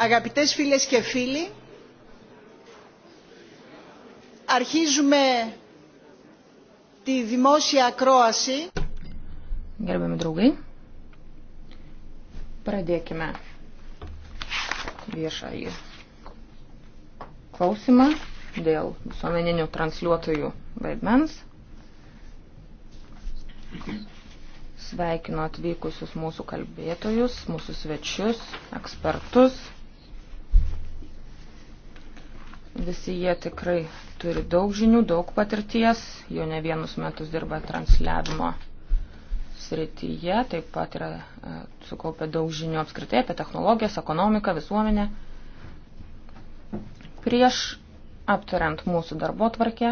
Αγαπητές φίλες και φίλοι, αρχίζουμε τη δημόσια ακρόαση. Gerbiami draugai, pradėkime viešąjį klausimą dėl visuomeninių transliuotojų vaidmens. Sveikinu atvykusius mūsų kalbėtojus, mūsų svečius, ekspertus, Visi jie tikrai turi daug žinių, daug patirties, jau ne vienus metus dirba transliavimo srityje, taip pat yra e, sukaupę daug žinių apskritai apie technologijas, ekonomiką, visuomenę. Prieš aptariant mūsų darbo tvarkę,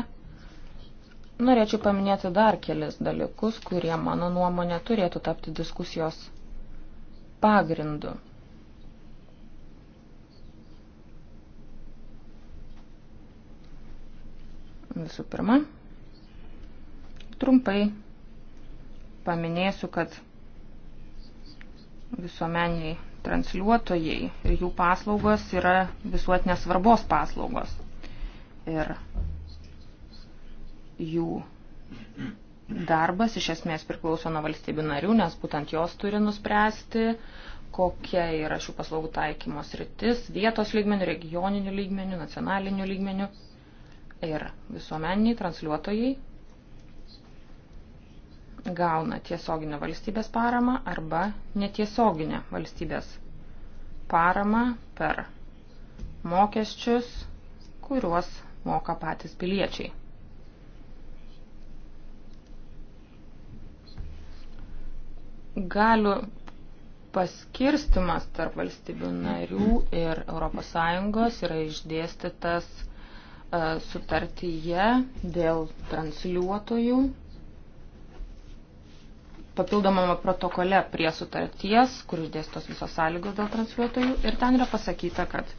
norėčiau paminėti dar kelis dalykus, kurie mano nuomonė turėtų tapti diskusijos pagrindu. Visų pirma, trumpai paminėsiu, kad visuomeniai transliuotojai ir jų paslaugos yra visuotinės svarbos paslaugos. Ir jų darbas iš esmės priklauso nuo valstybių narių, nes būtent jos turi nuspręsti, kokia yra šių paslaugų taikymos rytis vietos lygmenių, regioninių lygmenių, nacionalinių lygmenių ir visuomeniniai transliuotojai gauna tiesioginę valstybės paramą arba netiesioginę valstybės paramą per mokesčius, kuriuos moka patys piliečiai. Galių paskirstimas tarp valstybių narių ir ES yra išdėstytas E, sutartyje dėl transliuotojų papildomame protokole prie sutarties, kur išdėstos visos sąlygos dėl transliuotojų ir ten yra pasakyta, kad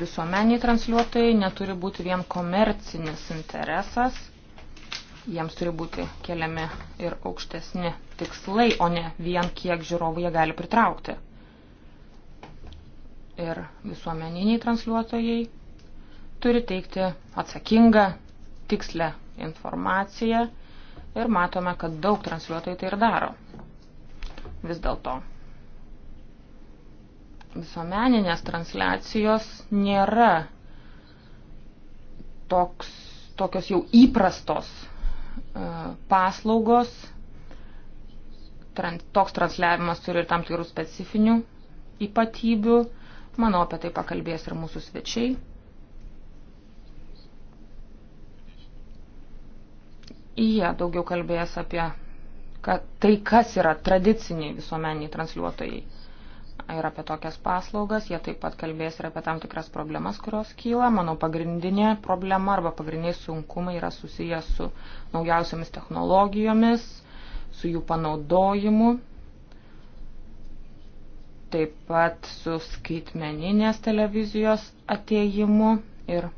visuomeniai transliuotojai neturi būti vien komercinis interesas, jiems turi būti keliami ir aukštesni tikslai, o ne vien kiek žiūrovų jie gali pritraukti. Ir visuomeniniai transliuotojai turi teikti atsakingą, tikslę informaciją ir matome, kad daug transliuotojų tai ir daro. Vis dėlto visuomeninės transliacijos nėra toks, tokios jau įprastos e, paslaugos. Toks transliavimas turi ir tam tikrų specifinių ypatybių. Manau, apie tai pakalbės ir mūsų svečiai. jie daugiau kalbės apie kad tai, kas yra tradiciniai visuomeniai transliuotojai ir apie tokias paslaugas, jie taip pat kalbės ir apie tam tikras problemas, kurios kyla. Manau, pagrindinė problema arba pagrindiniai sunkumai yra susijęs su naujausiamis technologijomis, su jų panaudojimu, taip pat su skaitmeninės televizijos atėjimu ir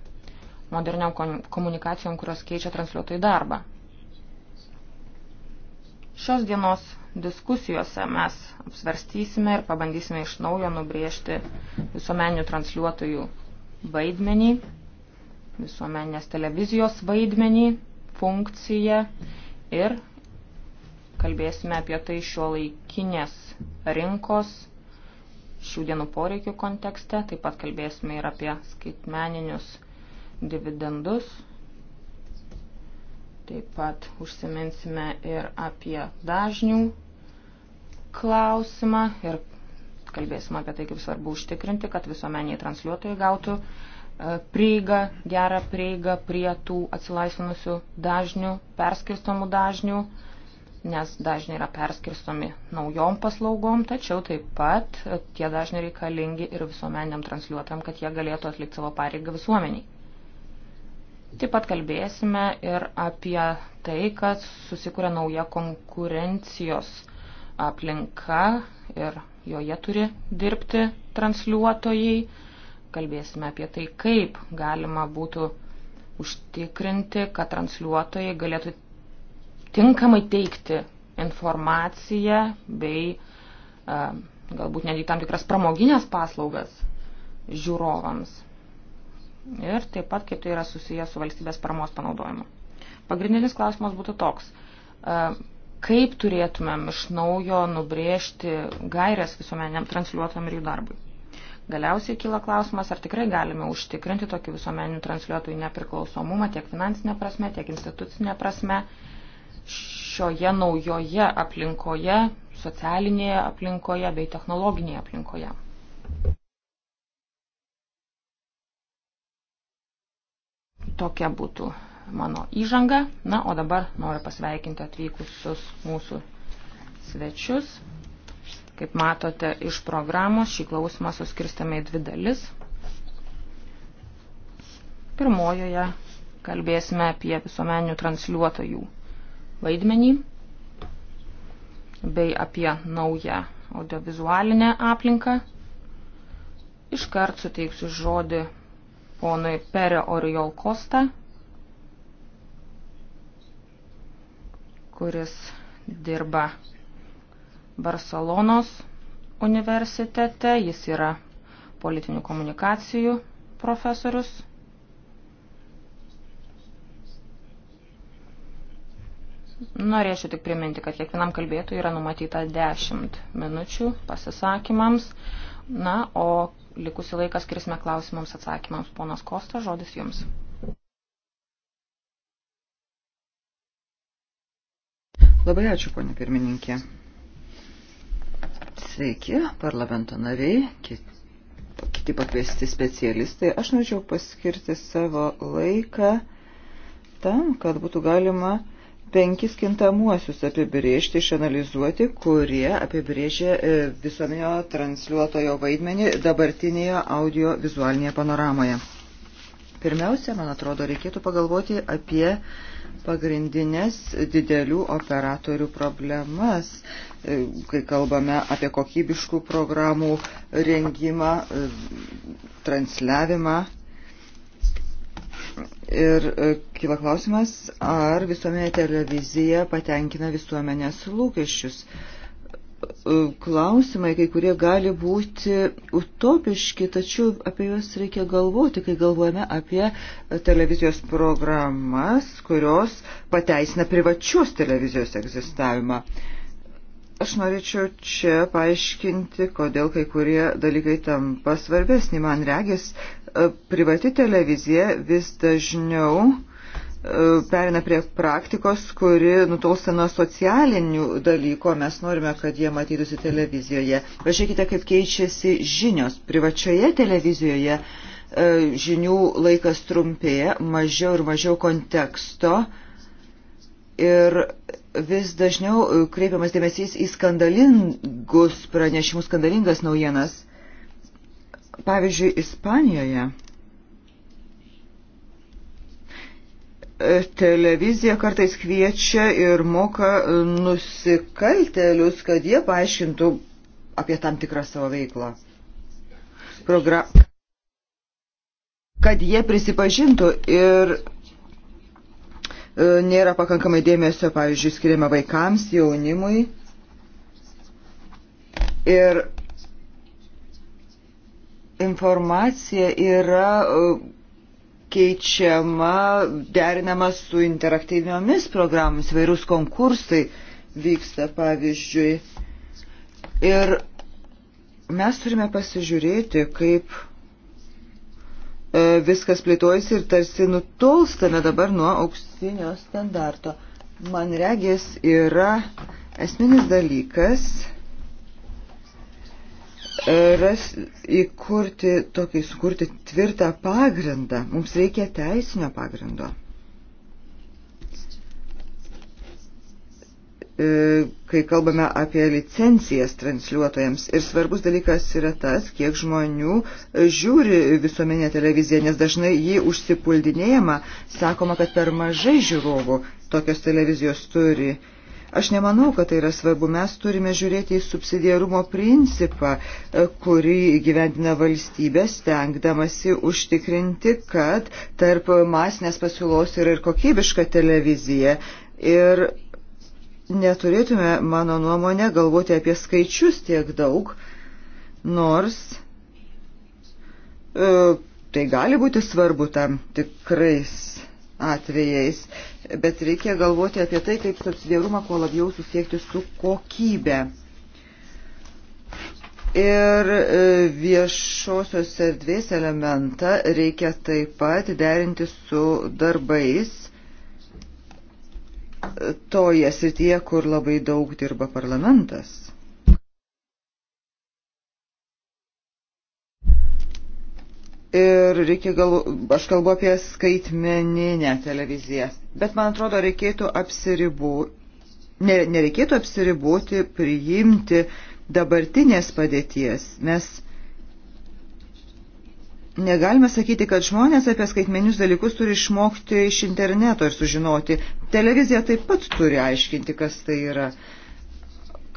moderniam komunikacijom, kurios keičia transliuotojų darbą. Šios dienos diskusijose mes apsvarstysime ir pabandysime iš naujo nubrėžti visuomeninių transliuotojų vaidmenį, visuomeninės televizijos vaidmenį, funkciją ir kalbėsime apie tai šio laikinės rinkos šių dienų poreikių kontekste, taip pat kalbėsime ir apie skaitmeninius dividendus Taip pat užsiminsime ir apie dažnių klausimą ir kalbėsime apie tai, kaip svarbu užtikrinti, kad visuomeniai transliuotojai gautų e, prieigą, gerą prieigą prie tų atsilaisvinusių dažnių, perskirstomų dažnių, nes dažniai yra perskirstomi naujom paslaugom, tačiau taip pat e, tie dažniai reikalingi ir visuomeniam transliuotam, kad jie galėtų atlikti savo pareigą visuomeniai. Taip pat kalbėsime ir apie tai, kad susikūrė nauja konkurencijos aplinka ir joje turi dirbti transliuotojai. Kalbėsime apie tai, kaip galima būtų užtikrinti, kad transliuotojai galėtų tinkamai teikti informaciją bei galbūt netgi tam tikras pramoginės paslaugas žiūrovams ir taip pat kaip tai yra susijęs su valstybės paramos panaudojimu. Pagrindinis klausimas būtų toks. E, kaip turėtumėm iš naujo nubrėžti gairias visuomeniniam transliuotojam ir jų darbui? Galiausiai kyla klausimas, ar tikrai galime užtikrinti tokių visuomeninių transliuotojų nepriklausomumą tiek finansinė prasme, tiek institucinė prasme šioje naujoje aplinkoje, socialinėje aplinkoje bei technologinėje aplinkoje. Tokia būtų mano įžanga. Na, o dabar noriu pasveikinti atvykusius mūsų svečius. Kaip matote iš programos, šį klausimą suskirstame į dvi dalis. Pirmojoje kalbėsime apie visuomeninių transliuotojų vaidmenį bei apie naują audiovizualinę aplinką. Iškart suteiksiu žodį ponui Pere Oriol Kosta, kuris dirba Barcelonos universitete, jis yra politinių komunikacijų profesorius. Norėčiau tik priminti, kad kiekvienam kalbėtų yra numatyta 10 minučių pasisakymams, na, o likusi laiką skirsime klausimams atsakymams. Ponas Kosta, žodis jums. Labai ačiū, ponė pirmininkė. Sveiki, parlamento nariai, kiti pakviesti specialistai. Aš norėčiau paskirti savo laiką tam, kad būtų galima uh, penkis kintamuosius apibriežti, išanalizuoti, kurie apibrėžia e, visuomenio transliuotojo vaidmenį dabartinėje audiovizualinėje panoramoje. Pirmiausia, man atrodo, reikėtų pagalvoti apie pagrindinės didelių operatorių problemas, e, kai kalbame apie kokybiškų programų rengimą, e, transliavimą Ir e, kyla klausimas, ar visuomenė televizija patenkina visuomenės lūkesčius. E, klausimai, kai kurie gali būti utopiški, tačiau apie juos reikia galvoti, kai galvojame apie televizijos programas, kurios pateisina privačios televizijos egzistavimą. Aš norėčiau čia paaiškinti, kodėl kai kurie dalykai tampa svarbesni. Man regis, E, privati televizija vis dažniau e, perina prie praktikos, kuri nutolsta nuo socialinių dalykų, mes norime, kad jie matytųsi televizijoje. Pažiūrėkite, kaip keičiasi žinios. Privačioje televizijoje e, žinių laikas trumpėja, mažiau ir mažiau konteksto ir vis dažniau kreipiamas dėmesys į skandalingus pranešimus, skandalingas naujienas Pavyzdžiui, Ispanijoje e, televizija kartais kviečia ir moka nusikaltelius, kad jie paaiškintų apie tam tikrą savo veiklą. Progra kad jie prisipažintų ir e, nėra pakankamai dėmesio, pavyzdžiui, skiriama vaikams, jaunimui. Ir informacija yra e, keičiama, derinama su interaktyviomis programomis, vairūs konkursai vyksta pavyzdžiui. Ir mes turime pasižiūrėti, kaip e, viskas plėtojasi ir tarsi nutolstame dabar nuo auksinio standarto. Man regės yra esminis dalykas ras, įkurti, tokį sukurti tvirtą pagrindą. Mums reikia teisinio pagrindo. E, kai kalbame apie licencijas transliuotojams ir svarbus dalykas yra tas, kiek žmonių žiūri visuomenė televiziją, nes dažnai ji užsipuldinėjama, sakoma, kad per mažai žiūrovų tokios televizijos turi. Uh, Aš nemanau, kad tai yra svarbu. Mes turime žiūrėti į subsidiarumo principą, e, kurį gyventina valstybė, stengdamasi užtikrinti, kad tarp masinės pasiūlos yra ir kokybiška televizija. Ir neturėtume, mano nuomonė, galvoti apie skaičius tiek daug, nors e, tai gali būti svarbu tam tikrais atvejais, bet reikia galvoti apie tai, kaip subsidiarumą kuo labiau susiekti su kokybė. Ir e, viešosios erdvės elementą reikia taip pat derinti su darbais e, toje srityje, kur labai daug dirba parlamentas. ir reikia gal, aš kalbu apie skaitmeninę televiziją. Bet man atrodo, reikėtų apsiribu, ne, nereikėtų apsiriboti, priimti dabartinės padėties. Mes negalime sakyti, kad žmonės apie skaitmeninius dalykus turi išmokti iš interneto ir sužinoti. Televizija taip pat turi aiškinti, kas tai yra. Uh,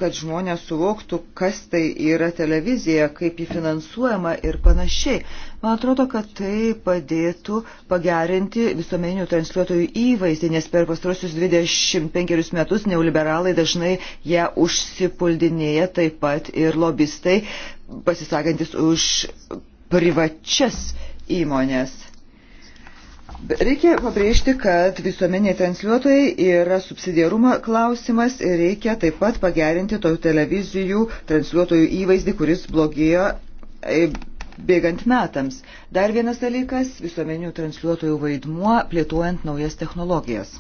kad žmonės suvoktų, kas tai yra televizija, kaip ji finansuojama ir panašiai. Man atrodo, kad tai padėtų pagerinti visuomeninių transliuotojų įvaizdį, nes per pastarosius 25 metus neoliberalai dažnai ją užsipuldinėja taip pat ir lobistai pasisakantis už privačias įmonės. Reikia pabrėžti, kad visuomeniai transliuotojai yra subsidiarumo klausimas ir reikia taip pat pagerinti to televizijų transliuotojų įvaizdį, kuris blogėjo e, bėgant metams. Dar vienas dalykas - visuomenių transliuotojų vaidmuo plėtuojant naujas technologijas.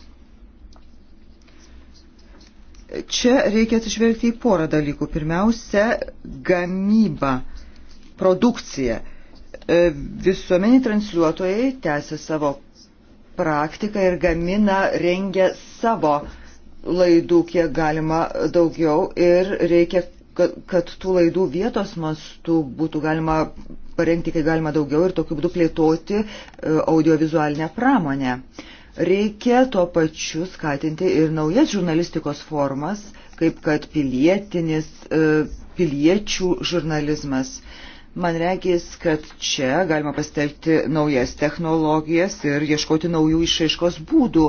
Čia reikia atsižvelgti į porą dalykų. Pirmiausia, gamyba, produkcija. E, visuomeniai transliuotojai tęsia savo praktiką ir gamina, rengia savo laidų kiek galima daugiau ir reikia, kad, kad tų laidų vietos mastų būtų galima parengti kaip galima daugiau ir tokiu būdu plėtoti e, audiovizualinę pramonę. Reikia tuo pačiu skatinti ir naujas žurnalistikos formas, kaip kad pilietinis, e, piliečių žurnalizmas. Man reikės, kad čia galima pastelgti naujas technologijas ir ieškoti naujų išaiškos būdų.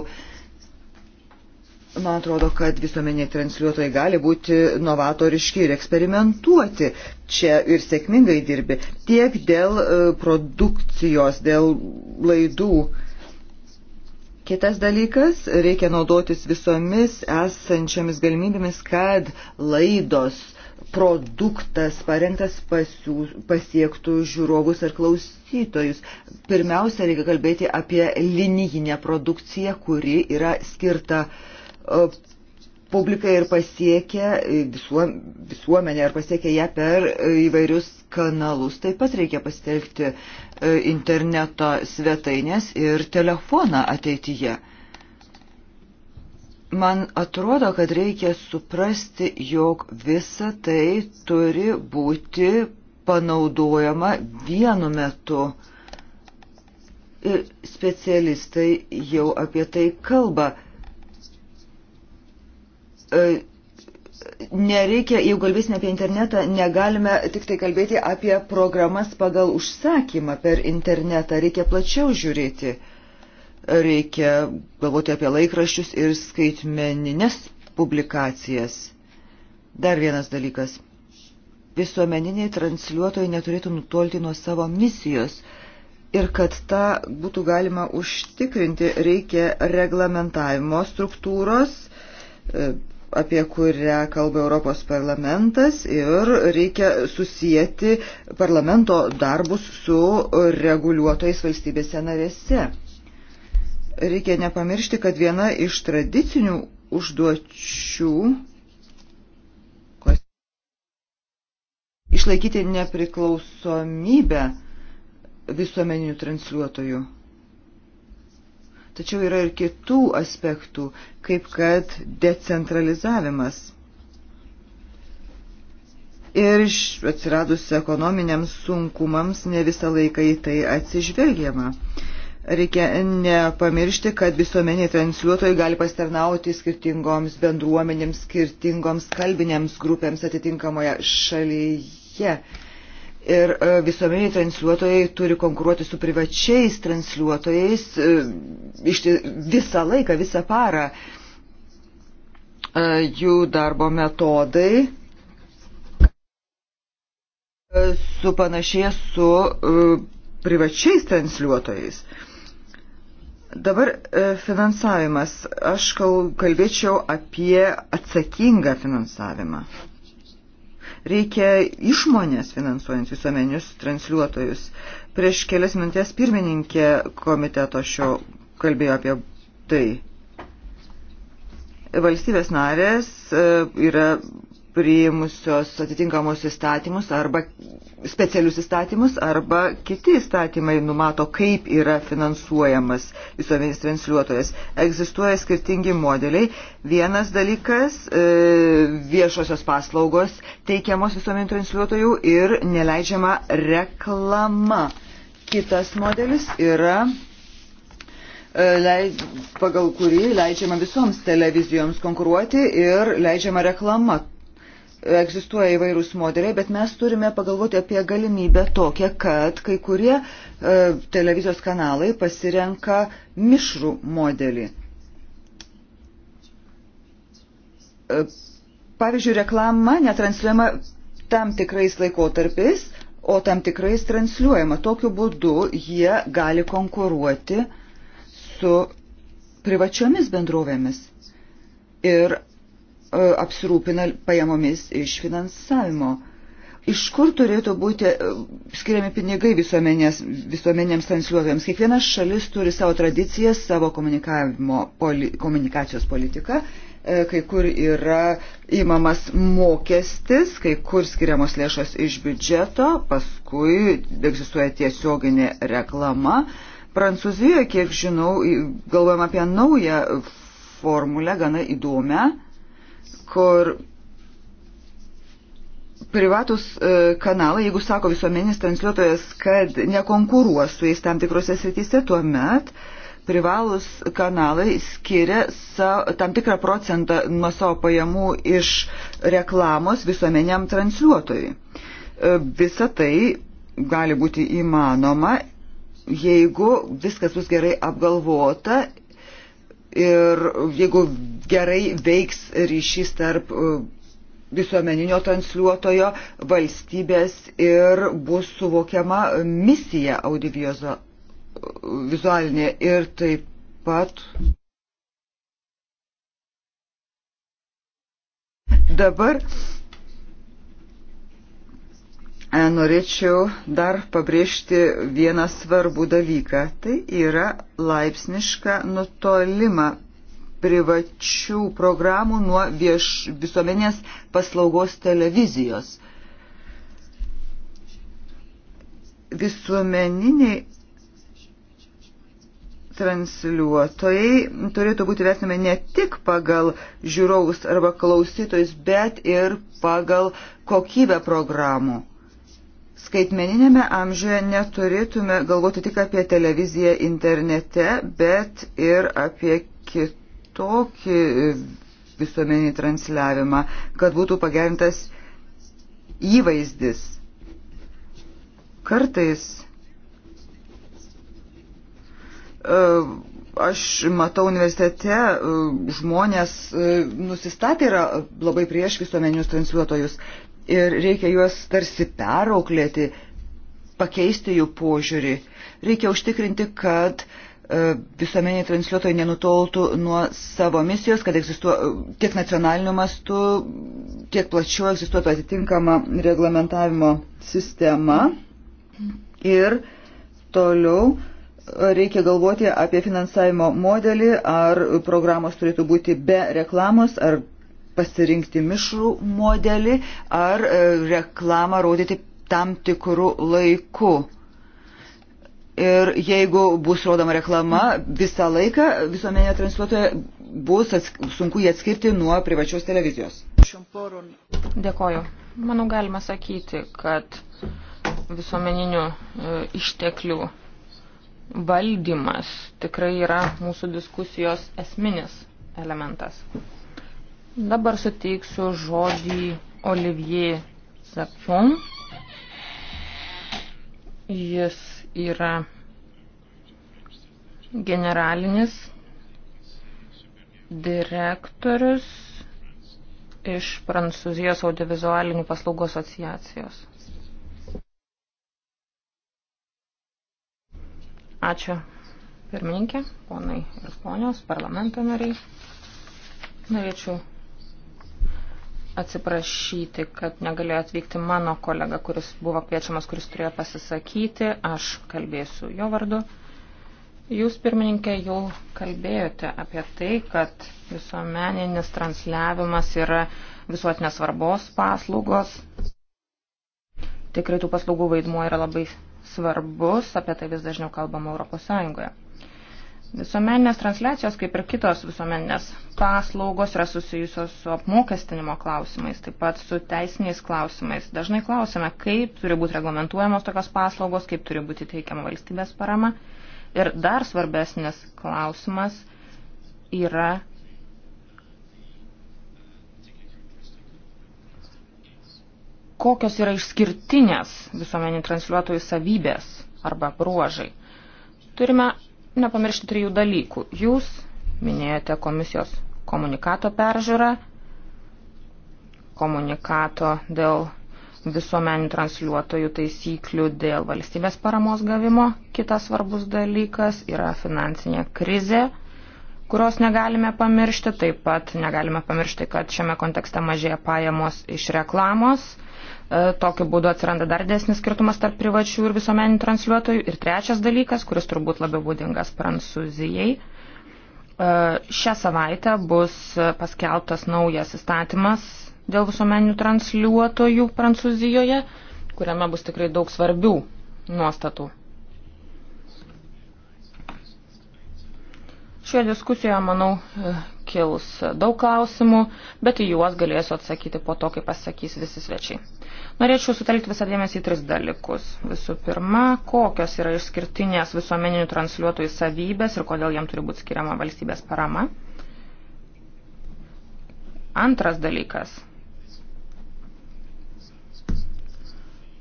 Man atrodo, kad visuomeniai transliuotojai gali būti novatoriški ir eksperimentuoti. Čia ir sėkmingai dirbi. Tiek dėl e, produkcijos, dėl laidų. Kitas dalykas - reikia naudotis visomis esančiamis galimybėmis, kad laidos uh, produktas parengtas pasiū, pasiektų žiūrovus ar klausytojus. Pirmiausia, reikia kalbėti apie linijinę produkciją, kuri yra skirta e, publikai ir pasiekia e, visuom, visuomenę ar pasiekia ją per e, įvairius kanalus. Taip pat reikia pasitelkti interneto svetainės ir telefoną ateityje. Man atrodo, kad reikia suprasti, jog visa tai turi būti panaudojama vienu metu. Ir specialistai jau apie tai kalba. E, nereikia, jeigu kalbėsime apie internetą, negalime tik tai kalbėti apie programas pagal užsakymą per internetą. Reikia plačiau žiūrėti reikia galvoti apie laikraščius ir skaitmeninės publikacijas. Dar vienas dalykas. Visuomeniniai transliuotojai neturėtų nutolti nuo savo misijos ir kad tą būtų galima užtikrinti, reikia reglamentavimo struktūros, e, apie kurią kalba Europos parlamentas ir reikia susijęti parlamento darbus su reguliuotojais valstybėse narėse Reikia nepamiršti, kad viena iš tradicinių užduočių išlaikyti nepriklausomybę visuomeninių transliuotojų. Tačiau yra ir kitų aspektų, kaip kad decentralizavimas. Ir atsiradus ekonominiams sunkumams ne visą laiką į tai atsižvelgiama. Reikia nepamiršti, kad visuomeniai transliuotojai gali pasitarnauti skirtingoms bendruomenėms, skirtingoms kalbinėms grupėms atitinkamoje šalyje. Ir e, visuomeniai transliuotojai turi konkuruoti su privačiais transliuotojais e, visą laiką, visą parą. E, jų darbo metodai supanašė su privačiais transliuotojais. Dabar e, finansavimas. Aš kalbėčiau apie atsakingą finansavimą. Reikia išmonės finansuojant visuomenius transliuotojus. Prieš kelias minutės pirmininkė komiteto šio kalbėjo apie tai. Valstybės narės e, yra priimusios atitinkamos įstatymus arba specialius įstatymus arba kiti įstatymai numato, kaip yra finansuojamas visuomenės transliuotojas. Egzistuoja skirtingi modeliai. Vienas dalykas e, - viešosios paslaugos teikiamos visuomenės transliuotojų ir neleidžiama reklama. Kitas modelis yra e, leid, pagal kurį leidžiama visoms televizijoms konkuruoti ir leidžiama reklama egzistuoja įvairūs modeliai, bet mes turime pagalvoti apie galimybę tokią, kad kai kurie e, televizijos kanalai pasirenka mišrų modelį. E, pavyzdžiui, reklama netransliuojama tam tikrais laikotarpiais, o tam tikrais transliuojama. Tokiu būdu jie gali konkuruoti su privačiomis bendrovėmis. Ir E, apsirūpina pajamomis iš finansavimo. Iš kur turėtų būti e, skiriami pinigai visuomenėms transliuotojams? Kiekviena šalis turi savo tradicijas, savo poli, komunikacijos politiką, e, kai kur yra įmamas mokestis, kai kur skiriamos lėšos iš biudžeto, paskui egzistuoja tiesioginė reklama. Prancūzijoje, kiek žinau, galvojam apie naują formulę, gana įdomią kur privatus e, kanalai, jeigu sako visuomeninis transliuotojas, kad nekonkuruos su jais tam tikrose srityse, tuomet privalus kanalai skiria savo, tam tikrą procentą nuo savo pajamų iš reklamos visuomeniam transliuotojui. E, visa tai gali būti įmanoma, jeigu viskas bus gerai apgalvota ir jeigu gerai veiks ryšys tarp e, visuomeninio transliuotojo valstybės ir bus suvokiama misija audiovizualinė ir taip pat dabar E, norėčiau dar pabrėžti vieną svarbų dalyką. Tai yra laipsnišką nutolimą privačių programų nuo vieš, visuomenės paslaugos televizijos. Visuomeniniai transliuotojai turėtų būti vertinami ne tik pagal žiūrovus arba klausytojus, bet ir pagal kokybę programų skaitmeninėme amžiuje neturėtume galvoti tik apie televiziją internete, bet ir apie kitokį visuomenį transliavimą, kad būtų pagerintas įvaizdis. Kartais e, aš matau universitete e, žmonės e, nusistatę yra labai prieš visuomenius transliuotojus ir reikia juos tarsi perauklėti, pakeisti jų požiūrį. Reikia užtikrinti, kad e, visuomeniai transliuotojai nenutoltų nuo savo misijos, kad egzistuo, tiek nacionaliniu mastu, tiek plačiu egzistuotų atitinkama reglamentavimo sistema. Ir toliau reikia galvoti apie finansavimo modelį, ar programos turėtų būti be reklamos, ar pasirinkti mišrų modelį ar e, reklamą rodyti tam tikrų laikų. Ir jeigu bus rodoma reklama visą laiką, visuomenė transliuotoja bus sunku jį atskirti nuo privačios televizijos. Dėkoju. Manau, galima sakyti, kad visuomeninių e, išteklių valdymas tikrai yra mūsų diskusijos esminis elementas. Dabar suteiksiu žodį Olivier Zapfon. Jis yra generalinis direktorius iš Prancūzijos audiovizualinių paslaugų asociacijos. Ačiū pirmininkė, ponai ir ponios, parlamento nariai. Norėčiau atsiprašyti, kad negalėjo atvykti mano kolega, kuris buvo kviečiamas, kuris turėjo pasisakyti. Aš kalbėsiu jo vardu. Jūs, pirmininkė, jau kalbėjote apie tai, kad visuomeninis transliavimas yra visuotinės svarbos paslaugos. Tikrai tų paslaugų vaidmuo yra labai svarbus, apie tai vis dažniau kalbama Europos Sąjungoje. Visuomeninės transliacijos, kaip ir kitos visuomeninės paslaugos, yra susijusios su apmokestinimo klausimais, taip pat su teisiniais klausimais. Dažnai klausime, kaip turi būti reglamentuojamos tokios paslaugos, kaip turi būti teikiama valstybės parama. Ir dar svarbesnis klausimas yra. kokios yra išskirtinės visuomeninių transliuotojų savybės arba bruožai. Turime nepamiršti trijų dalykų. Jūs minėjote komisijos komunikato peržiūrą, komunikato dėl visuomeninių transliuotojų taisyklių dėl valstybės paramos gavimo. Kitas svarbus dalykas yra finansinė krizė, kurios negalime pamiršti. Taip pat negalime pamiršti, kad šiame kontekste mažėja pajamos iš reklamos. E, tokiu būdu atsiranda dar desnis skirtumas tarp privačių ir visuomeninių transliuotojų. Ir trečias dalykas, kuris turbūt labiau būdingas Prancūzijai. E, šią savaitę bus paskelbtas naujas įstatymas dėl visuomeninių transliuotojų Prancūzijoje, kuriame bus tikrai daug svarbių nuostatų. Šioje diskusijoje, manau, e, kils e, daug klausimų, bet į juos galėsiu atsakyti po to, kai pasakys visi svečiai. Norėčiau sutelkti visą dėmesį į tris dalykus. Visų pirma, kokios yra išskirtinės visuomeninių transliuotojų savybės ir kodėl jam turi būti skiriama valstybės parama. Antras dalykas.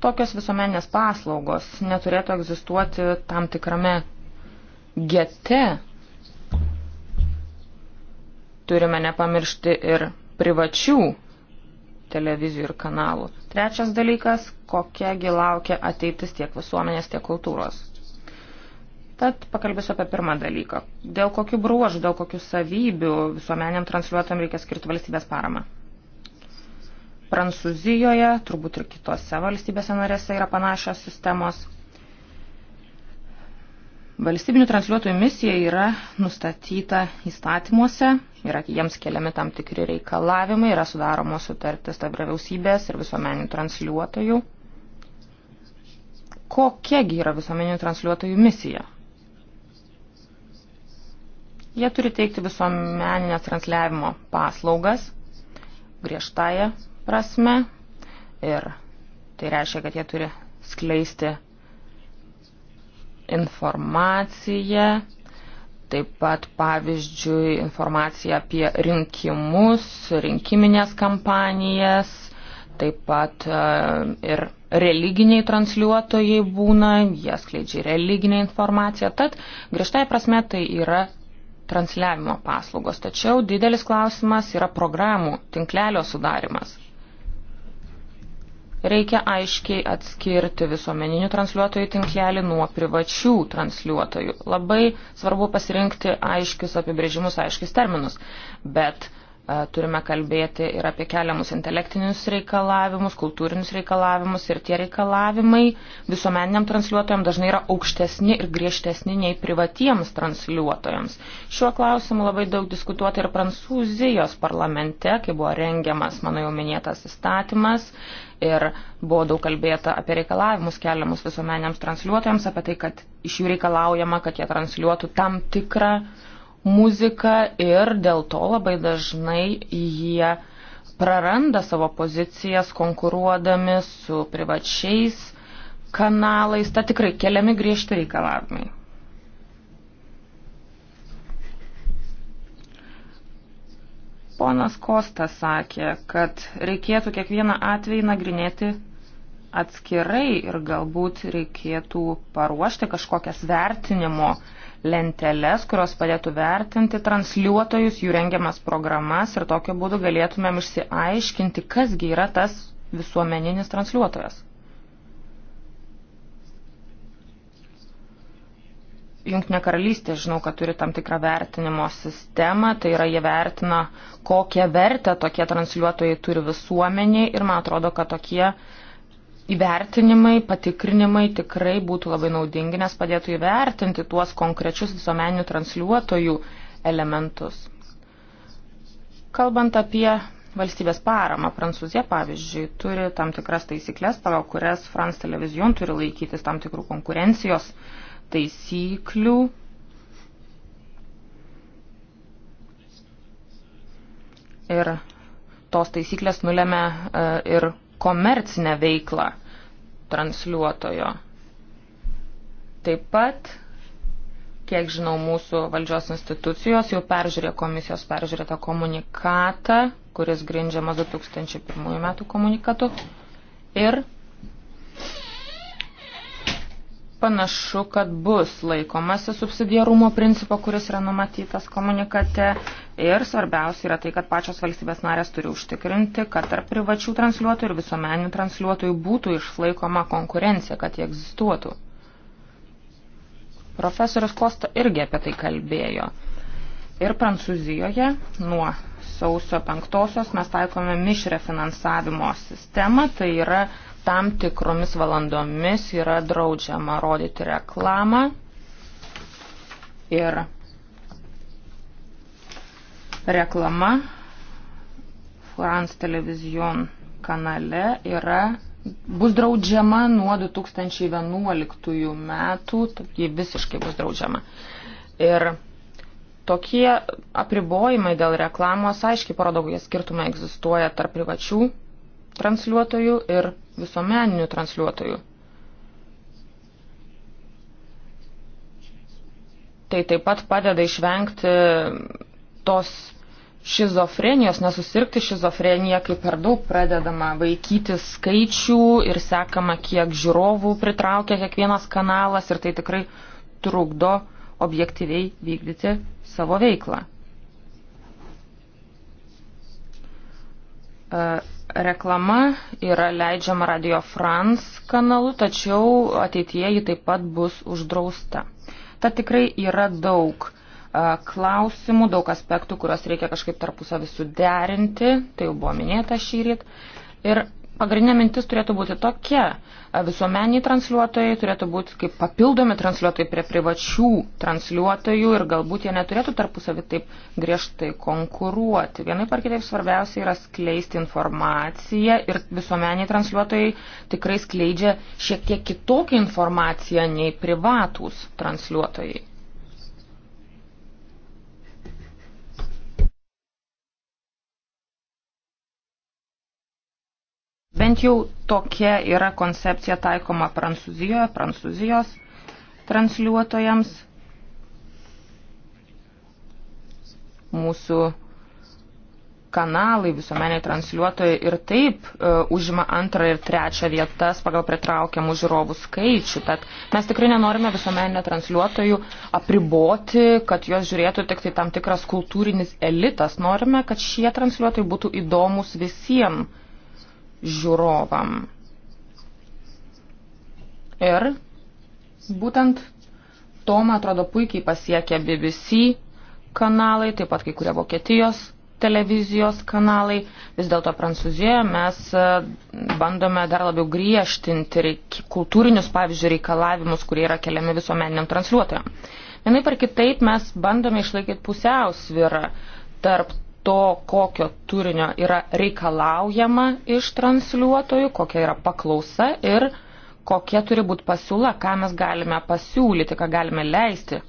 Tokios visuomenės paslaugos neturėtų egzistuoti tam tikrame gete turime nepamiršti ir privačių televizijų ir kanalų. Trečias dalykas, kokiagi laukia ateitis tiek visuomenės, tiek kultūros. Tad pakalbėsiu apie pirmą dalyką. Dėl kokių bruožų, dėl kokių savybių visuomeniam transliuotam reikia skirti valstybės paramą. Prancūzijoje, turbūt ir kitose valstybėse narėse yra panašios sistemos. Valstybinių transliuotojų misija yra nustatyta įstatymuose, yra jiems keliami tam tikri reikalavimai, yra sudaromos sutartis tarp vyriausybės ir visuomeninių transliuotojų. Kokiagi yra visuomeninių transliuotojų misija? Jie turi teikti visuomeninės transliavimo paslaugas griežtąją prasme ir tai reiškia, kad jie turi skleisti informaciją, taip pat pavyzdžiui informaciją apie rinkimus, rinkiminės kampanijas, taip pat e, ir religiniai transliuotojai būna, jie skleidžia religinę informaciją, tad griežtai prasme tai yra transliavimo paslaugos. Tačiau didelis klausimas yra programų tinklelio sudarimas. Reikia aiškiai atskirti visuomeninių transliuotojų tinklelį nuo privačių transliuotojų. Labai svarbu pasirinkti aiškius apibrėžimus, aiškius terminus, bet turime kalbėti ir apie keliamus intelektinius reikalavimus, kultūrinius reikalavimus ir tie reikalavimai visuomeniniam transliuotojams dažnai yra aukštesni ir griežtesni nei privatiems transliuotojams. Šiuo klausimu labai daug diskutuota ir Prancūzijos parlamente, kai buvo rengiamas mano jau minėtas įstatymas ir buvo daug kalbėta apie reikalavimus keliamus visuomeniniams transliuotojams, apie tai, kad iš jų reikalaujama, kad jie transliuotų tam tikrą muziką ir dėl to labai dažnai jie praranda savo pozicijas konkuruodami su privačiais kanalais. Ta tikrai keliami griežti reikalavimai. Ponas Kostas sakė, kad reikėtų kiekvieną atvejį nagrinėti atskirai ir galbūt reikėtų paruošti kažkokias vertinimo uh, lenteles, kurios padėtų vertinti transliuotojus, jų rengiamas programas ir tokiu būdu galėtumėm išsiaiškinti, kasgi yra tas visuomeninis transliuotojas. Junktinė karalystė, žinau, kad turi tam tikrą vertinimo sistemą, tai yra jie vertina, kokią vertę tokie transliuotojai turi visuomeniai ir man atrodo, kad tokie įvertinimai, patikrinimai tikrai būtų labai naudingi, nes padėtų įvertinti tuos konkrečius visuomeninių transliuotojų elementus. Kalbant apie valstybės paramą, Prancūzija, pavyzdžiui, turi tam tikras taisyklės, pagal kurias France Television turi laikytis tam tikrų konkurencijos taisyklių. Ir tos taisyklės nulėmė e, ir komercinę veiklą transliuotojo. Taip pat, kiek žinau, mūsų valdžios institucijos jau peržiūrė komisijos peržiūrėtą komunikatą, kuris grindžiamas 2001 metų komunikatu. Ir panašu, kad bus laikomasi subsidiarumo principo, kuris yra numatytas komunikate. Ir svarbiausia yra tai, kad pačios valstybės narės turi užtikrinti, kad tarp privačių transliuotojų ir visuomeninių transliuotojų būtų išlaikoma konkurencija, kad jie egzistuotų. Profesorius Kosta irgi apie tai kalbėjo. Ir Prancūzijoje nuo sausio penktosios mes taikome mišrę finansavimo sistemą, tai yra tam tikromis valandomis yra draudžiama rodyti reklamą ir reklama France Television kanale yra bus draudžiama nuo 2011 metų, ji visiškai bus draudžiama. Ir tokie apribojimai dėl reklamos aiškiai parodo, kokie skirtumai egzistuoja tarp privačių transliuotojų ir visuomeninių transliuotojų. Tai taip pat padeda išvengti tos šizofrenijos, nesusirgti šizofreniją, kai per daug pradedama vaikyti skaičių ir sekama, kiek žiūrovų pritraukia kiekvienas kanalas ir tai tikrai trukdo objektyviai vykdyti savo veiklą. E, reklama yra leidžiama Radio France kanalu, tačiau ateityje ji taip pat bus uždrausta. Ta tikrai yra daug klausimų, daug aspektų, kuriuos reikia kažkaip tarpusavį suderinti, tai jau buvo minėta šį rytą. Ir pagrindinė mintis turėtų būti tokia. Visuomeniai transliuotojai turėtų būti kaip papildomi transliuotojai prie privačių transliuotojų ir galbūt jie neturėtų tarpusavį taip griežtai konkuruoti. Vienai par kitaip svarbiausia yra skleisti informaciją ir visuomeniai transliuotojai tikrai skleidžia šiek tiek kitokią informaciją nei privatūs transliuotojai. Bent jau tokia yra koncepcija taikoma Prancūzijoje, Prancūzijos transliuotojams. Mūsų kanalai, visuomeniai transliuotojai ir taip e, užima antrą ir trečią vietas pagal pritraukiamų žiūrovų skaičių. Tad mes tikrai nenorime visuomeninio transliuotojų apriboti, kad juos žiūrėtų tik tai tam tikras kultūrinis elitas. Norime, kad šie transliuotojai būtų įdomus visiems žiūrovam. Ir būtent to, man atrodo, puikiai pasiekia BBC kanalai, taip pat kai kurie Vokietijos televizijos kanalai. Vis dėlto Prancūzijoje mes e, bandome dar labiau griežtinti kultūrinius, pavyzdžiui, reikalavimus, kurie yra keliami visuomeniniam transliuotojam. Vienaip ar kitaip mes bandome išlaikyti pusiausvyrą tarp to, kokio turinio yra reikalaujama iš transliuotojų, kokia yra paklausa ir kokia turi būti pasiūla, ką mes galime pasiūlyti, ką galime leisti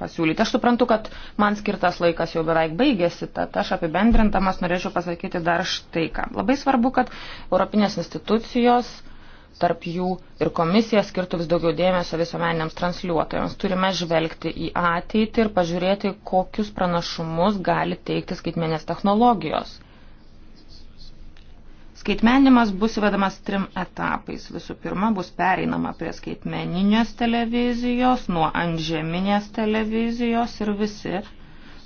pasiūlyti. Aš suprantu, kad man skirtas laikas jau beveik baigėsi, tad aš apibendrintamas norėčiau pasakyti dar štai ką. Labai svarbu, kad Europinės institucijos tarp jų ir komisija skirtų vis daugiau dėmesio visuomeniniams transliuotojams. Turime žvelgti į ateitį ir pažiūrėti, kokius pranašumus gali teikti skaitmenės technologijos. Skaitmenimas bus įvedamas trim etapais. Visų pirma, bus pereinama prie skaitmeninės televizijos, nuo antžeminės televizijos ir visi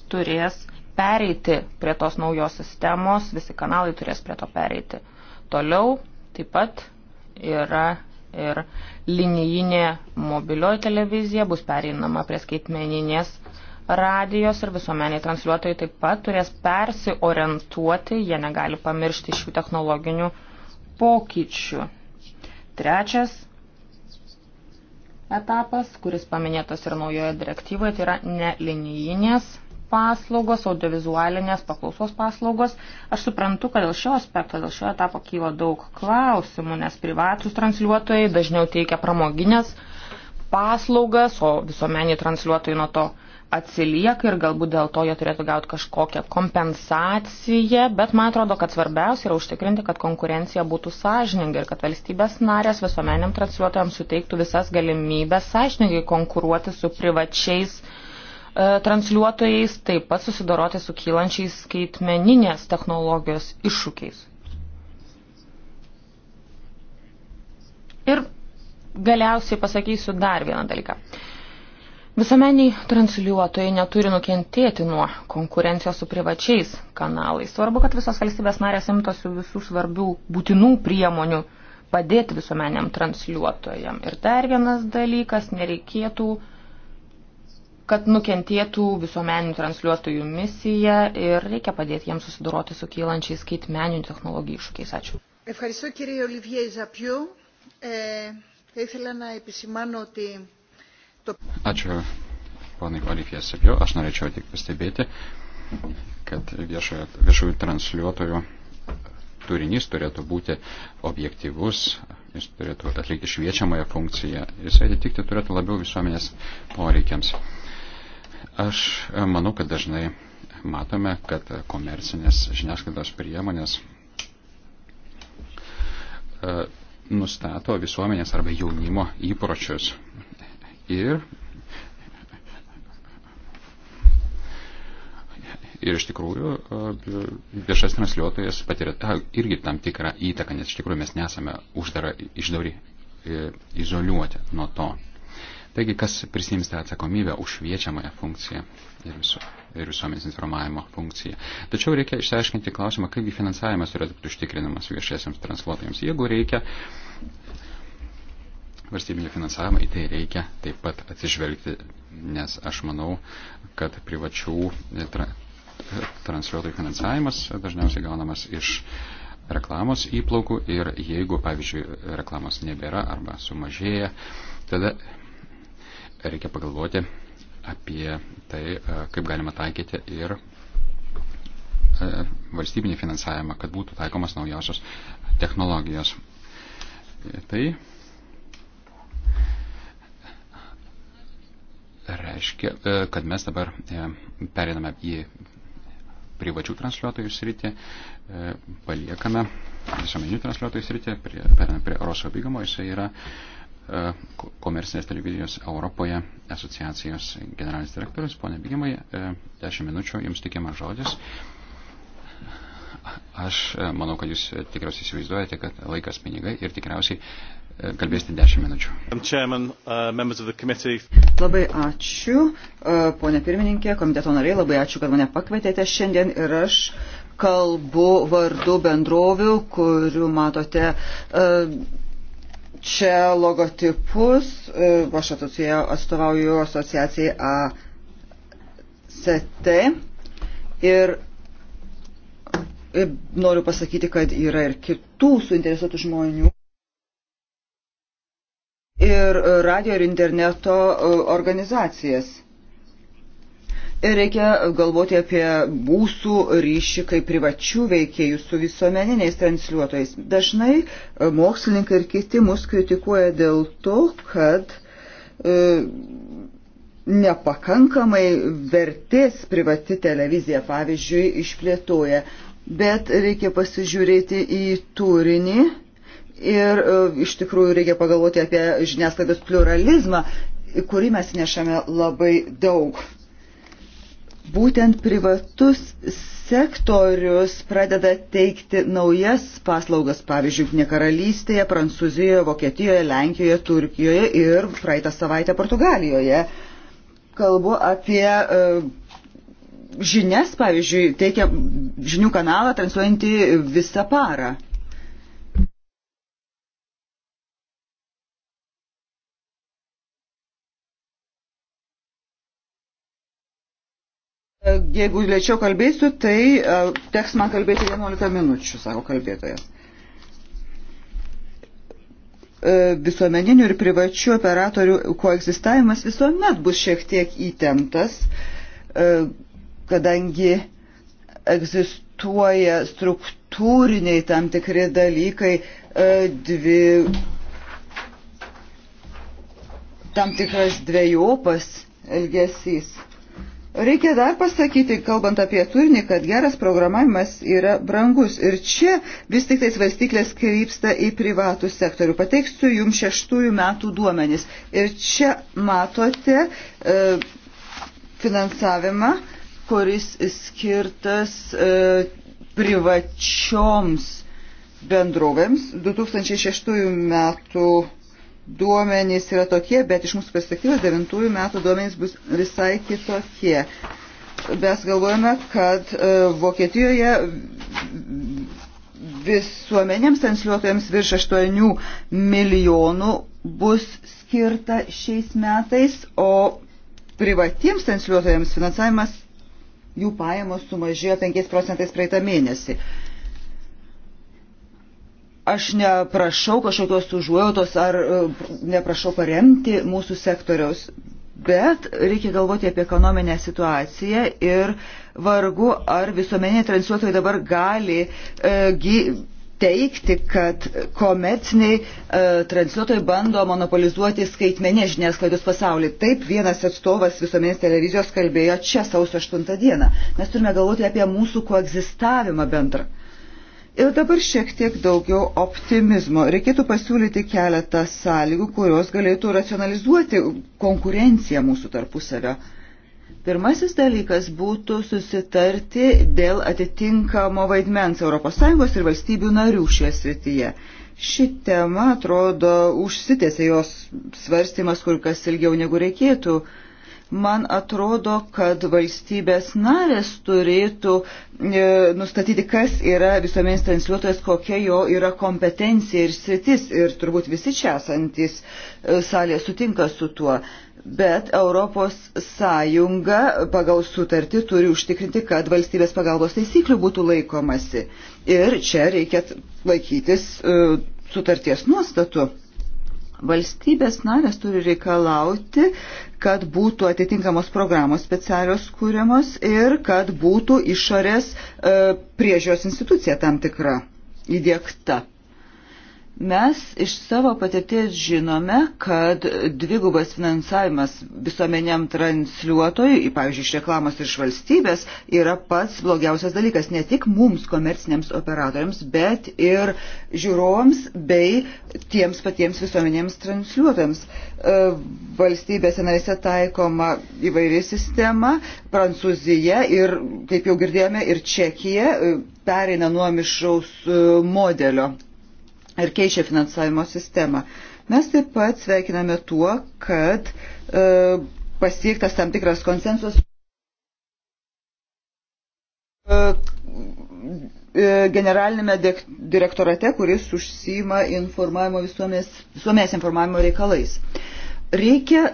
turės pereiti prie tos naujos sistemos, visi kanalai turės prie to pereiti. Toliau taip pat yra ir linijinė mobilioji televizija, bus pereinama prie skaitmeninės radijos ir visuomeniai transliuotojai taip pat turės persiorientuoti, jie negali pamiršti šių technologinių pokyčių. Trečias etapas, kuris paminėtas ir naujoje direktyvoje, tai yra nelinijinės paslaugos, audiovizualinės paklausos paslaugos. Aš suprantu, kad dėl šio aspekto, dėl šio etapo kyla daug klausimų, nes privatus transliuotojai dažniau teikia pramoginės paslaugas, o visuomeniai transliuotojai nuo to atsilieka ir galbūt dėl to jie turėtų gauti kažkokią kompensaciją, bet man atrodo, kad svarbiausia yra užtikrinti, kad konkurencija būtų sąžininga ir kad valstybės narės visuomeniam transliuotojams suteiktų visas galimybės sąžiningai konkuruoti su privačiais uh, E, transliuotojais, taip pat susidoroti su kylančiais skaitmeninės technologijos iššūkiais. Ir galiausiai pasakysiu dar vieną dalyką. Visuomeniai transliuotojai neturi nukentėti nuo konkurencijos su privačiais kanalais. Svarbu, kad visos valstybės narės imtųsi visų svarbių būtinų priemonių padėti visuomeniam transliuotojam. Ir dar vienas dalykas, nereikėtų uh, kad nukentėtų visuomeninių transliuotojų misija ir reikia padėti jiems susidoroti su kylančiais skaitmeninių technologijų iššūkiais. Ačiū. Ευχαριστώ κύριε Ολιβιέ Ζαπιού. Ε, θα ήθελα να επισημάνω ότι το... Ačiū, ponai Olivija Sapiu. Aš norėčiau tik pastebėti, kad viešojo, viešųjų transliuotojų turinys turėtų būti objektivus, jis turėtų atlikti šviečiamąją funkciją, jis atitikti turėtų labiau visuomenės poreikiams. Aš e, manau, kad dažnai matome, kad komercinės žiniasklaidos priemonės e, nustato visuomenės arba jaunimo įpročius. Ir, ir iš tikrųjų e, viešas transliuotojas patiria irgi tam tikrą įtaką, nes iš tikrųjų mes nesame uždara, išdori, izoliuoti nuo to. Taigi, kas prisims tą atsakomybę už šviečiamąją funkciją ir, visu, ir visuomenės informavimo funkciją. Tačiau reikia išsiaiškinti klausimą, kaipgi finansavimas turėtų būti užtikrinamas viešiesiams transluotojams. Jeigu reikia valstybinio finansavimo, į tai reikia taip pat atsižvelgti, nes aš manau, kad privačių e, tra, transliuotojų finansavimas dažniausiai gaunamas iš reklamos įplaukų ir jeigu, pavyzdžiui, reklamos nebėra arba sumažėja, tada reikia pagalvoti apie tai, e, kaip galima taikyti ir e, valstybinį finansavimą, kad būtų taikomas naujosios technologijos. E, tai reiškia, kad mes dabar periname į privačių transliuotojų sritį, paliekame visuomeninių transliuotojų sritį, periname prie Roso Bigamo, jisai yra E, komersinės televizijos Europoje asociacijos generalinis direktorius. Pone Bigimai, 10 e, minučių jums tikima žodis. Aš e, manau, kad jūs tikriausiai įsivaizduojate, kad laikas pinigai ir tikriausiai kalbėsite 10 minučių. Labai ačiū, ponė pirmininkė, komiteto nariai, labai ačiū, kad mane pakvietėte šiandien ir aš kalbu vardu bendrovių, kurių matote. Uh, čia logotipus, e, aš atstovauju asociacijai ACT ir e, noriu pasakyti, kad yra ir kitų suinteresuotų žmonių. Ir e, radio ir interneto organizacijas. Reikia galvoti apie mūsų ryšį kaip privačių veikėjų su visuomeniniais transliuotojais. Dažnai e, mokslininkai ir kiti mus kritikuoja dėl to, kad e, nepakankamai vertės privati televizija, pavyzdžiui, išplėtoja. Bet reikia pasižiūrėti į turinį ir e, iš tikrųjų reikia pagalvoti apie žiniasklaidos pluralizmą, kurį mes nešame labai daug būtent privatus sektorius pradeda teikti naujas paslaugas, pavyzdžiui, Junktinė karalystėje, Prancūzijoje, Vokietijoje, Lenkijoje, Turkijoje ir praeitą savaitę Portugalijoje. Kalbu apie e, žinias, pavyzdžiui, teikia žinių kanalą transliuojantį visą parą. E, jeigu lėčiau kalbėsiu, tai e, teks man kalbėti 11 minučių, sako kalbėtojas. E, visuomeninių ir privačių operatorių koegzistavimas visuomet bus šiek tiek įtemptas, kadangi egzistuoja struktūriniai tam tikri dalykai, dvi, tam tikras dviejopas elgesys. Reikia dar pasakyti, kalbant apie turinį, kad geras programavimas yra brangus. Ir čia vis tik tais valstyklės krypsta į privatų sektorių. Pateiksiu jums šeštųjų metų duomenys. Ir čia matote e, finansavimą, kuris skirtas e, privačioms bendrovėms 2006 metų duomenys yra tokie, bet iš mūsų perspektyvos devintųjų metų duomenys bus visai kitokie. Mes galvojame, kad e, Vokietijoje visuomenėms transliuotojams virš 8 milijonų bus skirta šiais metais, o privatiems transliuotojams finansavimas jų pajamos sumažėjo 5 procentais praeitą mėnesį. Aš neprašau kažkokios užuojautos ar e, neprašau paremti mūsų sektoriaus, bet reikia galvoti apie ekonominę situaciją ir vargu ar visuomeniai transliuotojai dabar gali e, gy, teikti, kad komerciniai e, transliuotojai bando monopolizuoti skaitmenės žiniasklaidos pasaulį. Taip vienas atstovas visuomenės televizijos kalbėjo čia sausio 8 dieną. Mes turime galvoti apie mūsų koegzistavimą bendrą. Ir dabar šiek tiek daugiau optimizmo. Reikėtų pasiūlyti keletą sąlygų, kurios galėtų racionalizuoti konkurenciją mūsų tarpusavio. Pirmasis dalykas būtų susitarti dėl atitinkamo vaidmens ES ir valstybių narių šioje srityje. Ši tema, atrodo, užsitėsi jos svarstymas kur kas ilgiau negu reikėtų man atrodo, kad valstybės narės turėtų e, nustatyti, kas yra visuomenės transliuotojas, kokia jo yra kompetencija ir sritis. Ir turbūt visi čia esantis e, salė sutinka su tuo. Bet Europos Sąjunga pagal sutartį turi užtikrinti, kad valstybės pagalbos taisyklių būtų laikomasi. Ir čia reikia laikytis e, sutarties nuostatų. Valstybės narės turi reikalauti, kad būtų atitinkamos programos specialios kūriamos ir kad būtų išorės e, priežios institucija tam tikra įdėkta. Mes iš savo patirties žinome, kad dvigubas finansavimas visuomeniam transliuotojui, pavyzdžiui, iš reklamos ir iš valstybės, yra pats blogiausias dalykas ne tik mums, komerciniams operatoriams, bet ir žiūrovams bei tiems patiems visuomenėms transliuotojams. E, valstybėse narėse taikoma įvairi sistema, Prancūzija ir, kaip jau girdėjome, ir Čekija e, pereina nuo mišraus e, modelio ir keičia finansavimo sistemą. Mes taip pat sveikiname tuo, kad e, pasiektas tam tikras konsensus. E, e generalinėme direktorate, kuris užsima informavimo visuomės, visuomės informavimo reikalais. Reikia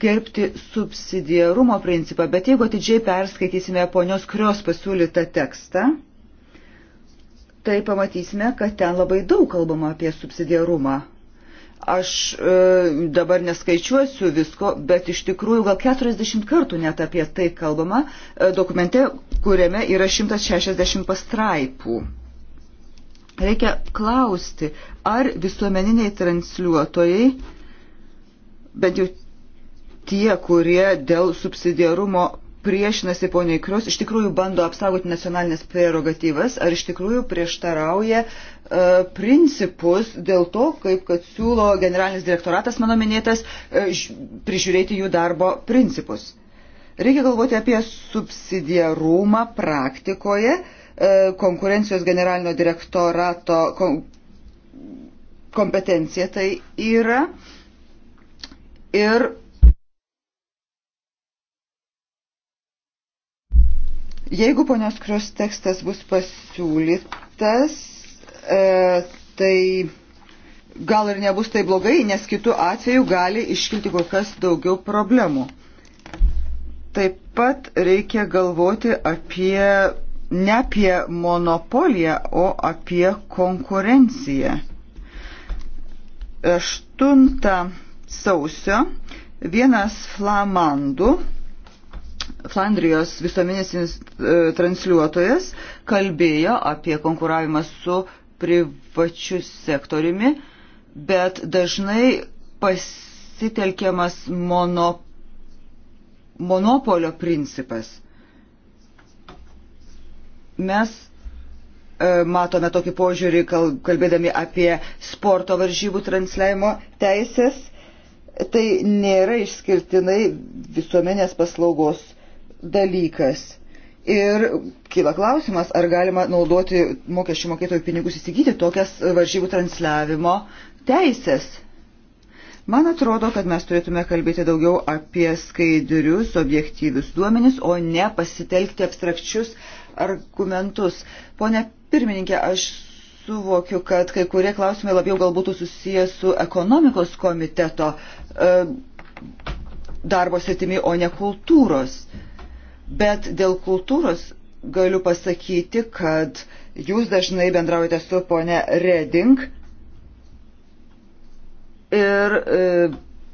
gerbti subsidiarumo principą, bet jeigu atidžiai perskaitysime ponios krios pasiūlytą tekstą, tai pamatysime, kad ten labai daug kalbama apie subsidiarumą. Aš e, dabar neskaičiuosiu visko, bet iš tikrųjų gal 40 kartų net apie tai kalbama e, dokumente, kuriame yra 160 pastraipų. Reikia klausti, ar visuomeniniai transliuotojai, bent jau tie, kurie dėl subsidiarumo priešinasi poniai Krius, iš tikrųjų bando apsaugoti nacionalinės prerogatyvas, ar iš tikrųjų prieštarauja e, principus dėl to, kaip kad siūlo generalinis direktoratas, mano minėtas, e, prižiūrėti jų darbo principus. Reikia galvoti apie subsidiarumą praktikoje, e, konkurencijos generalinio direktorato kom, kompetencija tai yra. Ir Jeigu ponios Krios tekstas bus pasiūlytas, e, tai gal ir nebus tai blogai, nes kitų atveju gali iškilti kur kas daugiau problemų. Taip pat reikia galvoti apie ne apie monopoliją, o apie konkurenciją. 8 sausio vienas flamandų Flandrijos visuomenės e, transliuotojas kalbėjo apie konkuravimą su privačiu sektoriumi, bet dažnai pasitelkiamas mono, monopolio principas. Mes e, matome tokį požiūrį, kalbėdami apie sporto varžybų transliavimo teisės, tai nėra išskirtinai visuomenės paslaugos dalykas. Ir kyla klausimas, ar galima naudoti mokesčių mokėtojų pinigus įsigyti tokias varžybų transliavimo teisės. Man atrodo, kad mes turėtume kalbėti daugiau apie skaidrius, objektyvius duomenis, o ne pasitelkti abstrakčius argumentus. Pone pirmininkė, aš suvokiu, kad kai kurie klausimai labiau galbūt susiję su ekonomikos komiteto e, darbo sritimi, o ne kultūros. E, Bet dėl kultūros galiu pasakyti, kad jūs dažnai bendraujate su ponia Reding ir e,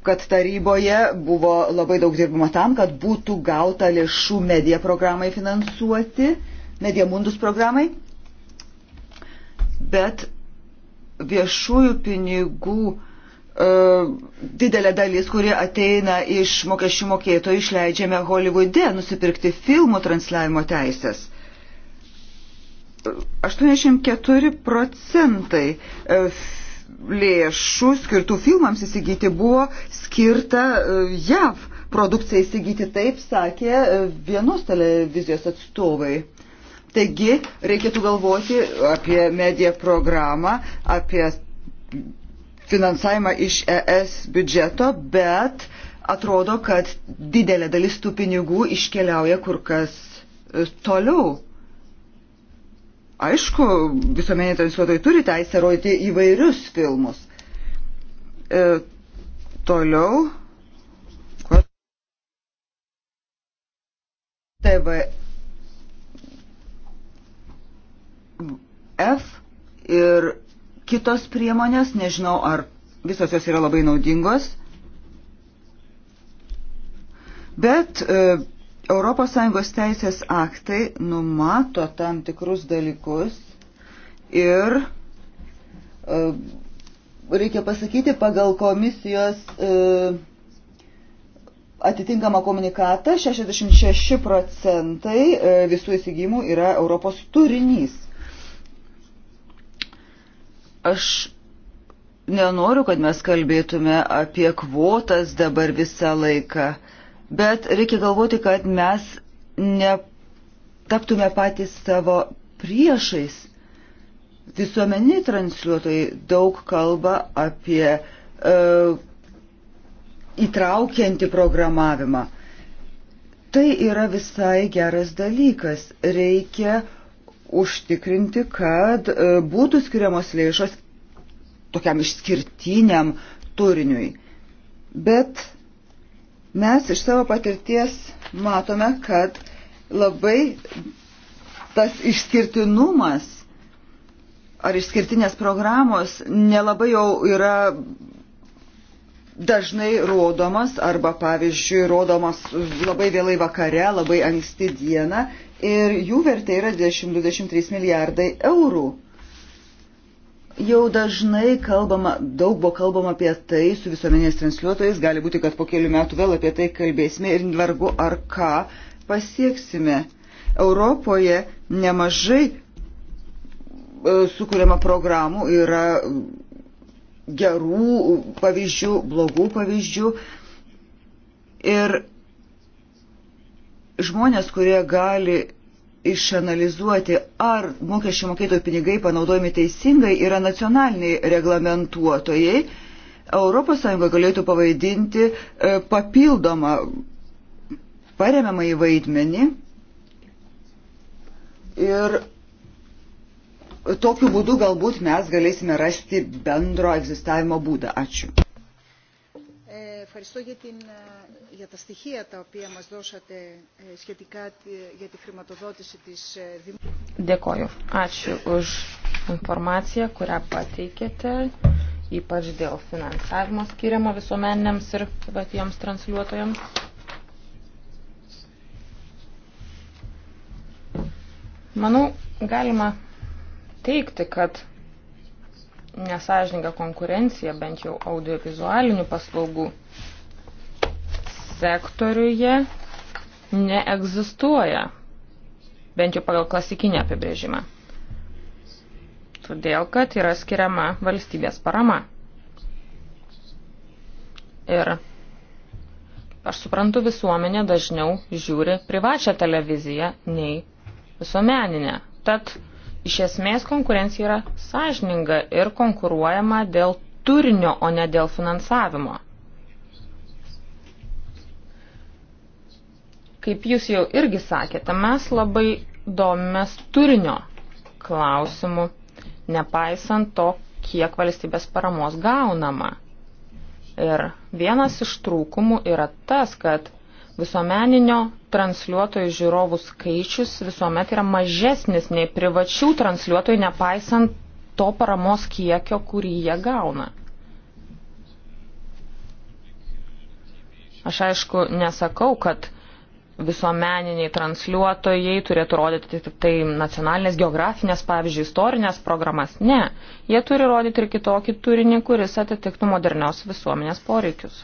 kad taryboje buvo labai daug dirbama tam, kad būtų gauta lėšų media programai finansuoti, media mundus programai. Bet viešųjų pinigų uh, E, didelė dalis, kuri ateina iš mokesčių mokėtojų, išleidžiame Hollywoode nusipirkti filmų transliavimo teisės. 84 procentai e, lėšų skirtų filmams įsigyti buvo skirta e, JAV produkciją įsigyti, taip sakė vienos televizijos atstovai. Taigi reikėtų galvoti apie mediją programą, apie finansavimą iš ES biudžeto, bet atrodo, kad didelė dalis tų pinigų iškeliauja kur kas e, toliau. Aišku, visuomeniai transliuotojai turi teisę rodyti įvairius filmus. E, toliau. TV F ir kitos priemonės, nežinau, ar visos jos yra labai naudingos, bet ES teisės aktai numato tam tikrus dalykus ir e, reikia pasakyti, pagal komisijos e, atitinkamą komunikatą 66 procentai e, visų įsigymų yra Europos turinys. Aš nenoriu, kad mes kalbėtume apie kvotas dabar visą laiką, bet reikia galvoti, kad mes netaptume patys savo priešais. Visuomeniai transliuotojai daug kalba apie e, įtraukiantį programavimą. Tai yra visai geras dalykas. Reikia užtikrinti, kad e, būtų skiriamos lėšos tokiam išskirtiniam turiniui. Bet mes iš savo patirties matome, kad labai tas išskirtinumas ar išskirtinės programos nelabai jau yra dažnai rodomas arba, pavyzdžiui, rodomas labai vėlai vakare, labai anksti dieną ir jų vertė yra 20-23 milijardai eurų. Jau dažnai kalbama, daug buvo kalbama apie tai su visuomenės transliuotojais, gali būti, kad po kelių metų vėl apie tai kalbėsime ir vargu ar ką pasieksime. Europoje nemažai e, sukūriama programų yra gerų pavyzdžių, blogų pavyzdžių. Ir žmonės, kurie gali išanalizuoti, ar mokesčių mokėtojų pinigai panaudojami teisingai, yra nacionaliniai reglamentuotojai, ES galėtų pavaidinti e, papildomą paremiamą į vaidmenį ir tokiu būdu galbūt mes galėsime rasti bendro egzistavimo būdą. Ačiū. Eh, ευχαριστώ για, την, για τα στοιχεία τα οποία μας δώσατε σχετικά για τη χρηματοδότηση της Δημοκρατίας. Dėkoju. Ačiū už informaciją, kurią pateikėte, ypač dėl finansavimo skiriamo visuomeniniams ir privatiems transliuotojams. Manau, galima teikti, kad nesažininga konkurencija bent jau audiovizualinių paslaugų sektoriuje neegzistuoja, bent jau pagal klasikinį apibrėžimą. Todėl, kad yra skiriama valstybės parama. Ir aš suprantu, visuomenė dažniau žiūri privačią televiziją nei visuomeninę. Tad iš esmės konkurencija yra sąžininga ir konkuruojama dėl turinio, o ne dėl finansavimo. Kaip jūs jau irgi sakėte, mes labai domės turinio klausimų, nepaisant to, kiek valstybės paramos gaunama. Ir vienas iš trūkumų yra tas, kad Visuomeninio transliuotojų žiūrovų skaičius visuomet yra mažesnis nei privačių transliuotojų, nepaisant to paramos kiekio, kurį jie gauna. Aš aišku nesakau, kad visuomeniniai transliuotojai turėtų rodyti tik tai nacionalinės geografinės, pavyzdžiui, istorinės programas. Ne, jie turi rodyti ir kitokį turinį, kuris atitiktų modernios visuomenės poreikius.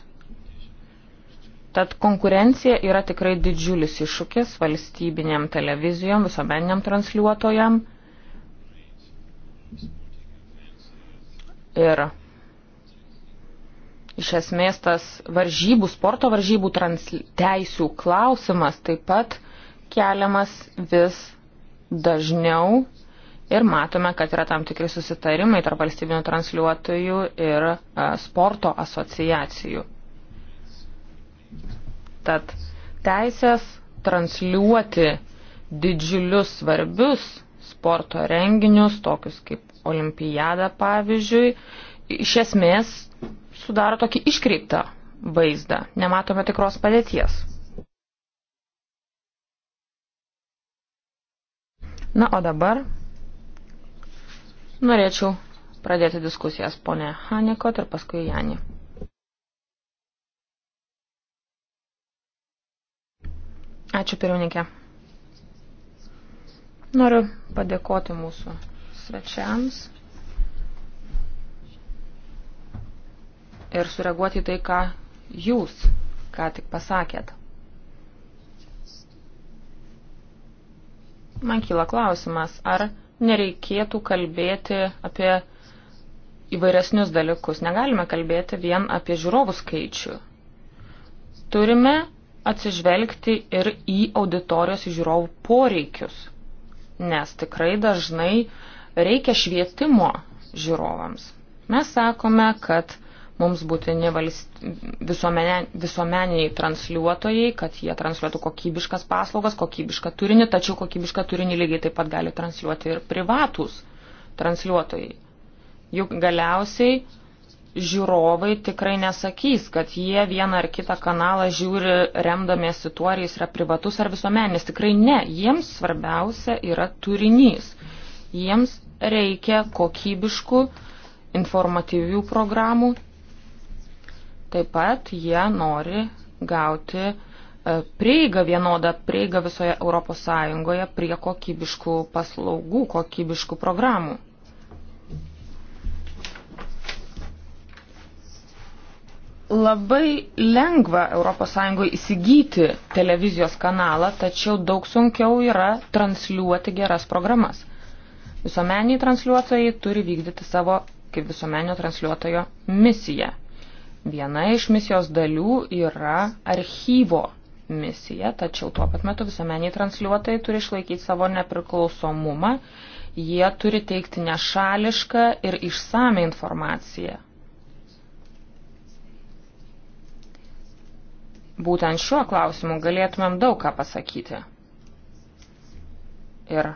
Tad konkurencija yra tikrai didžiulis iššūkis valstybinėm televizijom, visuomeniniam transliuotojam. Ir iš esmės tas varžybų, sporto varžybų transl... teisių klausimas taip pat keliamas vis dažniau ir matome, kad yra tam tikri susitarimai tarp valstybinių transliuotojų ir e, sporto asociacijų. Tad teisės transliuoti didžiulius svarbius sporto renginius, tokius kaip olimpiada pavyzdžiui, iš esmės sudaro tokį iškreiptą vaizdą. Nematome tikros padėties. Na, o dabar norėčiau pradėti diskusijas ponė Hanikot ir paskui Janį. Ačiū pirmininkė. Noriu padėkoti mūsų svečiams ir sureaguoti į tai, ką jūs ką tik pasakėt. Man kyla klausimas, ar nereikėtų kalbėti apie įvairesnius dalykus. Negalime kalbėti vien apie žiūrovų skaičių. Turime atsižvelgti ir į auditorijos į žiūrovų poreikius, nes tikrai dažnai reikia švietimo žiūrovams. Mes sakome, kad mums būtini valst... visuomeniniai transliuotojai, kad jie transliuotų kokybiškas paslaugas, kokybišką turinį, tačiau kokybišką turinį lygiai taip pat gali transliuoti ir privatus transliuotojai. Juk galiausiai žiūrovai tikrai nesakys, kad jie vieną ar kitą kanalą žiūri remdamiesi tuo, ar jis yra privatus ar visuomenis. Tikrai ne. Jiems svarbiausia yra turinys. Jiems reikia kokybiškų informatyvių programų. Taip pat jie nori gauti e, prieigą vienodą prieigą visoje ES prie kokybiškų paslaugų, kokybiškų programų. labai lengva ES įsigyti televizijos kanalą, tačiau daug sunkiau yra transliuoti geras programas. Visuomeniai transliuotojai turi vykdyti savo kaip visuomenio transliuotojo misiją. Viena iš misijos dalių yra archyvo misija, tačiau tuo pat metu visuomeniai transliuotojai turi išlaikyti savo nepriklausomumą, jie turi teikti nešališką ir išsame informaciją būtent šiuo klausimu galėtumėm daug ką pasakyti. Ir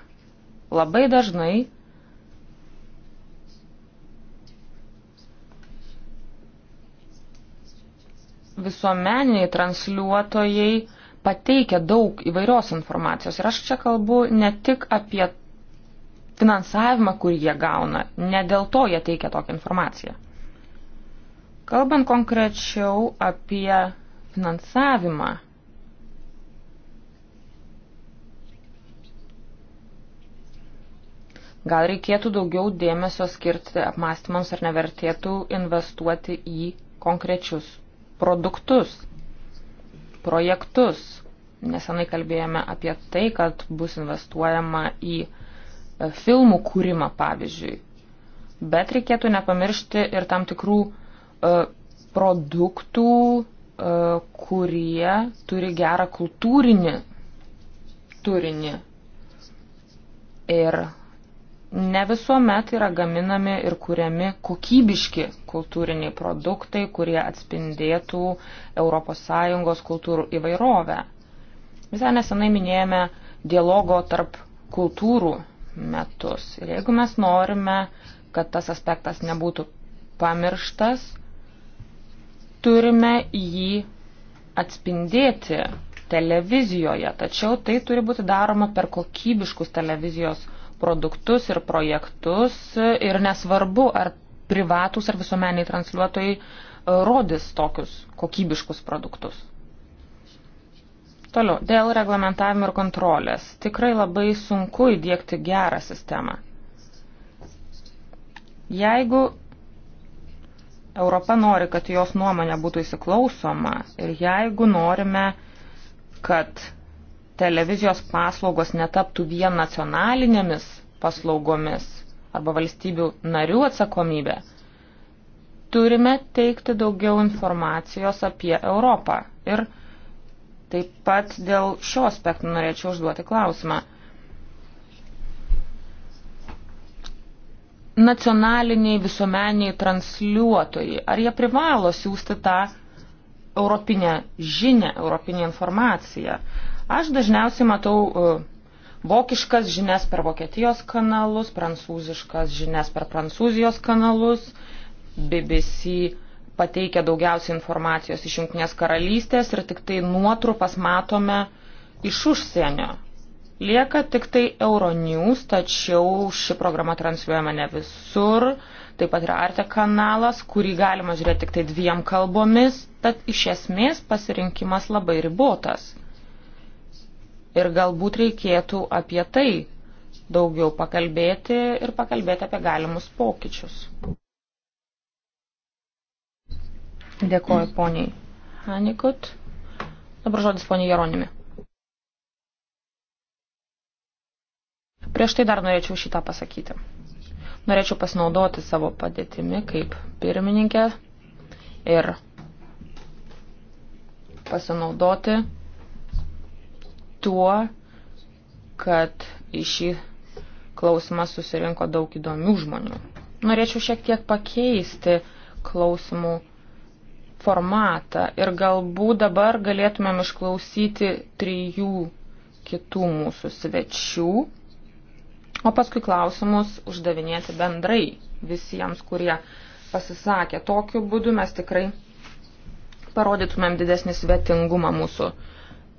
labai dažnai visuomeniniai transliuotojai pateikia daug įvairios informacijos. Ir aš čia kalbu ne tik apie finansavimą, kurį jie gauna, ne dėl to jie teikia tokią informaciją. Kalbant konkrečiau apie finansavimą. Gal reikėtų daugiau dėmesio skirti apmąstymams ar nevertėtų investuoti į konkrečius produktus, projektus. Nesenai kalbėjome apie tai, kad bus investuojama į e, filmų kūrimą, pavyzdžiui. Bet reikėtų nepamiršti ir tam tikrų e, produktų E, kurie turi gerą kultūrinį turinį. Ir ne visuomet yra gaminami ir kuriami kokybiški kultūriniai produktai, kurie atspindėtų ES kultūrų įvairovę. Visai nesenai minėjome dialogo tarp kultūrų metus. Ir jeigu mes norime, kad tas aspektas nebūtų pamirštas, turime jį atspindėti televizijoje, tačiau tai turi būti daroma per kokybiškus televizijos produktus ir projektus ir nesvarbu, ar privatus ar visuomeniai transliuotojai e, rodys tokius kokybiškus produktus. Toliau, dėl reglamentavimo ir kontrolės. Tikrai labai sunku įdėkti gerą sistemą. Jeigu Europa nori, kad jos nuomonė būtų įsiklausoma ir jeigu norime, kad televizijos paslaugos netaptų vien nacionalinėmis paslaugomis arba valstybių narių atsakomybė, turime teikti daugiau informacijos apie Europą. Ir taip pat dėl šio aspektų norėčiau užduoti klausimą. nacionaliniai visuomeniai transliuotojai, ar jie privalo siūsti tą europinę žinę, europinę informaciją. Aš dažniausiai matau uh, vokiškas žinias per Vokietijos kanalus, prancūziškas žinias per Prancūzijos kanalus, BBC pateikia daugiausiai informacijos iš Junktinės karalystės ir tik tai nuotrupas matome iš užsienio. Lieka tik tai Euronews, tačiau ši programa transliuojama ne visur. Taip pat yra Arte kanalas, kurį galima žiūrėti tik tai dviem kalbomis, tad iš esmės pasirinkimas labai ribotas. Ir galbūt reikėtų apie tai daugiau pakalbėti ir pakalbėti apie galimus pokyčius. Dėkoju poniai Hanikut. Dabar žodis poniai Jeronimi. Prieš tai dar norėčiau šitą pasakyti. Norėčiau pasinaudoti savo padėtimi kaip pirmininkė ir pasinaudoti tuo, kad į šį klausimą susirinko daug įdomių žmonių. Norėčiau šiek tiek pakeisti klausimų formatą ir galbūt dabar galėtumėm išklausyti trijų kitų mūsų svečių o paskui klausimus uždavinėti bendrai visiems, kurie pasisakė. Tokiu būdu mes tikrai parodytumėm didesnį svetingumą mūsų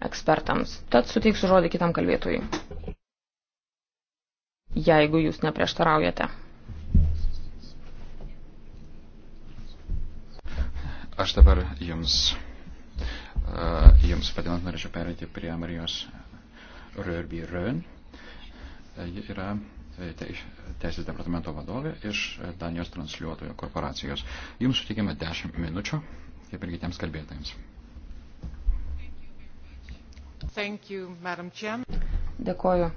ekspertams. Tad suteiksiu žodį kitam kalbėtojui. Jeigu jūs neprieštaraujate. Aš dabar jums, uh, jums padinant norėčiau perėti prie Marijos Rörbyrön. Ji yra e, Teisės departamento vadovė iš Danijos transliuotojo korporacijos. Jums sutikime 10 minučių, kaip ir kitiems kalbėtojams. Dėkoju.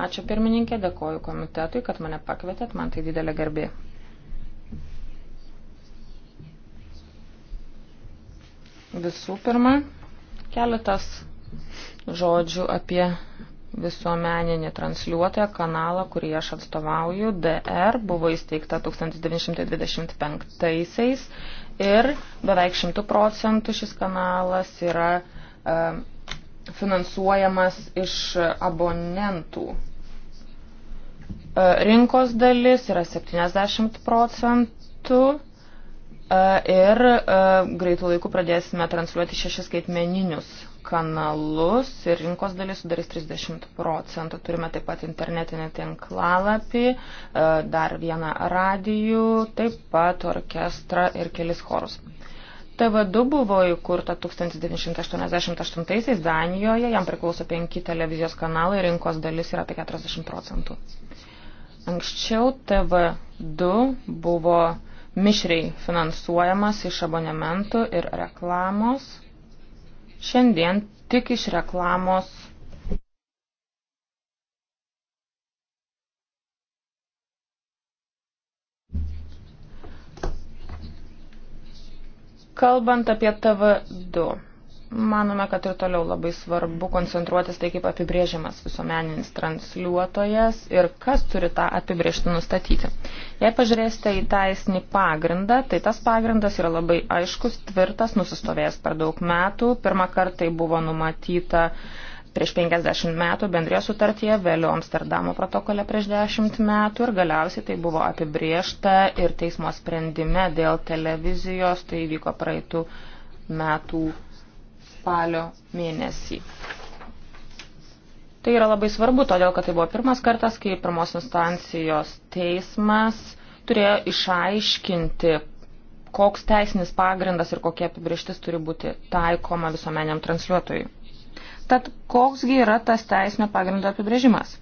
Ačiū pirmininkė, dėkoju komitetui, kad mane pakvietėt, man tai didelė garbė. Visų pirma, keletas žodžių apie visuomeninį transliuotoją kanalą, kurį aš atstovauju, DR, buvo įsteigta 1925-aisiais ir beveik 100 procentų šis kanalas yra e, finansuojamas iš abonentų. E, rinkos dalis yra 70 procentų. E, ir e, greitų laikų pradėsime transliuoti šešis skaitmeninius kanalus ir rinkos dalis sudarys 30 procentų. Turime taip pat internetinį tinklalapį, e, dar vieną radijų, taip pat orkestrą ir kelis chorus. TV2 buvo įkurta 1988 Danijoje, jam priklauso penki televizijos kanalai, rinkos dalis yra apie 40 procentų. Anksčiau TV2 buvo mišriai finansuojamas iš abonementų ir reklamos šiandien tik iš reklamos kalbant apie TV2. Manome, kad ir toliau labai svarbu koncentruotis tai, kaip apibrėžiamas visuomeninis transliuotojas ir kas turi tą apibrėžti nustatyti. Jei pažiūrėsite į teisinį pagrindą, tai tas pagrindas yra labai aiškus, tvirtas, nusistovėjęs per daug metų. Pirmą kartą tai buvo numatyta prieš 50 metų bendrijos sutartyje, vėliau Amsterdamo protokole prieš 10 metų ir galiausiai tai buvo apibriešta ir teismo sprendime dėl televizijos, tai vyko praeitų metų spalio mėnesį. Tai yra labai svarbu, todėl kad tai buvo pirmas kartas, kai pirmos instancijos teismas turėjo išaiškinti, koks teisinis pagrindas ir kokie apibrieštis turi būti taikoma visuomeniam transliuotojui. Tad koksgi yra tas teisinio pagrindo apibrėžimas?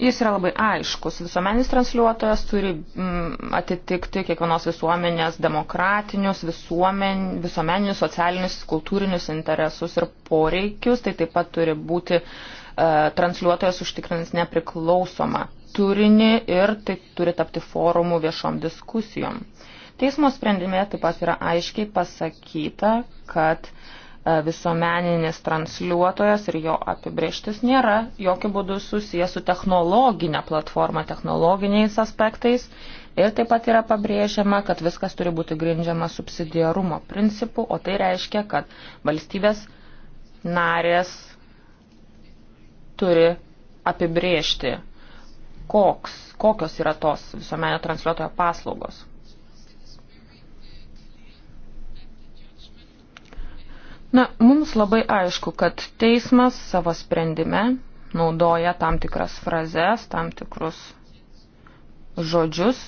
Jis yra labai aiškus. Visuomenis transliuotojas turi mm, atitikti kiekvienos visuomenės demokratinius, visuomen, visuomeninius, socialinius, kultūrinius interesus ir poreikius. Tai taip pat turi būti e, transliuotojas užtikrins nepriklausomą turinį ir tai turi tapti forumų viešom diskusijom. Teismo sprendime taip pat yra aiškiai pasakyta, kad E, visuomeninis transliuotojas ir jo apibrieštis nėra jokių būdų susijęs su technologinė platforma, technologiniais aspektais. Ir taip pat yra pabrėžiama, kad viskas turi būti grindžiama subsidiarumo principu, o tai reiškia, kad valstybės narės turi apibrėžti, koks, kokios yra tos visuomenio transliuotojo paslaugos. Na, mums labai aišku, kad teismas savo sprendime naudoja tam tikras frazes, tam tikrus žodžius,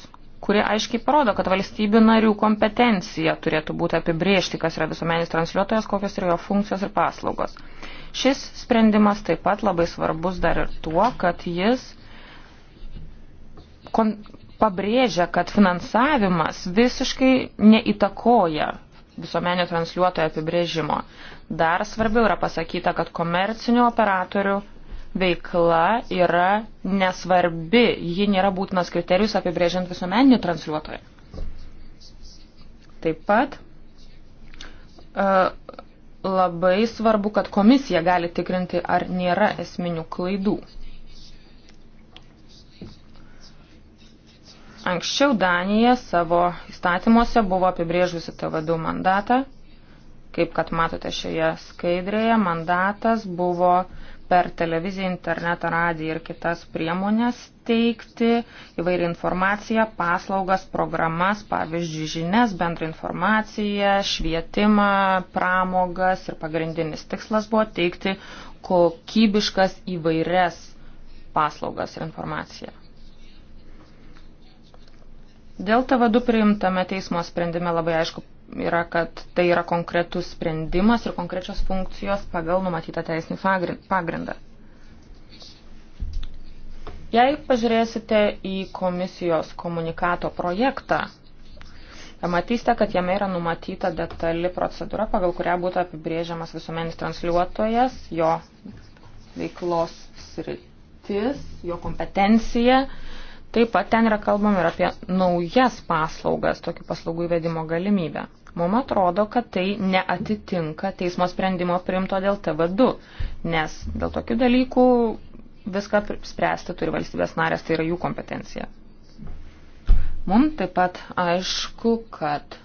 kurie aiškiai parodo, kad valstybių narių kompetencija turėtų būti apibriežti, kas yra visuomenis transliuotojas, kokios yra jo funkcijos ir paslaugos. Šis sprendimas taip pat labai svarbus dar ir tuo, kad jis kon pabrėžia, kad finansavimas visiškai neįtakoja visuomenio transliuotojo apibrėžimo. Dar svarbiau yra pasakyta, kad komercinių operatorių veikla yra nesvarbi, ji nėra būtinas kriterijus apibrėžiant visuomeninį transliuotoją. Taip pat e, labai svarbu, kad komisija gali tikrinti, ar nėra esminių klaidų. Anksčiau Danija savo įstatymuose buvo apibrėžusi TV2 mandatą. Kaip kad matote šioje skaidrėje, mandatas buvo per televiziją, internetą, radiją ir kitas priemonės teikti įvairią informaciją, paslaugas, programas, pavyzdžiui, žinias, bendrą informaciją, švietimą, pramogas ir pagrindinis tikslas buvo teikti kokybiškas įvairias paslaugas ir informaciją. Dėl TVD priimtame teismo sprendime labai aišku yra, kad tai yra konkretus sprendimas ir konkrečios funkcijos pagal numatytą teisinį pagrindą. Jei pažiūrėsite į komisijos komunikato projektą, pamatysite, kad jame yra numatyta detali procedūra, pagal kurią būtų apibrėžiamas visuomenis transliuotojas, jo veiklos sritis, jo kompetencija, uh, Taip pat ten yra kalbama ir apie naujas paslaugas, tokių paslaugų įvedimo galimybę. Mums atrodo, kad tai neatitinka teismo sprendimo priimto dėl TV2, nes dėl tokių dalykų viską spręsti turi valstybės narės, tai yra jų kompetencija. Mums taip pat aišku, kad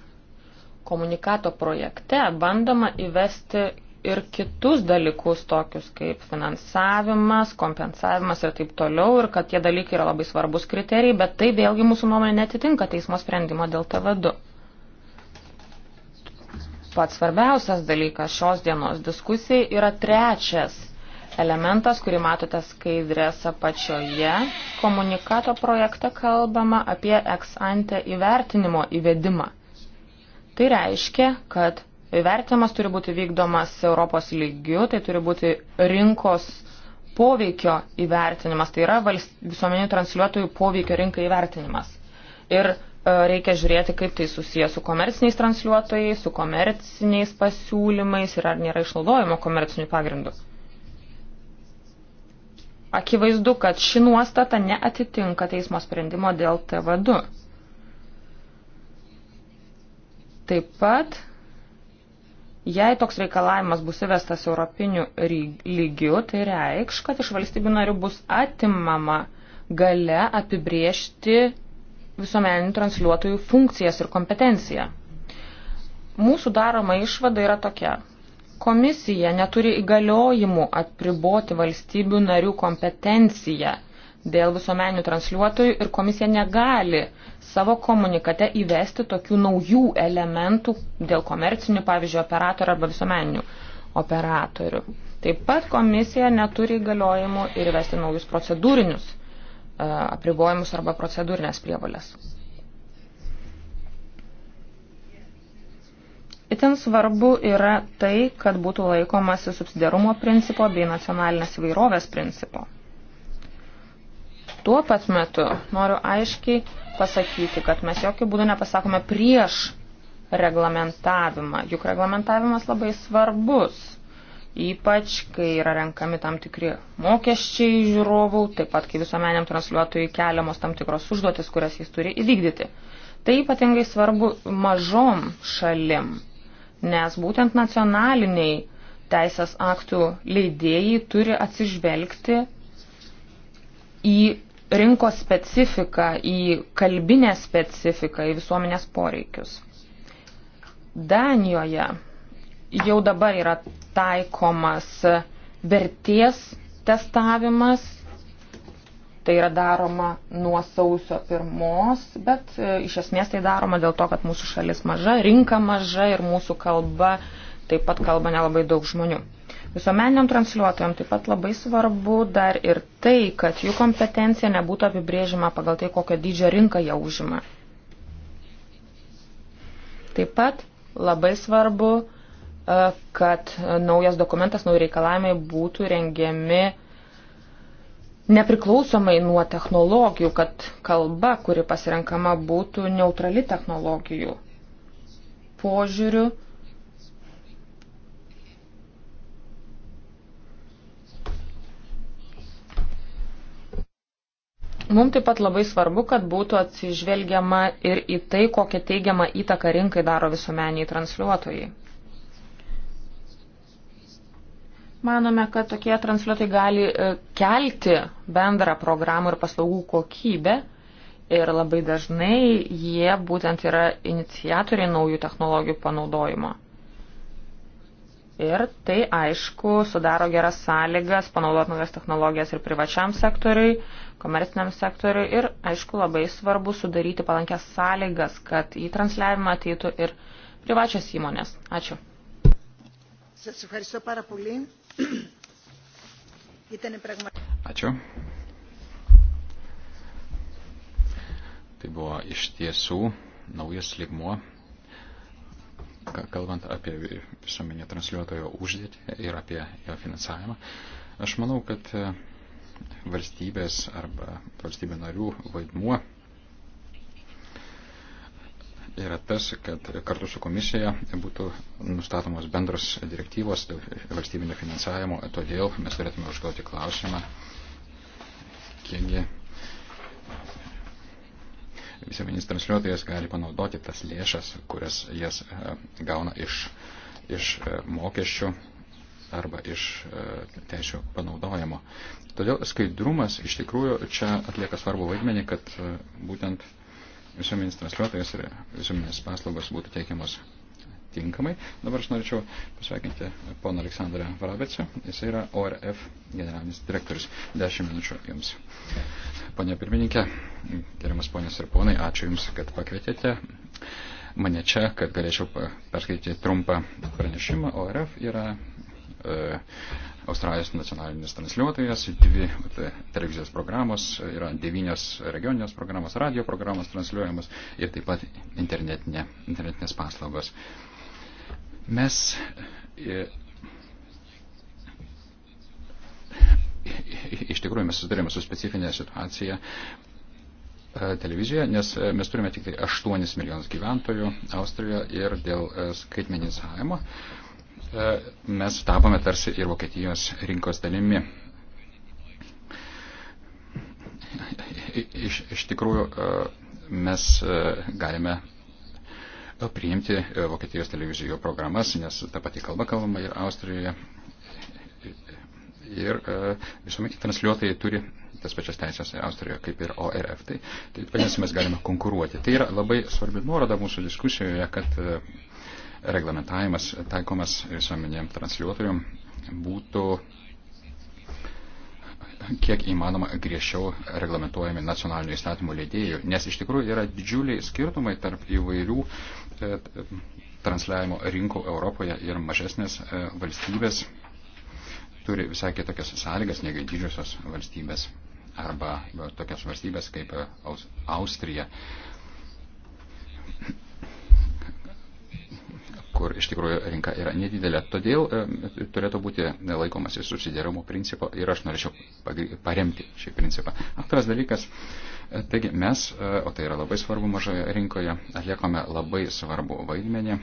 komunikato projekte bandoma įvesti ir kitus dalykus, tokius kaip finansavimas, kompensavimas ir taip toliau, ir kad tie dalykai yra labai svarbus kriterijai, bet tai vėlgi mūsų nuomonė netitinka teismo sprendimo dėl TVD. Pats svarbiausias dalykas šios dienos diskusijai yra trečias elementas, kurį matote skaidrės apačioje. Komunikato projekte kalbama apie ex ante įvertinimo įvedimą. Tai reiškia, kad vertinimas turi būti vykdomas Europos lygiu, tai turi būti rinkos poveikio įvertinimas, tai yra visuomeninių transliuotojų poveikio rinkai įvertinimas. Ir e, reikia žiūrėti, kaip tai susiję su komerciniais transliuotojais, su komerciniais pasiūlymais ir ar nėra išnaudojimo komercinių pagrindų. Akivaizdu, kad ši nuostata neatitinka teismo sprendimo dėl TV2. Taip pat Jei toks reikalavimas bus įvestas europiniu lygiu, tai reikš, kad iš valstybių narių bus atimama gale apibriežti visuomeninių transliuotojų funkcijas ir kompetenciją. Mūsų daroma išvada yra tokia. Komisija neturi įgaliojimų apriboti valstybių narių kompetenciją dėl visuomenių transliuotojų ir komisija negali savo komunikate įvesti tokių naujų elementų dėl komercinių, pavyzdžiui, operatorių arba visuomeninių operatorių. Taip pat komisija neturi įgaliojimų ir įvesti naujus procedūrinius e, apribojimus arba procedūrinės prievalės. Itin svarbu yra tai, kad būtų laikomasi subsidiarumo principo bei nacionalinės įvairovės principo. Tuo pat metu noriu aiškiai pasakyti, kad mes jokių būdų nepasakome prieš reglamentavimą. Juk reglamentavimas labai svarbus, ypač kai yra renkami tam tikri mokesčiai žiūrovų, taip pat kai visuomeniam transliuotojui keliamos tam tikros užduotis, kurias jis turi įvykdyti. Tai ypatingai svarbu mažom šalim, nes būtent nacionaliniai teisės aktų leidėjai turi atsižvelgti į rinkos specifiką, į kalbinę specifiką, į visuomenės poreikius. Danijoje jau dabar yra taikomas vertės testavimas, tai yra daroma nuo sausio pirmos, bet e, iš esmės tai daroma dėl to, kad mūsų šalis maža, rinka maža ir mūsų kalba taip pat kalba nelabai daug žmonių. Visuomeniniam transliuotojam taip pat labai svarbu dar ir tai, kad jų kompetencija nebūtų apibrėžima pagal tai, kokio dydžio rinką jie užima. Taip pat labai svarbu, e, kad naujas dokumentas, nauji reikalavimai būtų rengiami nepriklausomai nuo technologijų, kad kalba, kuri pasirenkama, būtų neutrali technologijų požiūrių Mums taip pat labai svarbu, kad būtų atsižvelgiama ir į tai, kokią teigiamą įtaką rinkai daro visuomeniai transliuotojai. Manome, kad tokie transliuotojai gali e, kelti bendrą programų ir paslaugų kokybę ir labai dažnai jie būtent yra inicijatoriai naujų technologijų panaudojimo. Ir tai aišku sudaro geras sąlygas panaudoti naujas technologijas ir privačiam sektoriui, komerciniam sektoriui ir, aišku, labai svarbu sudaryti palankias sąlygas, kad į transliavimą ateitų ir privačios įmonės. Ačiū. Ačiū. Tai buvo iš tiesų naujas ligmuo, kalbant apie visuomenį transliuotojo uždėtį ir apie jo finansavimą. Aš manau, kad valstybės arba valstybė narių vaidmuo yra tas, kad kartu su komisija būtų nustatomos bendros direktyvos dėl valstybinio finansavimo. Todėl mes turėtume užduoti klausimą, kiekgi visuomenis transliuotojas gali panaudoti tas lėšas, kurias jas e, gauna iš, iš e, mokesčių arba iš e, teisų panaudojimo. Todėl skaidrumas iš tikrųjų čia atlieka svarbu vaidmenį, kad e, būtent visuomenės transliuotojas ir visuomenės paslaugos būtų teikiamos tinkamai. Dabar aš norėčiau pasveikinti poną Aleksandrą Varabecę. Jis yra ORF generalinis direktorius. Dešimt minučių jums. Pone pirmininkė, gerimas ponės ir ponai, ačiū Jums, kad pakvietėte mane čia, kad galėčiau perskaityti trumpą pranešimą. ORF yra E, Australijos nacionalinis transliuotojas, dvi e, televizijos programos, e, yra devynios regioninės programos, radio programos transliuojamos ir taip pat internetinė, internetinės paslaugos. Mes iš tikrųjų mes susidurėme su specifinė situacija televizijoje, nes mes turime tik tai 8 milijonus gyventojų Austrijoje ir dėl skaitmenizavimo. Uh, E, mes tapome tarsi ir Vokietijos rinkos dalimi. Iš, iš tikrųjų, e, mes e, galime priimti Vokietijos televizijų programas, nes ta pati kalba kalbama ir Austrijoje. Ir visuomet transliuotojai turi tas pačias teisės Austrijoje kaip ir ORF. Tai, tai vadinasi, mes galime konkuruoti. Tai yra labai svarbi nuoroda mūsų diskusijoje, kad reglamentavimas taikomas visuomenėm transliuotojom būtų kiek įmanoma griežčiau reglamentuojami nacionalinių įstatymų leidėjų, nes iš tikrųjų yra didžiuliai skirtumai tarp įvairių e, transliavimo rinkų Europoje ir mažesnės e, valstybės turi visai kitokias sąlygas negu didžiosios valstybės arba tokias valstybės kaip Austrija, kur iš tikrųjų rinka yra nedidelė. Todėl e, turėtų būti laikomasi susidėrimo principo ir aš norėčiau paremti šį principą. Antras dalykas, e, taigi mes, e, o tai yra labai svarbu mažoje rinkoje, atliekame labai svarbu vaidmenį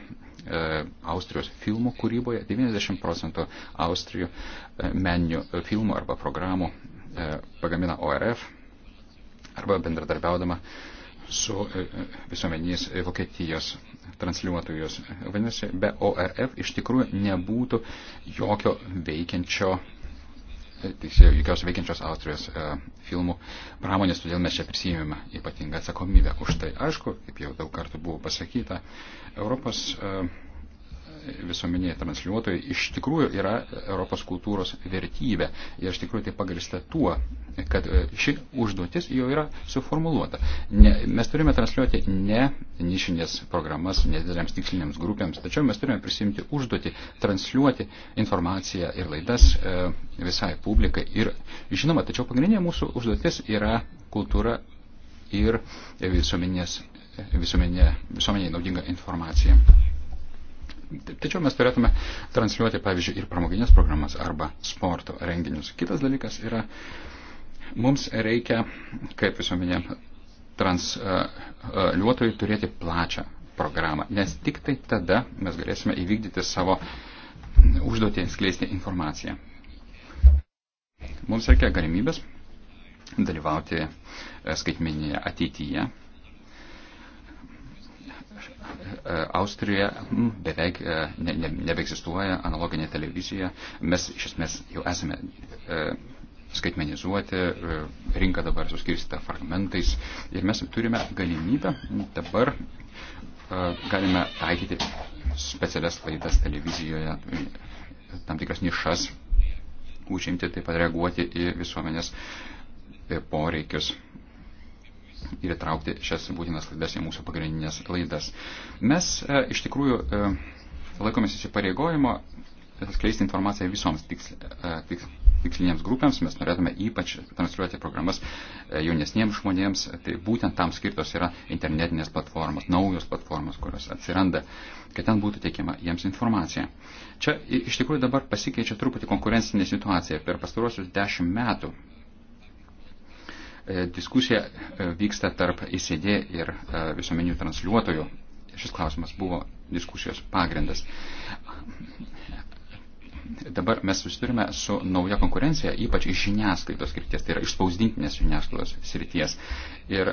Austrijos filmų kūryboje. 90 procentų Austrijų meninių filmų arba programų pagamina ORF arba bendradarbiaudama su visuomeniais Vokietijos transliuotojus. Vadinasi, be ORF iš tikrųjų nebūtų jokio veikiančio, e, tiksliau, jokios veikiančios Austrijos e, filmų pramonės, todėl mes čia prisijėmėme ypatingą atsakomybę už tai. Aišku, kaip jau daug kartų buvo pasakyta, Europos e, visuomeniniai transliuotojai iš tikrųjų yra Europos kultūros vertybė. Ir iš tikrųjų tai pagrista tuo, kad e, ši užduotis jau yra suformuluota. Ne, mes turime transliuoti ne nišinės programas, nedidelėms tikslinėms grupėms, tačiau mes turime prisimti užduotį transliuoti informaciją ir laidas e, visai publikai. Ir žinoma, tačiau pagrindinė mūsų užduotis yra kultūra ir visuomenės visuomenė, visuomenė naudinga informacija. Tačiau mes turėtume transliuoti, pavyzdžiui, ir pramoginės programas arba sporto renginius. Kitas dalykas yra, mums reikia, kaip visuomenė, transliuotojai turėti plačią programą, nes tik tai tada mes galėsime įvykdyti savo užduotį skleisti informaciją. Mums reikia galimybės dalyvauti e, skaitmeninėje ateityje E, Austrijoje beveik e, ne, ne, nebeegzistuoja analoginė televizija. Mes iš esmės jau esame e, skaitmenizuoti, e, rinka dabar suskirstyta fragmentais ir mes turime galimybę dabar e, galime taikyti specialias laidas televizijoje, e, tam tikras nišas, užimti, taip pat reaguoti į visuomenės poreikius ir įtraukti šias būtinas laidas į mūsų pagrindinės laidas. Mes e, iš tikrųjų e, laikomės įsipareigojimo skleisti informaciją visoms tiksl, e, tiksl, tikslinėms grupėms, mes norėtume ypač transliuoti programas e, jaunesniems žmonėms, tai būtent tam skirtos yra internetinės platformos, naujos platformos, kurios atsiranda, kad ten būtų teikiama jiems informacija. Čia iš tikrųjų dabar pasikeičia truputį konkurencinė situacija. Per pastarosius dešimt metų E, diskusija e, vyksta tarp ICD ir e, visuomeninių transliuotojų. Šis klausimas buvo diskusijos pagrindas. Dabar mes susidurime su nauja konkurencija, ypač iš žiniasklaidos skrities, tai yra išspausdintinės žiniasklaidos srities. Ir,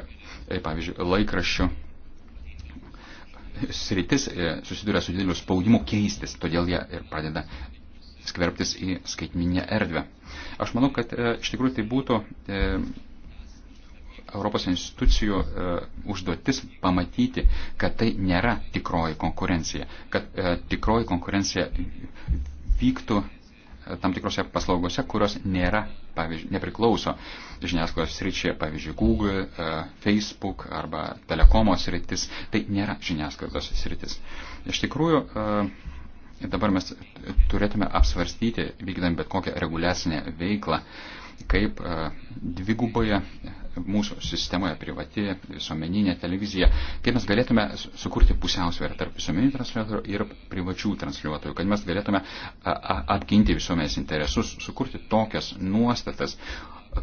pavyzdžiui, laikraščių sritis susiduria su dideliu spaudimu keistis, todėl jie ir pradeda skverbtis į skaitminę erdvę. Aš manau, kad iš tikrųjų tai būtų Europos institucijų e, užduotis pamatyti, kad tai nėra tikroji konkurencija, kad e, tikroji konkurencija vyktų e, tam tikrose paslaugose, kurios nėra, pavyzdžiui, nepriklauso žiniasklaidos sričiai, pavyzdžiui, Google, e, Facebook arba telekomo sritis, tai nėra žiniasklaidos sritis. Iš tikrųjų, e, dabar mes turėtume apsvarstyti, vykdami bet kokią reguliacinę veiklą, kaip dviguboje mūsų sistemoje privati visuomeninė televizija, kaip mes galėtume sukurti pusiausvėrą tarp visuomeninių transliuotojų ir privačių transliuotojų, kad mes galėtume apginti visuomenės interesus, sukurti tokias nuostatas,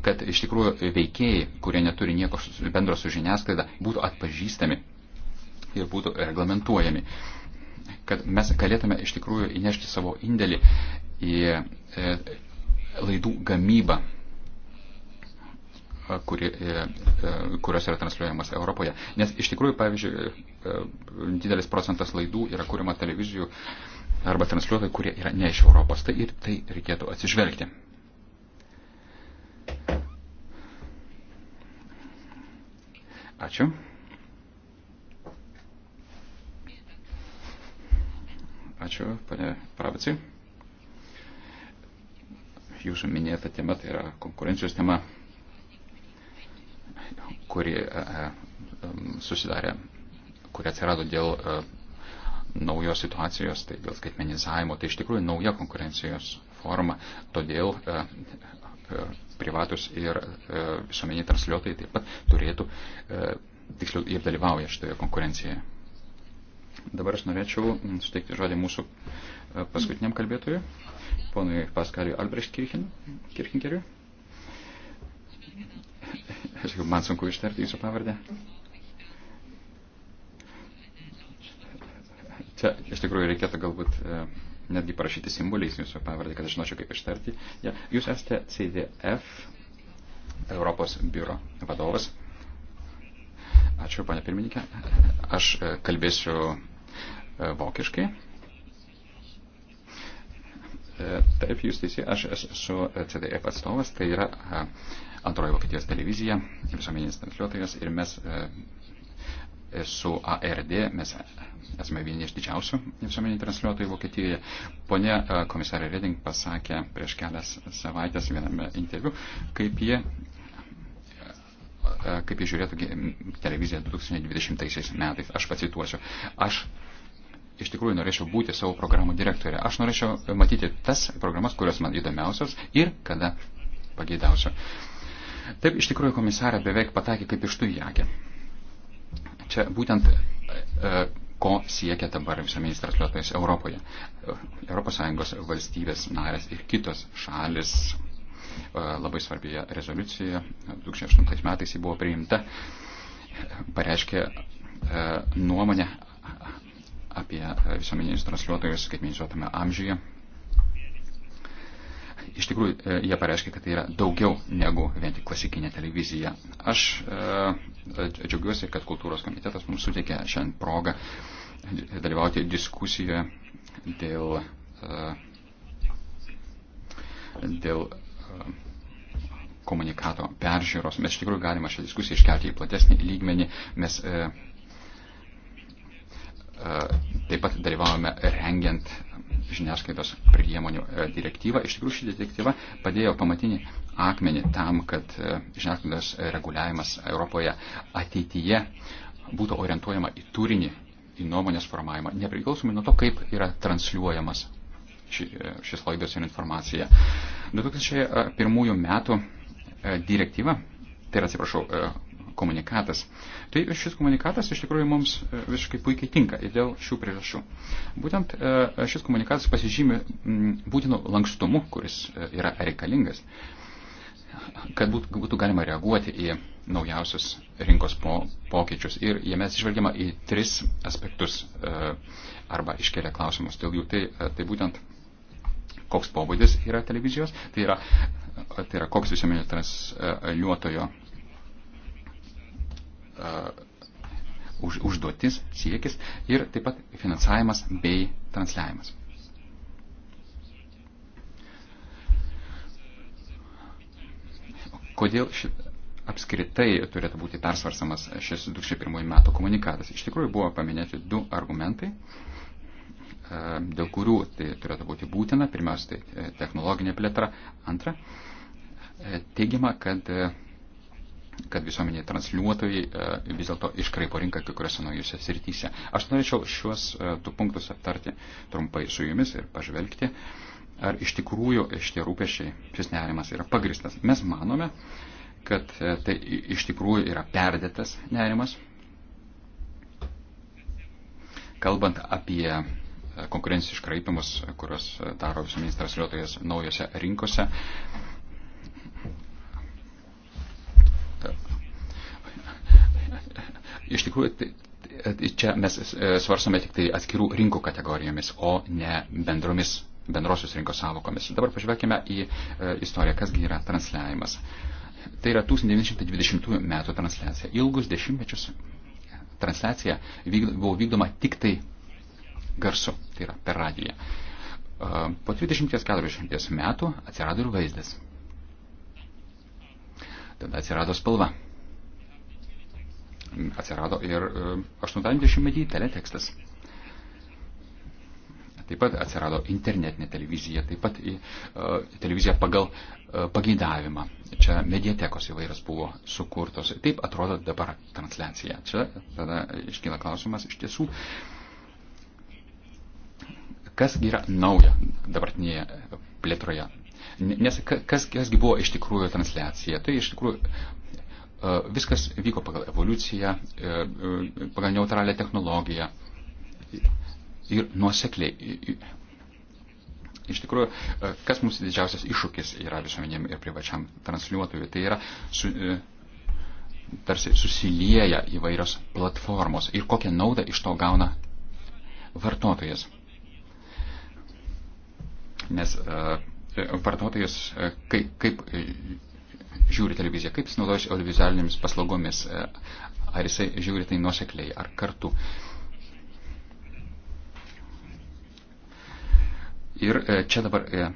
kad iš tikrųjų veikėjai, kurie neturi nieko bendro su žiniasklaida, būtų atpažįstami ir būtų reglamentuojami. Kad mes galėtume iš tikrųjų įnešti savo indėlį į e, laidų gamybą kuri, e, e, kurios yra transliuojamas Europoje. Nes iš tikrųjų, pavyzdžiui, e, didelis procentas laidų yra kuriama televizijų arba transliuotojų, kurie yra ne iš Europos. Tai ir tai reikėtų atsižvelgti. Ačiū. Ačiū, panė Prabici. Jūsų minėta tema tai yra konkurencijos tema kuri e, e, susidarė, kuri atsirado dėl e, naujos situacijos, tai dėl skaitmenizavimo, tai iš tikrųjų nauja konkurencijos forma. Todėl privatus ir visuomeniai transliuotojai taip pat turėtų, tiksliau, ir dalyvauja šitoje konkurencijoje. Dabar aš norėčiau suteikti žodį mūsų paskutiniam kalbėtojui, ponui Paskaliui Albrecht Kirchinkeriui. Aš jau man sunku ištarti jūsų pavardę. Čia iš tikrųjų reikėtų galbūt e, netgi parašyti simboliais jūsų pavardę, kad aš žinočiau, kaip ištarti. Ja, jūs esate CDF Europos biuro vadovas. Ačiū, panė pirmininkė. Aš e, kalbėsiu e, vokiškai. Taip, jūs teisė, aš esu CDF atstovas, tai yra antroji Vokietijos televizija, visuomeninis transliuotojas ir mes e, su ARD, mes esame vieni iš didžiausių visuomeninių transliuotojų Vokietijoje. Pone komisarė Reding pasakė prieš kelias savaitės viename interviu, kaip jie e, kaip jie žiūrėtų televiziją 2020 metais. Aš pacituosiu. Aš iš tikrųjų norėčiau būti savo programų direktorė. Aš norėčiau matyti tas programas, kurios man įdomiausios ir kada pageidausiu. Taip, iš tikrųjų, komisarė beveik patakė kaip iš tų jakė. Čia būtent e, ko siekia dabar visuomeninis transliuotojas Europoje. ES valstybės narės ir kitos šalis e, labai svarbioje rezoliucijoje, 2008 metais ji buvo priimta, pareiškė e, nuomonę apie visuomeninius transliuotojus skaitmenizuotame amžiuje Iš tikrųjų, e, jie pareiškia, kad tai yra daugiau negu vien tik klasikinė televizija. Aš e, e, džiaugiuosi, kad kultūros komitetas mums suteikė šiandien progą dalyvauti diskusijoje dėl, e, dėl e, komunikato peržiūros. Mes iš tikrųjų galime šią diskusiją iškelti į platesnį lygmenį. Mes e, e, taip pat dalyvavome rengiant žiniasklaidos priemonių e, direktyvą. Iš tikrųjų, ši direktyva padėjo pamatinį akmenį tam, kad e, žiniasklaidos reguliavimas Europoje ateityje būtų orientuojama į turinį, į nuomonės formavimą, nepriklausomai nuo to, kaip yra transliuojamas ši, e, šis laidos ir informacija. 2001 metų direktyva, tai yra, atsiprašau, komunikatas Tai šis komunikatas iš tikrųjų mums e, visiškai puikiai tinka ir dėl šių priežasčių. Būtent e, šis komunikatas pasižymi būtinu lankstumu, kuris e, yra reikalingas, kad būtų galima reaguoti į naujausius rinkos po, pokyčius. Ir jame atsižvelgiama į tris aspektus arba iškelia klausimus dėl jų. Tai, tai būtent koks pobūdis yra televizijos, tai yra, tai yra koks visuomenio transliuotojo už, užduotis, siekis ir taip pat finansavimas bei transliavimas. Kodėl ši, apskritai turėtų būti persvarsamas šis 2001 metų komunikatas? Iš tikrųjų buvo paminėti du argumentai, dėl kurių tai turėtų būti būtina. Pirmiausia, tai e, technologinė plėtra. Antra, e, teigiama, kad e, kad visuomeniai transliuotojai e, vis dėlto iškraipo rinką kai kuriuose naujose srityse. Aš norėčiau šiuos e, du punktus aptarti trumpai su jumis ir pažvelgti, ar iš tikrųjų šitie rūpešiai, šis nerimas yra pagristas. Mes manome, kad e, tai iš tikrųjų yra perdėtas nerimas. Kalbant apie konkurencijos iškraipimus, kurios daro visuomeninis transliuotojas naujose rinkose, Iš tikrųjų, tai, tai, tai čia mes e, svarsome tik tai atskirų rinkų kategorijomis, o ne bendromis, bendrosios rinkos savokomis. Dabar pažvelkime į e, istoriją, kasgi yra transliavimas. Tai yra 1920 metų transliacija. Ilgus dešimtmečius transliacija buvo vykdoma tik tai garsu, tai yra per radiją. E, po 30-40 metų atsirado ir vaizdas. Tada atsirado spalva atsirado ir 80-metį e, teletekstas. Taip pat atsirado internetinė televizija, taip pat e, televizija pagal e, pageidavimą. Čia mediatekos įvairios buvo sukurtos. Taip atrodo dabar transliacija. Čia tada iškyla klausimas iš tiesų, kas yra nauja dabartinėje plėtroje. Nes kas, kasgi buvo iš tikrųjų transliacija? Tai iš tikrųjų E, viskas vyko pagal evoliuciją, e, e, pagal neutralią technologiją ir nuosekliai. Iš tikrųjų, kas mums didžiausias iššūkis yra visuomenėm ir privačiam transliuotojui, tai yra su, tarsi susilieja įvairios platformos ir kokią naudą iš to gauna vartotojas. Nes vartotojas kaip, kaip žiūri televiziją, kaip jis naudojasi audiovizualinėmis paslaugomis, e, ar jisai žiūri tai nuosekliai, ar kartu. Ir e, čia dabar e,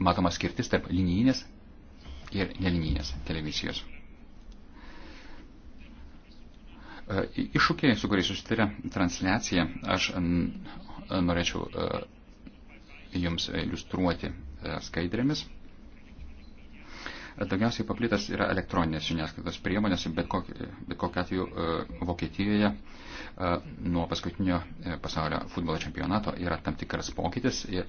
matoma skirtis tarp linijinės ir nelinijinės televizijos. Iššūkiai, su kuriais susitaria transliacija, aš norėčiau jums iliustruoti skaidrėmis. Daugiausiai paplitas yra elektroninės žiniasklaidos priemonės, bet, kok, bet kokiu atveju e, Vokietijoje e, nuo paskutinio e, pasaulio futbolo čempionato yra tam tikras pokytis ir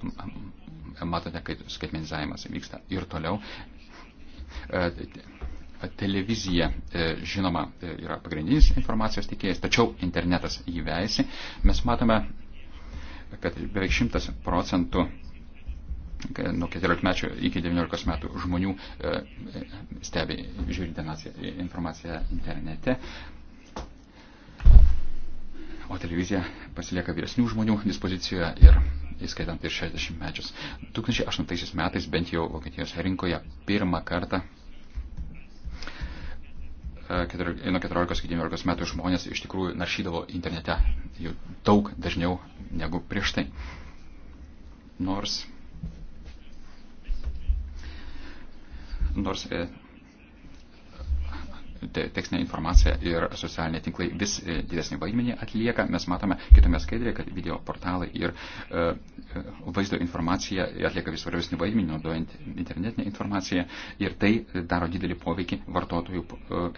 matote, kaip skaitmenizavimas vyksta ir toliau. Televizija, žinoma, yra pagrindinis informacijos teikėjas, tačiau internetas jį veisi. Mes matome, kad beveik šimtas procentų nuo 14 mečių iki 19 metų žmonių e, e, stebi, žiūri informaciją internete. O televizija pasilieka vyresnių žmonių dispozicijoje ir įskaitant ir 60 mečius. 2008 metais bent jau Vokietijos rinkoje pirmą kartą e, nuo 14 iki 19 metų žmonės iš tikrųjų naršydavo internete jau daug dažniau negu prieš tai. Nors nors e, tekstinė informacija ir socialiniai tinklai vis e, didesnį vaidmenį atlieka. Mes matome kitame skaidrėje, kad video portalai ir e, e, vaizdo informacija atlieka vis svarbesnį vaidmenį, naudojant internetinę informaciją ir tai daro didelį poveikį vartotojų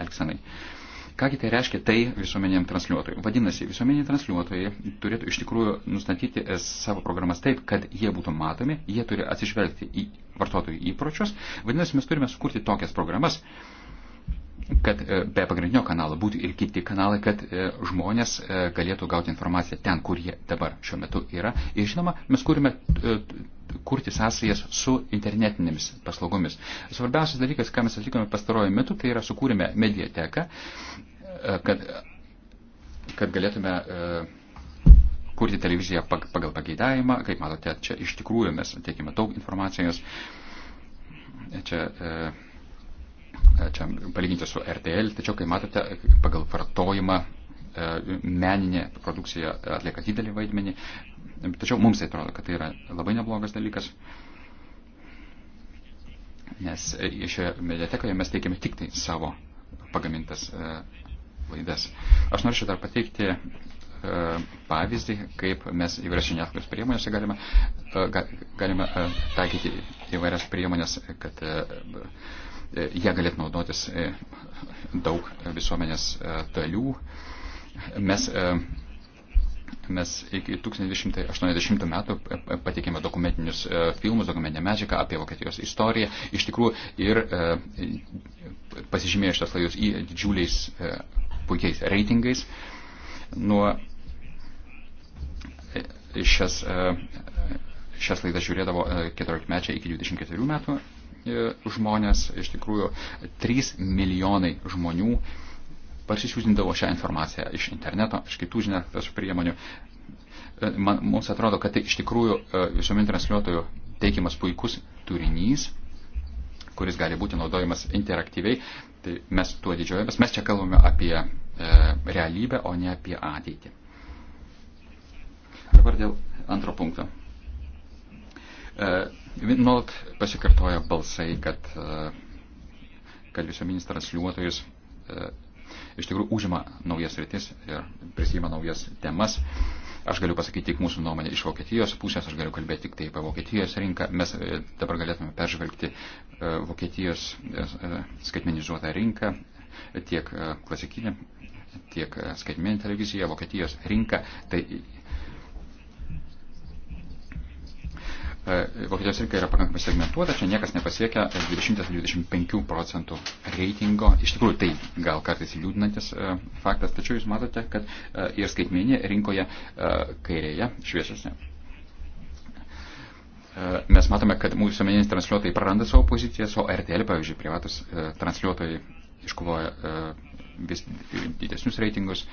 elgsenai. E, Kągi tai reiškia tai visuomeniniam transliuotojui? Vadinasi, visuomeniniai transliuotojai turėtų iš tikrųjų nustatyti e, savo programas taip, kad jie būtų matomi, jie turi atsižvelgti į vartotojų įpročius. Vadinasi, mes turime sukurti tokias programas, kad e, be pagrindinio kanalo būtų ir kiti kanalai, kad e, žmonės e, galėtų gauti informaciją ten, kur jie dabar šiuo metu yra. Ir žinoma, mes kūrime kurti sąsajas su internetinėmis paslaugomis. Svarbiausias dalykas, ką mes atlikome pastarojų metų, tai yra sukūrėme mediateką, kad, kad galėtume kurti televiziją pagal pageidavimą. Kaip matote, čia iš tikrųjų mes teikime daug informacijos. Čia, e, E, čia palyginti su RTL, tačiau kai matote, pagal vartojimą e, meninė produkcija atlieka didelį vaidmenį, tačiau mums tai atrodo, kad tai yra labai neblogas dalykas, nes šioje mediatekoje mes teikiame tik tai savo pagamintas e, laidas. Aš norėčiau dar pateikti pavyzdį, kaip mes įvairias žiniasklaidos priemonėse galime, galime taikyti įvairias priemonės, kad E, jie galėtų naudotis e, daug visuomenės e, dalių. Mes, mes iki 1980 metų pateikėme dokumentinius filmus, dokumentinę medžiagą apie Vokietijos istoriją. Iš tikrųjų, ir pasižymėjo šitas laidus į didžiuliais puikiais reitingais. Nuo šias, šias laidas žiūrėdavo 14 mečiai iki 24 metų E, žmonės, iš tikrųjų 3 milijonai žmonių parsičiūsindavo šią informaciją iš interneto, iš kitų žiniasklaidos priemonių. E, man, mums atrodo, kad tai iš tikrųjų e, visuomeninių transliuotojų teikiamas puikus turinys, kuris gali būti naudojamas interaktyviai. Tai mes tuo didžiuojamės. Mes čia kalbame apie e, realybę, o ne apie ateitį. Dabar dėl antro punkto. E, Nuolat pasikartoja balsai, kad, e, kad visuominis transliuotojas e, iš tikrųjų užima naujas rytis ir prisima naujas temas. Aš galiu pasakyti tik mūsų nuomonę iš Vokietijos pusės, aš galiu kalbėti tik tai apie Vokietijos rinką. Mes e, dabar galėtume peržvelgti Vokietijos skaitmenizuotą rinką, tiek klasikinę, tiek skaitmeninę televiziją, Vokietijos rinką. Tai E, Vokietijos rinka yra pakankamai segmentuota, čia niekas nepasiekia 20-25 procentų reitingo. Iš tikrųjų, tai gal kartais liūdinantis e, faktas, tačiau jūs matote, kad e, ir skaitmeninėje rinkoje kairėje, šviesose. Mes matome, kad mūsų visuomeninis transliuotojai praranda savo pozicijas, o RTL, pavyzdžiui, privatus transliuotojai iškovoja vis didesnius reitingus.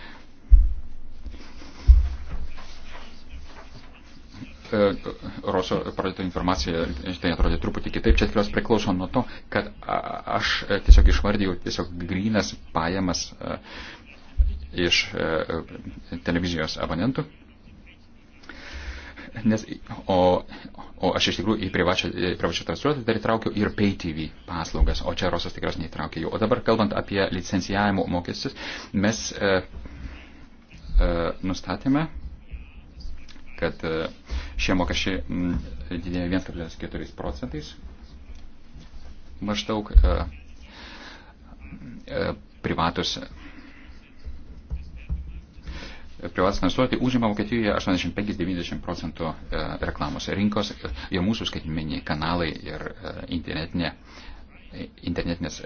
E, Roso pradėta informacija, tai atrodė truputį kitaip, čia tikriausiai priklauso nuo to, kad aš e, tiesiog išvardėjau tiesiog grynas pajamas e, iš televizijos abonentų. Nes, o, o aš iš tikrųjų į privačią, privačią transliuotoją dar įtraukiau ir PayTV paslaugas, o čia Rosas tikriausiai neįtraukė jų. O dabar kalbant apie licencijavimo mokesčius, mes e, e, nustatėme, kad e, šie mokesčiai didėja 1,4 procentais. Maždaug e, e, privatus privatus investuotojai užima Vokietijoje 85-90 procentų reklamos rinkos ir mūsų skaitmeniniai kanalai ir internetinė, internetinės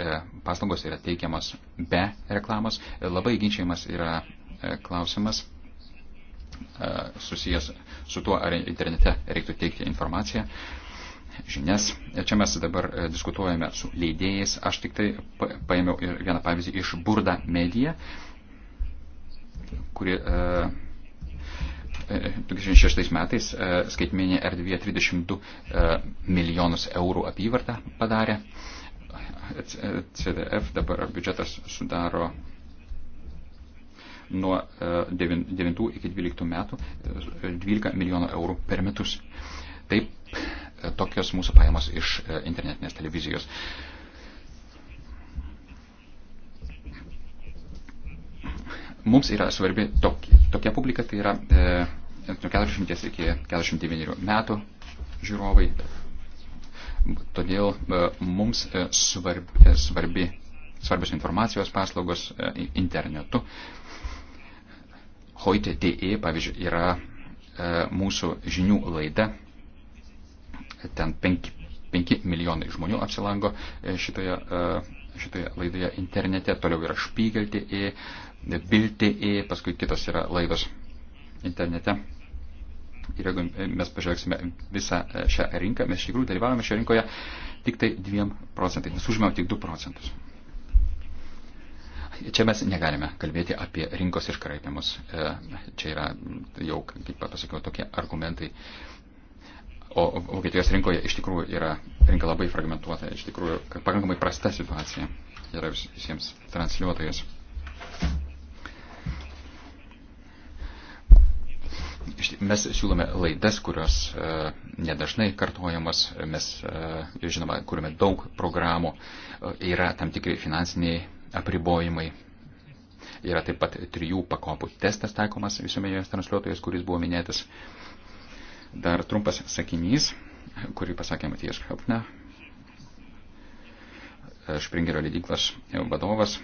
paslaugos yra teikiamas be reklamos. Labai ginčiamas yra klausimas E, susijęs su tuo, ar internete reiktų teikti informaciją, žinias. E, čia mes dabar e, diskutuojame su leidėjais. Aš tik tai paėmiau ir vieną pavyzdį iš Burda Media, kuri 2006 metais skaitmeninė erdvė 32 milijonus eurų apyvartą padarė. CDF dabar biudžetas sudaro nuo 9 e, iki 12 metų 12 e, milijonų eurų per metus. Taip, e, tokios mūsų pajamos iš internetinės televizijos. Mums yra svarbi tokia, tokia publika, tai yra e, nuo 40 iki 49 metų žiūrovai. Todėl e, mums e, svarbi, svarbi, svarbios informacijos paslaugos e, internetu. E, Hoitė.de, pavyzdžiui, yra e, mūsų žinių laida. Ten 5, 5 milijonai žmonių apsilanko e, šitoje, e, šitoje laidoje internete. Toliau yra Špygel.de, Bild.de, paskui kitos yra laidos internete. Ir jeigu mes pažvelgsime visą šią rinką, mes iš tikrųjų dalyvavome šioje rinkoje tik tai 2 procentai, mes užimėm tik 2 procentus. Čia mes negalime kalbėti apie rinkos iškraipimus. E, čia yra jau, kaip pasakiau, tokie argumentai. O Vokietijos rinkoje iš tikrųjų yra rinka labai fragmentuota, iš tikrųjų pakankamai prasta situacija yra visiems transliuotojas. Mes siūlome laidas, kurios uh, nedažnai kartojamos, mes, uh, žinoma, kuriame daug programų, uh, yra tam tikri finansiniai apribojimai. Yra taip pat trijų pakopų testas taikomas visuomenės transliuotojas, kuris buvo minėtas. Dar trumpas sakinys, kurį pasakė Matijas Helpne, Špringerio leidyklas vadovas,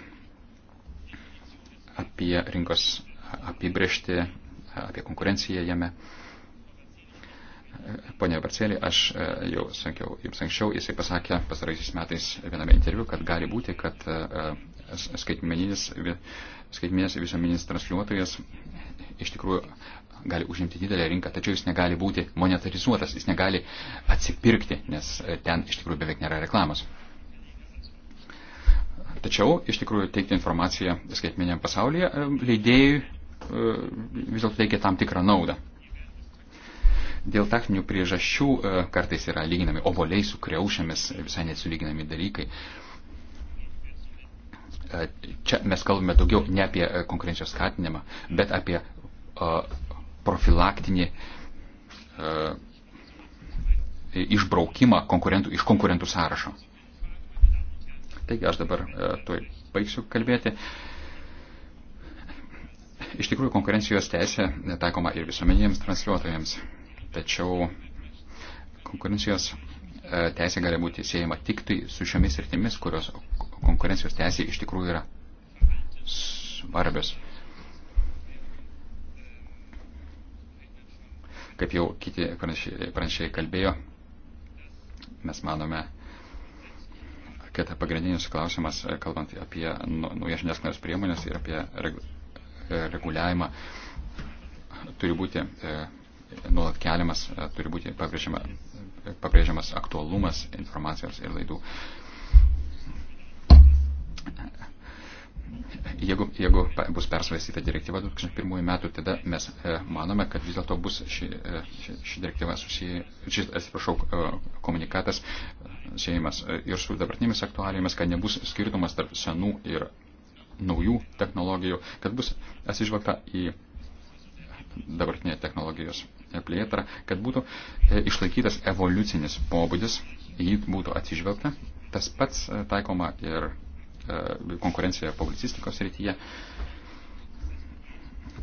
apie rinkos apibriešti, apie konkurenciją jame. Pone Barcelį, aš e, jau sakiau jums anksčiau, jisai pasakė pasaraisiais metais viename interviu, kad gali būti, kad e, skaitmeninis, skaitmeninis visuomeninis transliuotojas iš tikrųjų gali užimti didelę rinką, tačiau jis negali būti monetarizuotas, jis negali atsipirkti, nes e, ten iš tikrųjų beveik nėra reklamos. Tačiau iš tikrųjų teikti informaciją skaitmeniniam pasaulyje e, leidėjui e, vis dėlto teikia tam tikrą naudą. Dėl techninių priežasčių kartais yra lyginami oboliai su kreušėmis, visai nesulyginami dalykai. Uh, E, čia mes kalbame daugiau ne apie e, konkurencijos skatinimą, bet apie e, profilaktinį išbraukimą konkurentų, iš konkurentų sąrašo. Taigi aš dabar tuoj baigsiu kalbėti. Iš tikrųjų, konkurencijos teisė taikoma ir visuomeniniams transliuotojams, tačiau konkurencijos teisė gali būti siejama tik tai su šiomis rytimis, kurios konkurencijos teisė iš tikrųjų yra svarbios. Kaip jau kiti pranešėjai kalbėjo, mes manome, kad pagrindinis klausimas, kalbant apie nu- naujas žiniasklaidos priemonės ir apie reguliavimą, turi būti e, nuolat keliamas, e, turi būti pabrėžiamas aktualumas informacijos ir laidų. Jeigu, jeigu bus persvarstyta direktyva 2001 metų, tada mes e, manome, kad vis dėlto bus ši, e, ši, ši direktyva susiję, šis, atsiprašau, e, komunikatas e, siejamas e, ir su dabartinėmis aktualijomis, kad nebus skirtumas tarp senų ir naujų technologijų, kad bus atsižvelgta į dabartinę technologijos plėtrą, kad būtų e, išlaikytas evoliucinis pobūdis, jį būtų atsižvelgta, tas pats taikoma ir E, konkurencija publicistikos rytyje.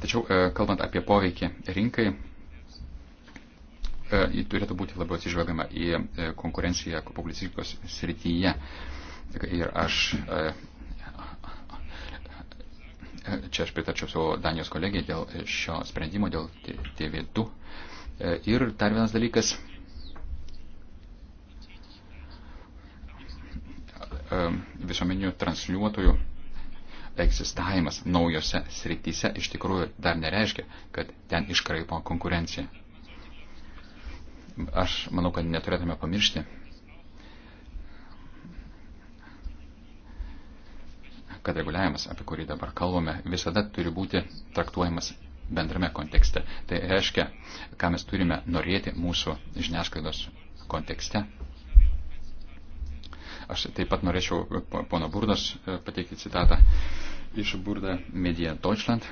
Tačiau, e, kalbant apie poveikį rinkai, e, turėtų būti labiau atsižvelgiama į konkurenciją publicistikos srityje. Ir aš čia aš pritarčiau savo Danijos kolegijai dėl šio sprendimo, dėl TV2. Ir dar vienas dalykas E, visuomeninių transliuotojų egzistavimas naujose srityse iš tikrųjų dar nereiškia, kad ten iškraipo konkurencija. Aš manau, kad neturėtume pamiršti, kad reguliavimas, apie kurį dabar kalbame, visada turi būti traktuojamas bendrame kontekste. Tai reiškia, ką mes turime norėti mūsų žiniasklaidos kontekste Aš taip pat norėčiau e, pono Burdas e, pateikti citatą iš Burda Media Deutschland,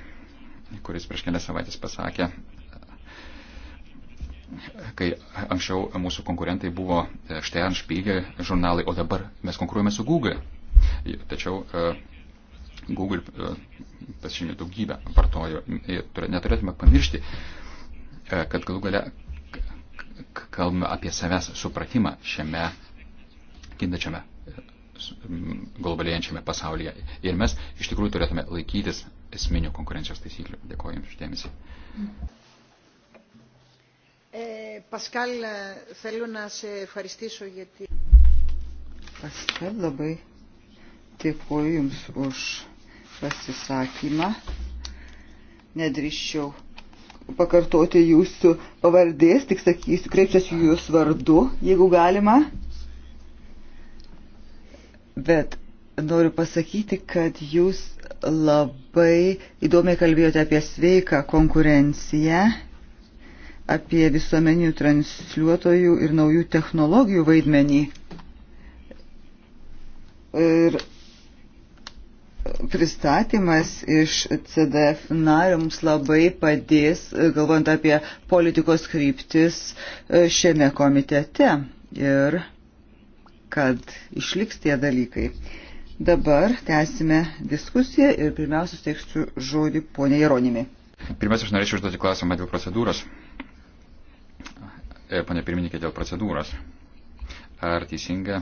kuris prieš kelias savaitės pasakė, kai anksčiau mūsų konkurentai buvo e, Sternspiegel žurnalai, o dabar mes konkuruojame su Google. Tačiau Google pasižymė daugybę vartojo. Neturėtume pamiršti, kad galų gale kalbame apie savęs supratimą šiame kintačiame globalėjančiame pasaulyje. Ir mes iš tikrųjų turėtume laikytis esminių konkurencijos taisyklių. Dėkuoju Jums uždėmesį. Πασκάλ, eh, eh, θέλω να σε ευχαριστήσω γιατί... Πασκάλ, labai dėkuoju Jums už pasisakymą. Nedrįščiau pakartoti Jūsų pavardės, tik sakysiu, kreipsiuosi Jūsų vardu, jeigu galima bet noriu pasakyti, kad jūs labai įdomiai kalbėjote apie sveiką konkurenciją, apie visuomeninių transliuotojų ir naujų technologijų vaidmenį. Ir pristatymas iš CDF nario mums labai padės, galvojant apie politikos kryptis e, šiame komitete. Ir kad išliks tie dalykai. Dabar tęsime diskusiją ir pirmiausia steiksiu žodį ponė Jeronimi. Pirmiausia, aš norėčiau užduoti klausimą dėl procedūros. E, Pane pirmininkė, dėl procedūros. Ar teisinga?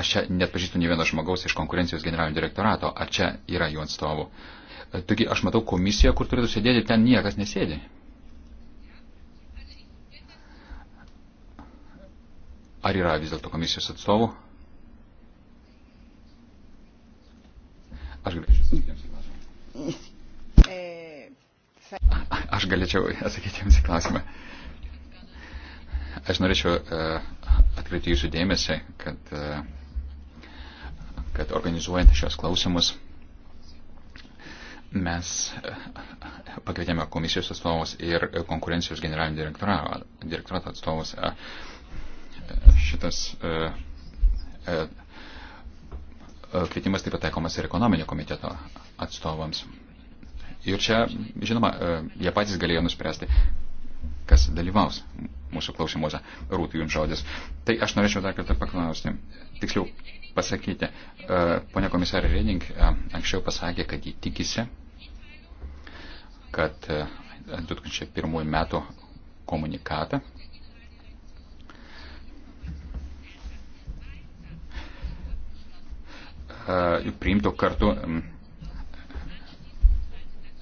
Aš čia net pažįstu ne vieno žmogaus iš konkurencijos generalinio direktorato, ar čia yra jų atstovų. E, taigi aš matau komisiją, kur turėtų sėdėti, ten niekas nesėdi. Ar yra vis dėlto komisijos atstovų? Aš galėčiau. Aš galėčiau atsakyti jums į klausimą. Aš norėčiau uh, atkreipti jūsų dėmesį, kad, uh, kad organizuojant šios klausimus mes e, pakvietėme komisijos atstovus ir konkurencijos generalinio direktorato atstovus. Uh, šitas e, e, e, kvietimas taip pat taikomas ir ekonominio komiteto atstovams. Ir čia, žinoma, jie patys galėjo nuspręsti, kas dalyvaus mūsų klausimuose. Rūtų jums žodis. Tai aš norėčiau dar kartą paklausti, tiksliau pasakyti, ponia komisarė Reding anksčiau pasakė, kad jį tikisi, kad 2001 metų komunikatą E, priimtų kartu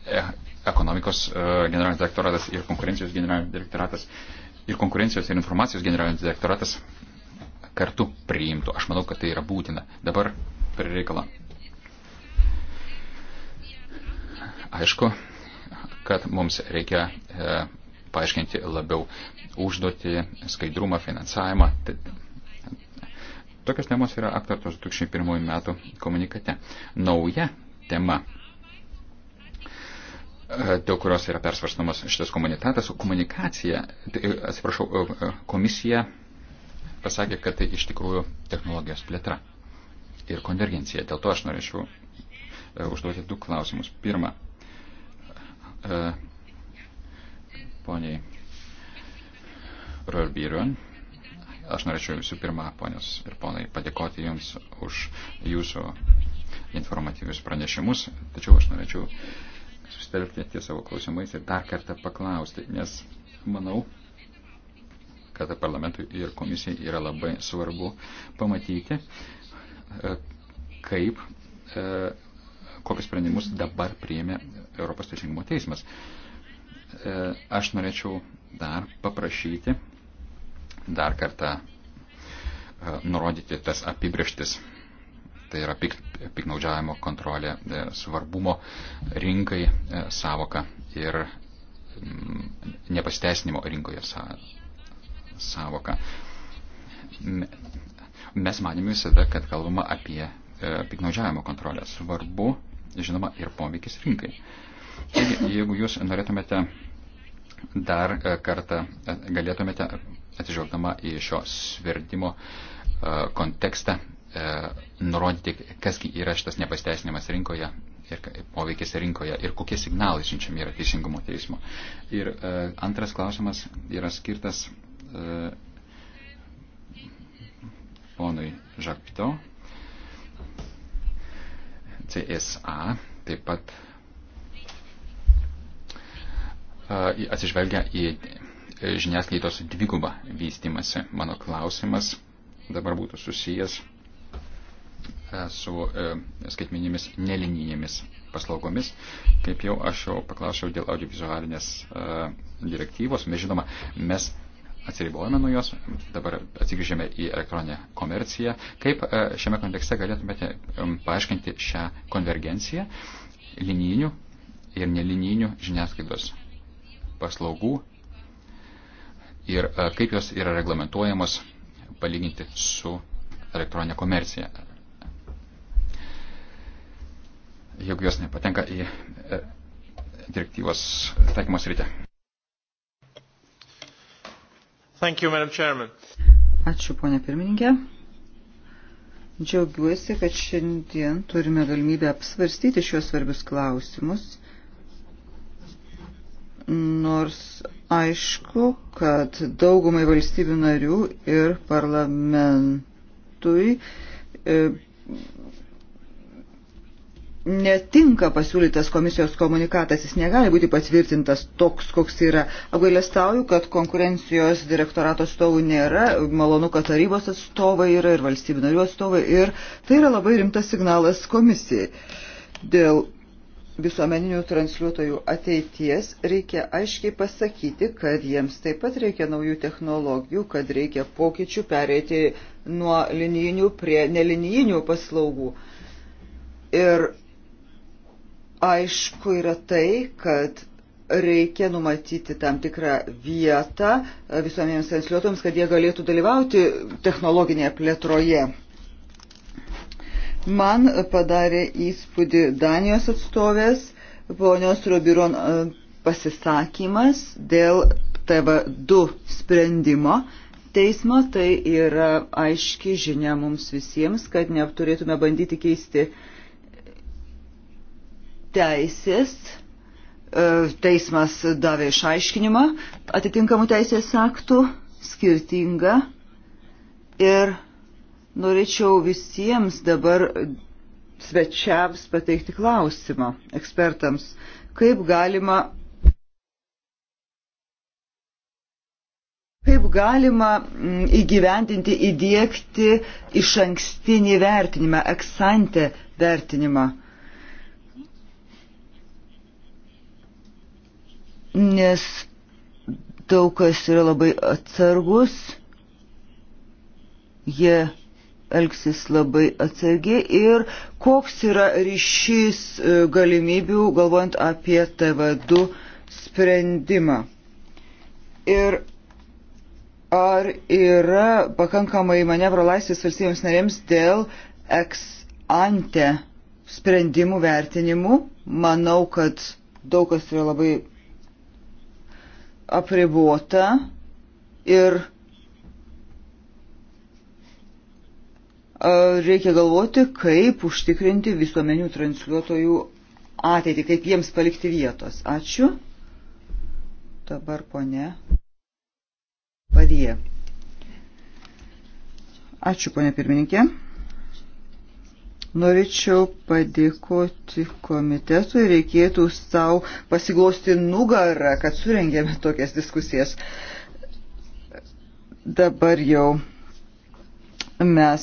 e, ekonomikos e, generalinis direktoratas ir konkurencijos generalinis direktoratas ir konkurencijos ir informacijos generalinis direktoratas kartu priimtų. Aš manau, kad tai yra būtina. Dabar prie reikalo. Aišku, kad mums reikia e, paaiškinti labiau užduoti, skaidrumą, finansavimą. Tai, Tokios temos yra aptartos 2001 metų komunikate. Nauja tema, e, dėl kurios yra persvarstamas šitas komunikatas, komunikacija, tai, e, atsiprašau, e, komisija pasakė, kad tai iš tikrųjų technologijos plėtra ir konvergencija. Dėl to aš norėčiau užduoti du klausimus. Pirma, poniai Rorbyron Aš norėčiau visų pirma, ponios ir ponai, padėkoti Jums už Jūsų informatyvius pranešimus, tačiau aš norėčiau susitelkti ties savo klausimais ir dar kartą paklausti, nes manau, kad parlamentui ir komisijai yra labai svarbu pamatyti, e, kaip, e, kokius sprendimus dabar priėmė Europos teisingumo teismas. E, aš norėčiau dar paprašyti dar kartą e, nurodyti tas apibrieštis. Tai yra pik, piknaudžiavimo kontrolė, e, svarbumo rinkai e, savoka ir mm, nepasiteisinimo rinkoje savoka. Mes manėme visada, kad kalbama apie piknaudžiavimo kontrolę. Svarbu, žinoma, ir poveikis rinkai. Taigi, jeigu jūs norėtumėte dar kartą, galėtumėte atsižvelgdama į šio sverdimo e, kontekstą, e, nurodyti, kasgi yra šitas nepasteisinimas rinkoje ir poveikis rinkoje ir kokie signalai siunčiami yra teisingumo teismo. Ir e, antras klausimas yra skirtas ponui Žakpito, CSA, taip pat atsižvelgia į žiniasklaidos dvigubą vystimąsi. Mano klausimas dabar būtų susijęs e, su e, skaitmeninėmis nelininėmis paslaugomis. Kaip jau aš jau paklausiau dėl audiovizualinės e, direktyvos, mes žinoma, mes atsiribojame nuo jos, dabar atsigrįžėme į elektroninę komerciją. Kaip šiame kontekste galėtumėte paaiškinti šią konvergenciją linijinių ir nelinijinių žiniasklaidos paslaugų ir e, kaip jos yra reglamentuojamos palyginti su elektroninė komercija. Jeigu jos nepatenka į e, direktyvos taikymos rytę. Ačiū, ponė pirmininkė. Džiaugiuosi, kad šiandien turime galimybę apsvarstyti šios svarbius klausimus, nors aišku, kad daugumai valstybių narių ir parlamentui e, netinka pasiūlytas komisijos komunikatas, jis negali būti patvirtintas toks, koks yra. Apgailestauju, kad konkurencijos direktorato atstovų nėra, malonu, kad tarybos atstovai yra ir valstybių narių atstovai ir tai yra labai rimtas signalas komisijai dėl visuomeninių transliuotojų ateities, reikia aiškiai pasakyti, kad jiems taip pat reikia naujų technologijų, kad reikia pokyčių pereiti nuo linijinių prie nelinijinių paslaugų. Ir aišku yra tai, kad reikia numatyti tam tikrą vietą visuomenėms transliuotojams, kad jie galėtų dalyvauti technologinėje plėtroje. Man padarė įspūdį Danijos atstovės ponios Robiron e, pasisakymas dėl TV2 sprendimo teismo. Tai yra aiški žinia mums visiems, kad neturėtume bandyti keisti teisės. E, teismas davė išaiškinimą atitinkamų teisės aktų skirtingą ir Norėčiau visiems dabar svečiams pateikti klausimą ekspertams, kaip galima Kaip galima mm, įgyvendinti, įdėkti iš ankstinį vertinimą, eksantę vertinimą? Nes daug kas yra labai atsargus, jie elgsis labai atsargiai ir koks yra ryšys e, galimybių, galvojant apie TV2 sprendimą. Ir ar yra pakankamai manevro laisvės valstybėms narėms dėl ex ante sprendimų vertinimų? Manau, kad daug kas yra labai apribota ir reikia galvoti, kaip užtikrinti visuomenių transliuotojų ateitį, kaip jiems palikti vietos. Ačiū. Dabar ponė. Padie. Ačiū, ponė pirmininkė. Norėčiau padėkoti komitetui, reikėtų savo pasiglosti nugarą, kad surengėme tokias diskusijas. Dabar jau Mes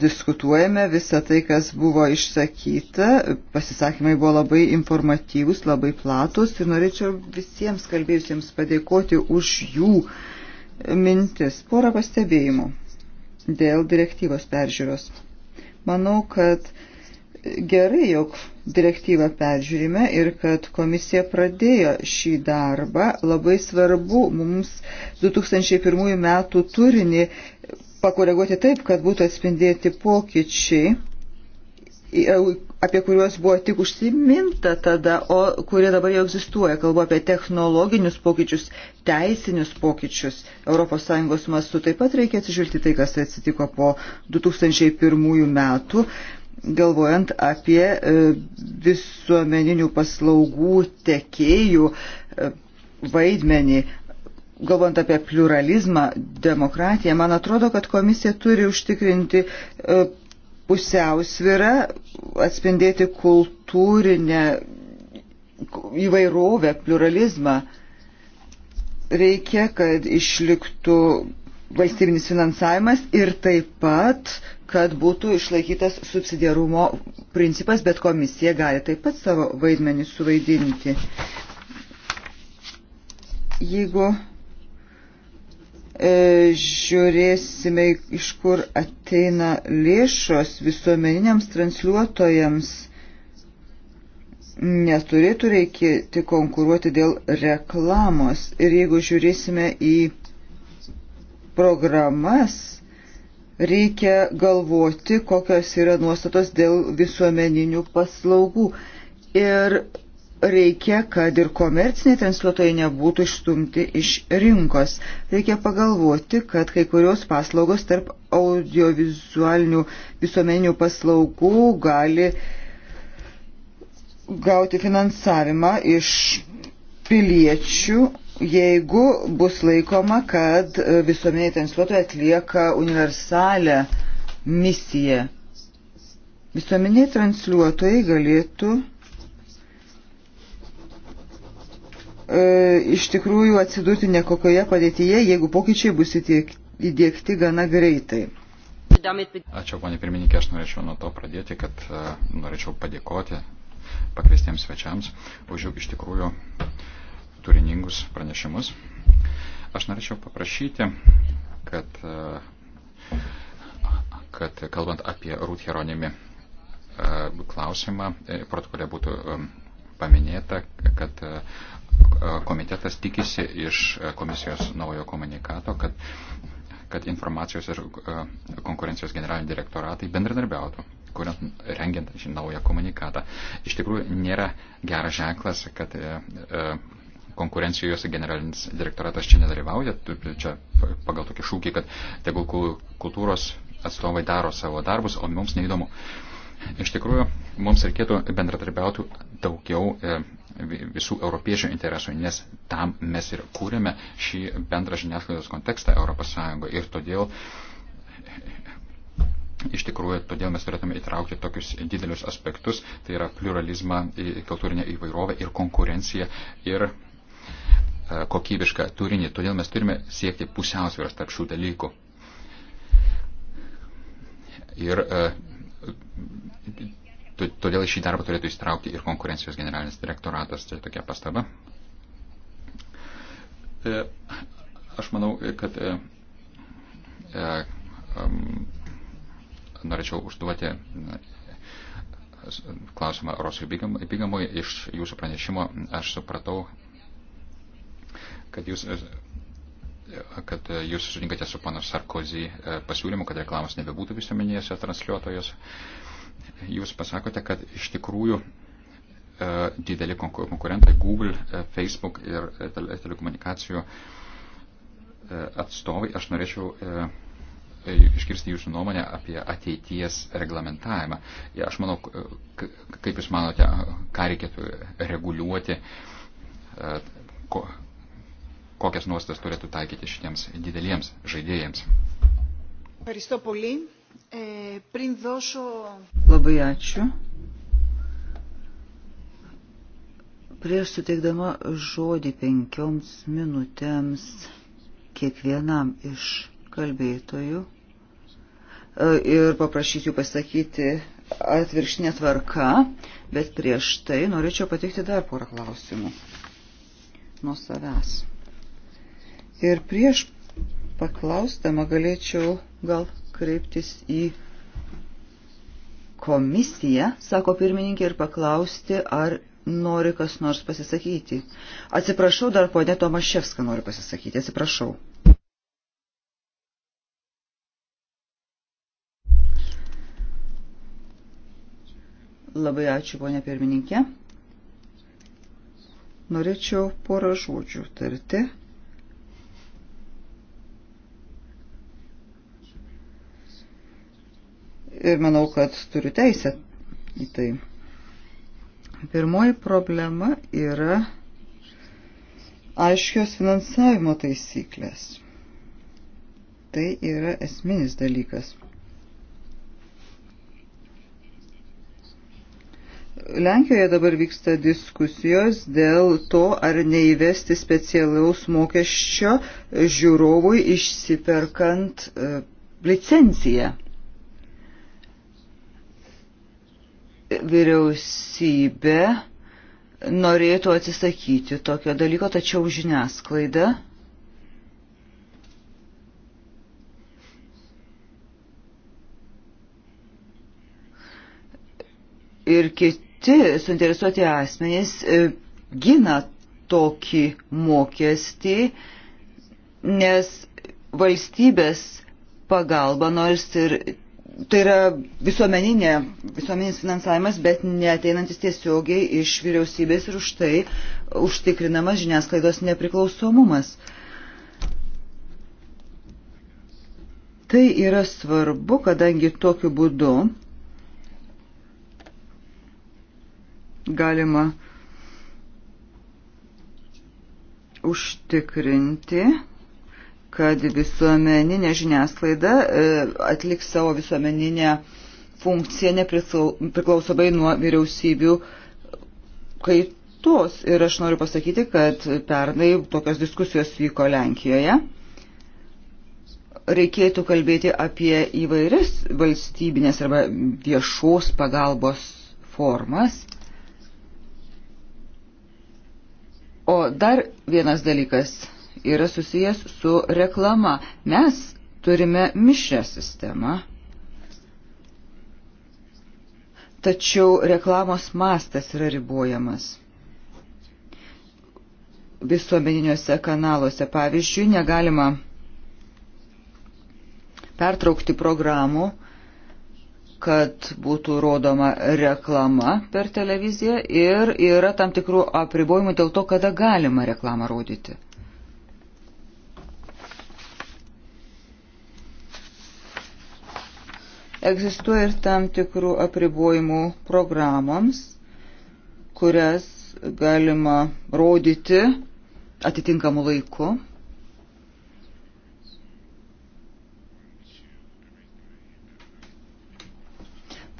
diskutuojame visą tai, kas buvo išsakyta. Pasisakymai buvo labai informatyvūs, labai platus ir norėčiau visiems kalbėjusiems padėkoti už jų mintis. Porą pastebėjimų dėl direktyvos peržiūros. Manau, kad gerai, jog direktyvą peržiūrime ir kad komisija pradėjo šį darbą. Labai svarbu mums 2001 metų turinį pakoreguoti taip, kad būtų atspindėti pokyčiai, e, apie kuriuos buvo tik užsiminta tada, o kurie dabar jau egzistuoja. Kalbu apie technologinius pokyčius, teisinius pokyčius ES mastu. Taip pat reikia atsižvelgti tai, kas atsitiko po 2001 metų galvojant apie e, visuomeninių paslaugų tekėjų e, vaidmenį galvojant apie pluralizmą, demokratiją, man atrodo, kad komisija turi užtikrinti e, pusiausvirą, atspindėti kultūrinę įvairovę, pluralizmą. Reikia, kad išliktų valstybinis finansavimas ir taip pat, kad būtų išlaikytas subsidiarumo principas, bet komisija gali taip pat savo vaidmenį suvaidinti. Jeigu E, žiūrėsime, iš kur ateina lėšos visuomeniniams transliuotojams, neturėtų reikėti konkuruoti dėl reklamos. Ir jeigu žiūrėsime į programas, reikia galvoti, kokios yra nuostatos dėl visuomeninių paslaugų. Ir reikia, kad ir komerciniai transliuotojai nebūtų išstumti iš rinkos. Reikia pagalvoti, kad kai kurios paslaugos tarp audiovizualinių visuomeninių paslaugų gali gauti finansavimą iš piliečių, jeigu bus laikoma, kad visuomeniai transliuotojai atlieka universalę misiją. Visuomeniai transliuotojai galėtų E, iš tikrųjų atsidurti nekokioje padėtyje, jeigu pokyčiai bus įdėkti gana greitai. Ačiū, ponė pirmininkė, aš norėčiau nuo to pradėti, kad e, norėčiau padėkoti pakviestiems svečiams už jų iš tikrųjų turiningus pranešimus. Aš norėčiau paprašyti, kad, e, kad kalbant apie Rūt Hieronimi klausimą, protokole būtų paminėta, kad komitetas tikisi iš komisijos naujo komunikato, kad, kad informacijos ir e, konkurencijos generaliniai direktoratai bendradarbiautų, kuriant, rengiant šį naują komunikatą. Iš tikrųjų, nėra geras ženklas, kad e, e, konkurencijos generalinis direktoratas čia nedalyvauja, čia pagal tokį šūkį, kad tegul kultūros atstovai daro savo darbus, o mums neįdomu. Iš tikrųjų, mums reikėtų bendradarbiauti daugiau visų europiečių interesų, nes tam mes ir kūrėme šį bendrą žiniasklaidos kontekstą ES ir todėl iš tikrųjų, todėl mes turėtume įtraukti tokius didelius aspektus, tai yra pluralizmą, kultūrinę įvairovę ir konkurenciją ir e, kokybišką turinį. Todėl mes turime siekti pusiausvėros tarp šių dalykų. Ir e, Todėl šį darbą turėtų įsitraukti ir konkurencijos generalinis direktoratas. Tai tokia pastaba. E, aš manau, kad e, e, norėčiau užduoti klausimą Rosui Bigamui. Iš jūsų pranešimo aš supratau, kad jūs kad jūs sutinkate su panu Sarkozy pasiūlymu, kad reklamos nebebūtų visuomenėse transliuotojose jūs pasakote, kad iš tikrųjų e, dideli konkurentai Google, e, Facebook ir e, telekomunikacijų atstovai, aš norėčiau išgirsti jūsų nuomonę apie ateities reglamentavimą. Ja, aš manau, kaip jūs manote, ką reikėtų reguliuoti, ko, kokias nuostas turėtų taikyti šitiems dideliems žaidėjams. Paristo Polin. E, prin došo. Labai ačiū. Prieš suteikdama žodį penkioms minutėms kiekvienam iš kalbėtojų e, ir paprašysiu pasakyti atvirkšnė tvarka, bet prieš tai norėčiau pateikti dar porą klausimų nuo savęs. Ir prieš paklausdama galėčiau gal kreiptis į komisiją, sako pirmininkė, ir paklausti, ar nori kas nors pasisakyti. Atsiprašau, dar ponė Tomaševska nori pasisakyti, atsiprašau. Labai ačiū, ponė pirmininkė. Norėčiau porą žodžių tarti. ir manau, kad turiu teisę į tai. Pirmoji problema yra aiškios finansavimo taisyklės. Tai yra esminis dalykas. Lenkijoje dabar vyksta diskusijos dėl to, ar neįvesti specialiaus mokesčio žiūrovui išsiperkant e, licenciją. vyriausybė norėtų atsisakyti tokio dalyko, tačiau žiniasklaida ir kiti suinteresuoti asmenys e, gina tokį mokestį, nes valstybės pagalba, nors ir tai yra visuomeninė, visuomeninis finansavimas, bet neteinantis tiesiogiai iš vyriausybės ir už tai užtikrinamas žiniasklaidos nepriklausomumas. Tai yra svarbu, kadangi tokiu būdu galima užtikrinti kad visuomeninė žiniasklaida e, atliks savo visuomeninę funkciją nepriklausomai nuo vyriausybių kaitos. Ir aš noriu pasakyti, kad pernai tokios diskusijos vyko Lenkijoje. Reikėtų kalbėti apie įvairias valstybinės arba viešos pagalbos formas. O dar vienas dalykas yra susijęs su reklama. Mes turime mišrę sistemą. Tačiau reklamos mastas yra ribojamas. Visuomeniniuose kanaluose, pavyzdžiui, negalima pertraukti programų, kad būtų rodoma reklama per televiziją ir yra tam tikrų apribojimų dėl to, kada galima reklamą rodyti. Egzistuoja ir tam tikrų apribojimų programoms, kurias galima rodyti atitinkamu laiku.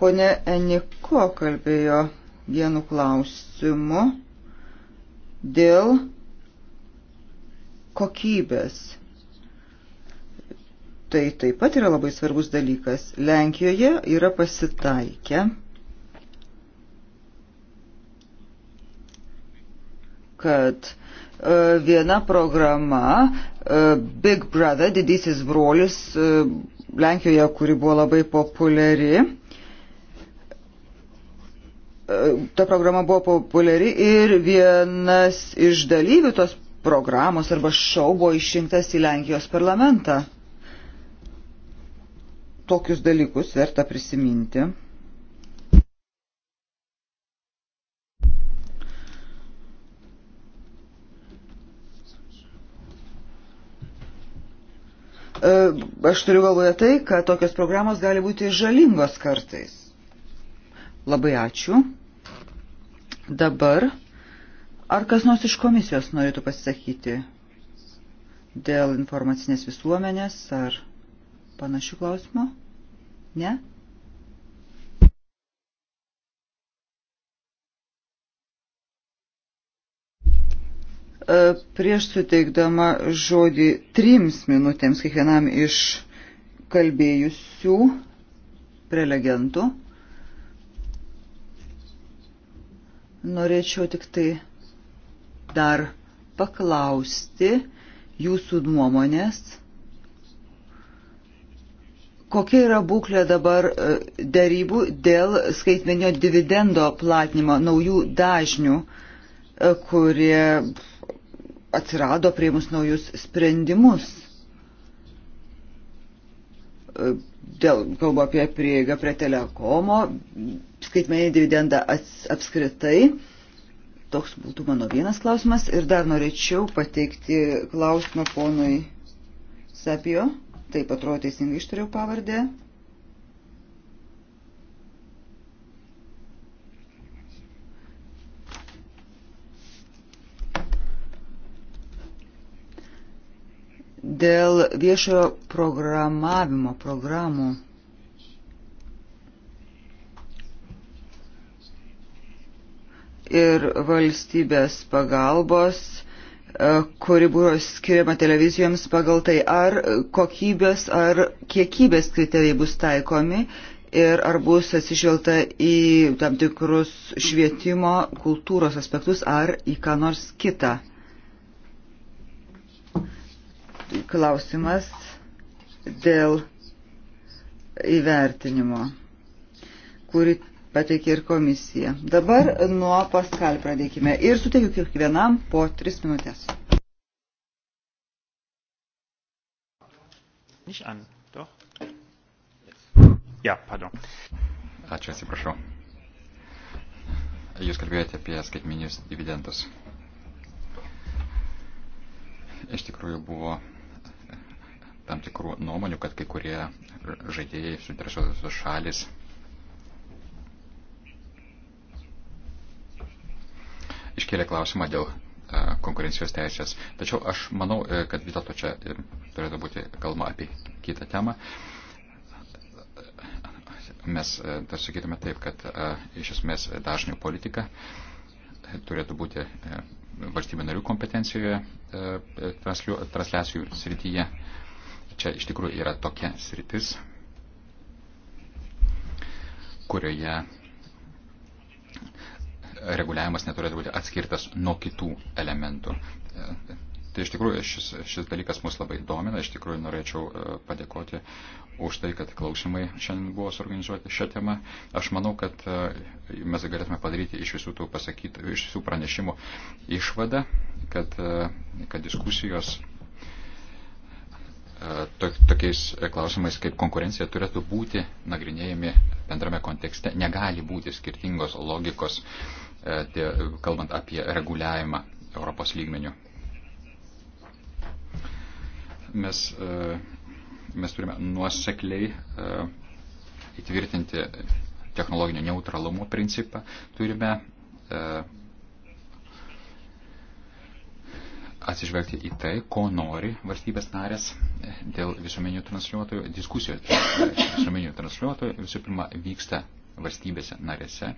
Pone Eniko kalbėjo vienu klausimu dėl kokybės Tai taip pat yra labai svarbus dalykas. Lenkijoje yra pasitaikę, kad e, viena programa e, Big Brother, didysis brolis e, Lenkijoje, kuri buvo labai populiari, ta programa buvo populiari ir vienas iš dalyvių tos programos arba šau buvo išrinktas į Lenkijos parlamentą tokius dalykus verta prisiminti. E, aš turiu galvoje tai, kad tokios programos gali būti žalingos kartais. Labai ačiū. Dabar, ar kas nors iš komisijos norėtų pasisakyti dėl informacinės visuomenės ar panašių klausimų? Ne? E, prieš suteikdama žodį trims minutėms kiekvienam iš kalbėjusių prelegentų, norėčiau tik tai dar paklausti jūsų nuomonės Kokia yra būklė dabar e, darybų dėl skaitmenio dividendo platinimo naujų dažnių, e, kurie atsirado prieimus naujus sprendimus? E, dėl, kalbu apie prieigą prie telekomo, skaitmenį dividendą ats, apskritai. Toks būtų mano vienas klausimas. Ir dar norėčiau pateikti klausimą ponui Sapio. Taip atrodo teisingai ištariau pavardę. Dėl viešojo programavimo programų. ir valstybės pagalbos E, kuri buvo skiriama televizijoms pagal tai, ar kokybės ar kiekybės kriterijai bus taikomi ir ar bus atsižvelgta į tam tikrus švietimo kultūros aspektus ar į ką nors kitą. Klausimas dėl įvertinimo, kuri pateikė ir komisija. Dabar nuo Paskal pradėkime ir suteikiu kiekvienam po tris minutės. Ja, Ačiū, atsiprašau. Jūs kalbėjote apie skaitminius dividendus. Iš tikrųjų buvo tam tikrų nuomonių, kad kai kurie žaidėjai suinteresuotos šalis iškėlė klausimą dėl e, konkurencijos teisės. Tačiau aš manau, e, kad vis dėlto čia e, turėtų būti kalba apie kitą temą. Mes dar sakytume taip, kad iš esmės dažnių politika turėtų būti valstybė narių kompetencijoje transliacijų srityje. Čia iš tikrųjų yra tokia sritis, kurioje reguliavimas neturėtų būti atskirtas nuo kitų elementų. Tai iš tikrųjų šis, šis dalykas mus labai domina, iš tikrųjų norėčiau e, padėkoti už tai, kad klausimai šiandien buvo suorganizuoti šią temą. Aš manau, kad e, mes galėtume padaryti iš visų tų pasakytų, iš visų pranešimų išvadą, kad, e, kad diskusijos tokiais klausimais kaip konkurencija turėtų būti nagrinėjami bendrame kontekste, negali būti skirtingos logikos E, kalbant apie reguliavimą Europos lygmenių. Mes, e, mes turime nuosekliai e, įtvirtinti technologinio neutralumo principą, turime atsižvelgti į tai, ko nori valstybės narės dėl visuomeninių transliuotojų. Diskusijos dėl visuomeninių transliuotojų visų pirma vyksta valstybėse narėse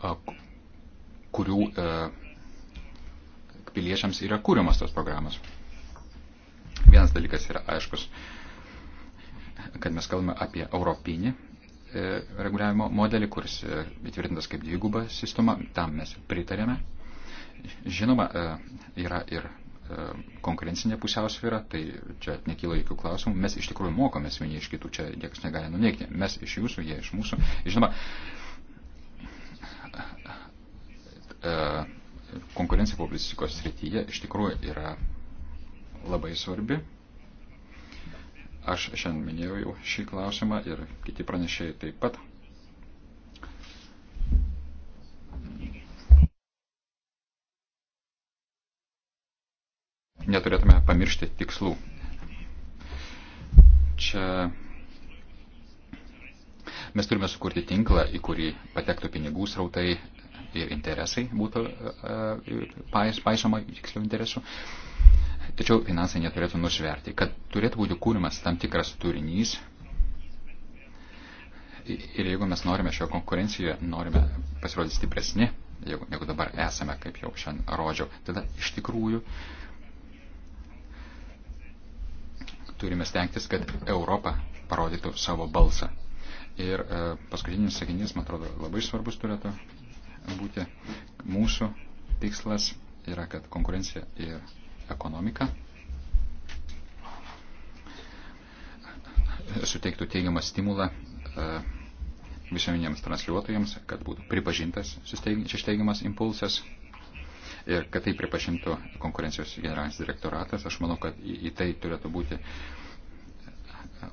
kurių e, piliečiams yra kūriamas tos programos. Vienas dalykas yra aiškus, kad mes kalbame apie europinį e, reguliavimo modelį, kuris e, įtvirtintas kaip dviguba sistema, tam mes pritarėme. Žinoma, yra ir konkurencinė pusiausvyrą, tai čia nekyla jokių klausimų. Mes iš tikrųjų mokomės vieni iš kitų, čia niekas negali nuneikti. Mes iš jūsų, jie iš mūsų. Žinoma, E, konkurencija publicistikos srityje iš tikrųjų yra labai svarbi. Aš šiandien minėjau jau šį klausimą ir kiti pranešėjai taip pat. Neturėtume pamiršti tikslų. Čia mes turime sukurti tinklą, į kurį patektų pinigų srautai, ir interesai būtų e, e, paisoma tikslių interesų. Tačiau finansai neturėtų nusverti, kad turėtų būti kūrimas tam tikras turinys. Ir jeigu mes norime šio konkurencijoje, norime pasirodyti stipresni, jeigu, jeigu dabar esame, kaip jau šiandien rodžiau, tada iš tikrųjų turime stengtis, kad Europa parodytų savo balsą. Ir e, paskutinis sakinys, man atrodo, labai svarbus turėtų būti. Mūsų tikslas yra, kad konkurencija ir ekonomika suteiktų teigiamą stimulą e, visuomeniniams transliuotojams, kad būtų pripažintas šis teigiamas impulsas ir kad tai pripažintų konkurencijos generalinis direktoratas. Aš manau, kad į, į tai turėtų būti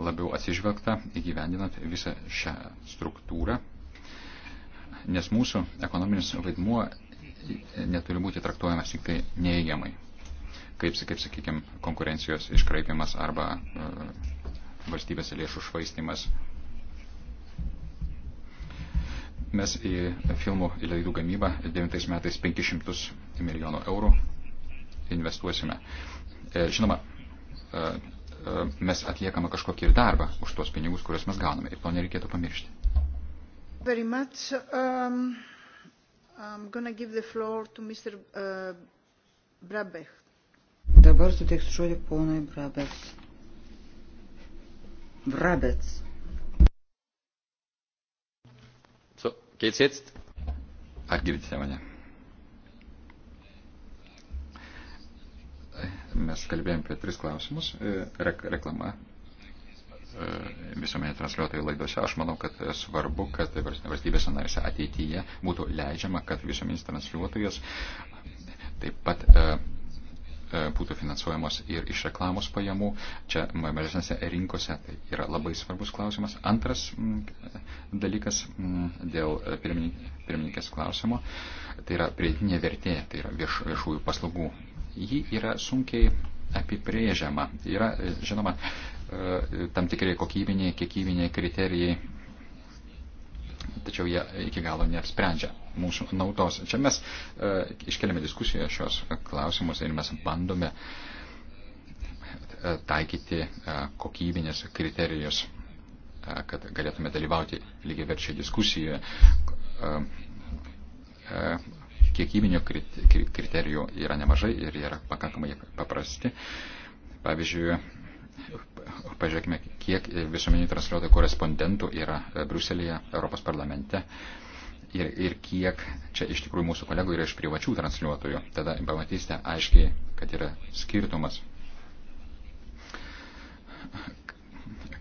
labiau atsižvelgta įgyvendinant visą šią struktūrą nes mūsų ekonominis vaidmuo neturi būti traktuojamas tik tai neįgiamai, kaip, kaip sakykime, konkurencijos iškraipimas arba uh, valstybės lėšų švaistimas. Mes į filmų į laidų gamybą 9 metais 500 milijonų eurų investuosime. E, žinoma, e, mes atliekame kažkokį ir darbą už tuos pinigus, kuriuos mes gauname ir to nereikėtų pamiršti. Very much. Um, I'm gonna give the floor to Mr. Uh, Brabech. Dabar suteiksiu žodį ponui Brabech. Brabets. So, geht's jetzt? Ar girdite mane? Mes kalbėjome apie tris klausimus. E, Re reklama, E, visuomenė transliuotojų laidose, aš manau, kad svarbu, kad valstybėse narėse ateityje būtų leidžiama, kad visuomenės transliuotojas taip pat e, e, būtų finansuojamos ir iš reklamos pajamų. Čia mažesnėse rinkose tai yra labai svarbus klausimas. Antras dalykas dėl pirmininkės klausimo, tai yra pridėtinė vertė, tai yra vieš, viešųjų paslaugų. Ji yra sunkiai apiprėžiama. Yra, žinoma, E, tam tikrai kokybiniai, kiekybiniai kriterijai, tačiau jie iki galo neapsprendžia mūsų naudos. Čia mes e, iškeliame diskusiją šios klausimus ir mes bandome e, taikyti kokybinės kriterijus, kad galėtume dalyvauti lygiai verčiai diskusijoje kiekybinio kriterijų yra nemažai ir jie yra pakankamai paprasti. Pavyzdžiui, pažiūrėkime, kiek visuomeninių transliuotojų korespondentų yra e, Bruselėje, Europos parlamente ir, ir kiek čia iš tikrųjų mūsų kolegų yra iš privačių transliuotojų. Tada pamatysite aiškiai, kad yra skirtumas,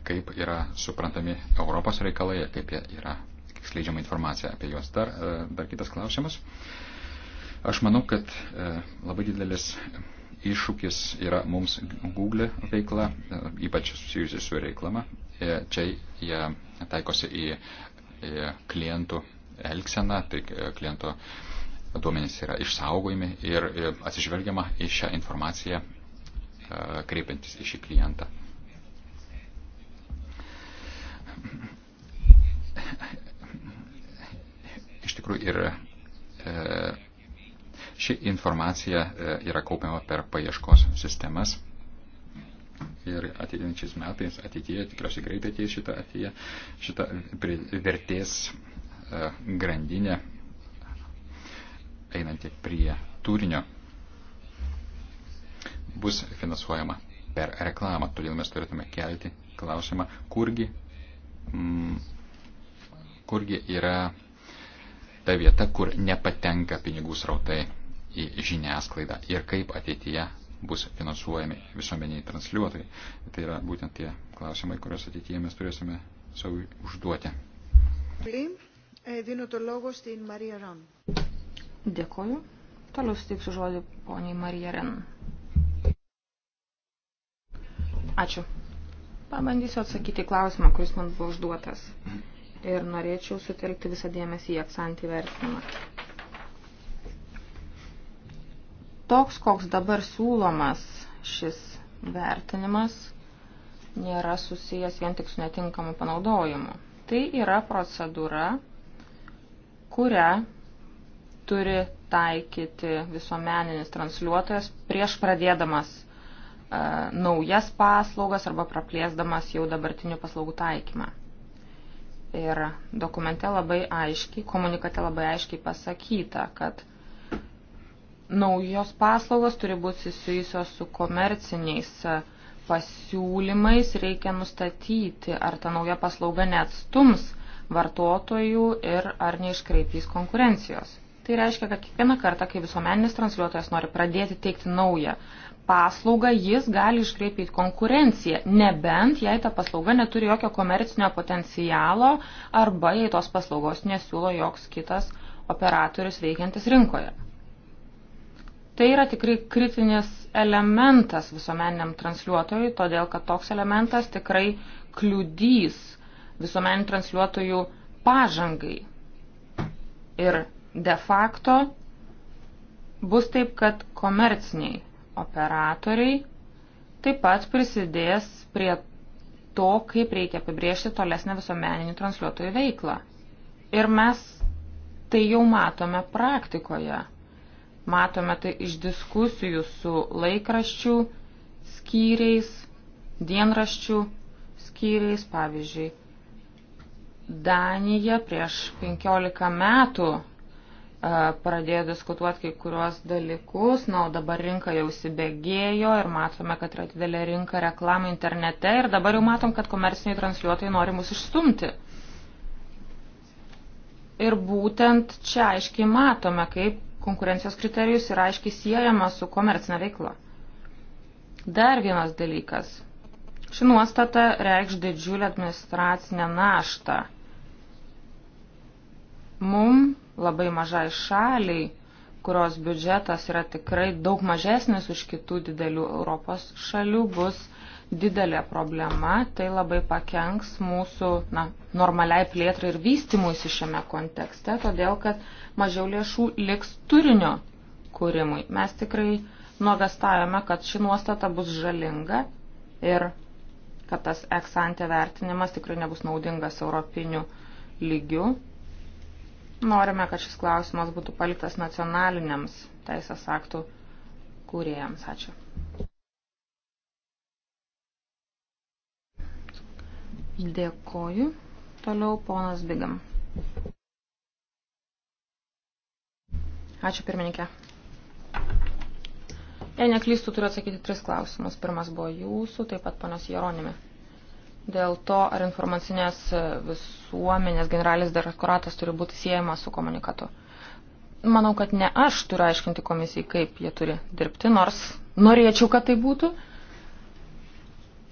kaip yra suprantami Europos reikalai, kaip yra skleidžiama informacija apie juos. Dar, e, dar kitas klausimas. Aš manau, kad e, labai didelis iššūkis yra mums Google veikla, e, ypač susijusi su reklama. E, čia jie taikosi į klientų elgseną, tai e, kliento duomenys yra išsaugojami ir atsižvelgiama į šią informaciją kreipiantis į šį klientą. Iš tikrųjų ir Ši informacija e, yra kaupiama per paieškos sistemas. Ir ateinančiais metais ateityje, tikriausiai greitai ateis šita, ateityje, šita vertės e, grandinė einanti prie turinio bus finansuojama per reklamą. Todėl mes turėtume kelti klausimą, kurgi, mm, kurgi yra ta vieta, kur nepatenka pinigų srautai į žiniasklaidą ir kaip ateityje bus finansuojami visuomeniai transliuotojai. Tai yra būtent tie klausimai, kuriuos ateityje mes turėsime savo užduoti. Eh, Dėkoju. Toliau suteiksiu žodį poniai Marija Ren. Ačiū. Pabandysiu atsakyti klausimą, kuris man buvo užduotas. Ir norėčiau sutelkti visą dėmesį į aksantį vertinimą. toks, koks dabar siūlomas šis vertinimas, nėra susijęs vien tik su netinkamu panaudojimu. Tai yra procedūra, kurią turi taikyti visuomeninis transliuotojas prieš pradėdamas e, naujas paslaugas arba praplėsdamas jau dabartinių paslaugų taikymą. Ir dokumente labai aiškiai, komunikate labai aiškiai pasakyta, kad naujos paslaugos turi būti susijusios su komerciniais e, pasiūlymais, reikia nustatyti, ar ta nauja paslauga neatstums vartotojų ir ar neiškreipys konkurencijos. Tai reiškia, kad kiekvieną kartą, kai visuomeninis transliuotojas nori pradėti teikti naują paslaugą, jis gali iškreipyti konkurenciją, nebent jei ta paslauga neturi jokio komercinio potencialo arba jei tos paslaugos nesiūlo joks kitas operatorius veikiantis rinkoje. Tai yra tikrai kritinis elementas visuomeniniam transliuotojui, todėl kad toks elementas tikrai kliudys visuomeninių transliuotojų pažangai. Ir de facto bus taip, kad komerciniai operatoriai taip pat prisidės prie to, kaip reikia apibriežti tolesnę visuomeninių transliuotojų veiklą. Ir mes tai jau matome praktikoje matome tai iš diskusijų su laikraščių skyriais, dienraščių skyriais, pavyzdžiui. Danija prieš 15 metų e, pradėjo diskutuoti kai kuriuos dalykus, na, o dabar rinka jau įsibėgėjo ir matome, kad yra didelė rinka reklamų internete ir dabar jau matom, kad komerciniai transliuotojai nori mus išstumti. Ir būtent čia aiškiai matome, kaip konkurencijos kriterijus yra aiškiai siejama su komercinė veikla. Dar vienas dalykas. Ši nuostata reikš didžiulę administracinę naštą. Mum labai mažai šaliai, kurios biudžetas yra tikrai daug mažesnis už kitų didelių Europos šalių, bus didelė problema, tai labai pakenks mūsų na, normaliai plėtrai ir vystimuisi šiame kontekste, todėl kad mažiau lėšų liks turinio kūrimui. Mes tikrai nuogastavome, kad ši nuostata bus žalinga ir kad tas eksantė vertinimas tikrai nebus naudingas europinių lygių. Norime, kad šis klausimas būtų paliktas nacionaliniams teisės aktų kūrėjams. Ačiū. Dėkoju. Toliau ponas Bigam. Ačiū pirmininkė. Jei neklystų, turiu atsakyti tris klausimus. Pirmas buvo jūsų, taip pat ponios Jeronimi. Dėl to, ar informacinės visuomenės generalinis direktoratas turi būti siejamas su komunikatu. Manau, kad ne aš turiu aiškinti komisijai, kaip jie turi dirbti, nors norėčiau, kad tai būtų. Uh,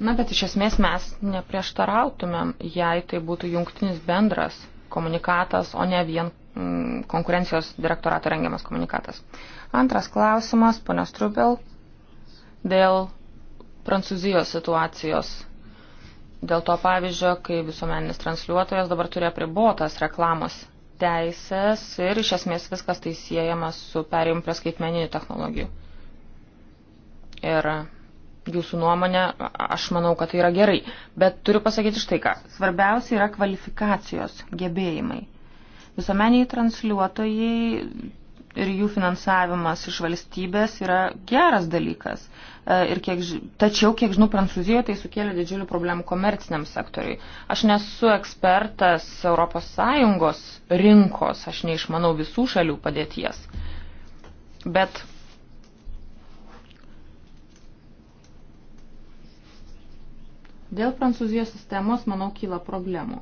Na, bet iš esmės mes neprieštarautumėm, jei tai būtų jungtinis bendras komunikatas, o ne vien mm, konkurencijos direktorato rengiamas komunikatas. Antras klausimas, ponas Trubel, dėl Prancūzijos situacijos. Dėl to pavyzdžio, kai visuomeninis transliuotojas dabar turi apribotas reklamos teisės ir iš esmės viskas tai siejama su perėjimu prie skaitmeninių technologijų. Ir jūsų nuomonę, aš manau, kad tai yra gerai. Bet turiu pasakyti štai ką. Svarbiausia yra kvalifikacijos, gebėjimai. Visuomeniai transliuotojai ir jų finansavimas iš valstybės yra geras dalykas. E, ir kiek, tačiau, kiek žinau, Prancūzijoje tai sukėlė didžiulių problemų komerciniam sektoriui. Aš nesu ekspertas ES rinkos, aš neišmanau visų šalių padėties. Bet Dėl Prancūzijos sistemos, manau, kyla problemų.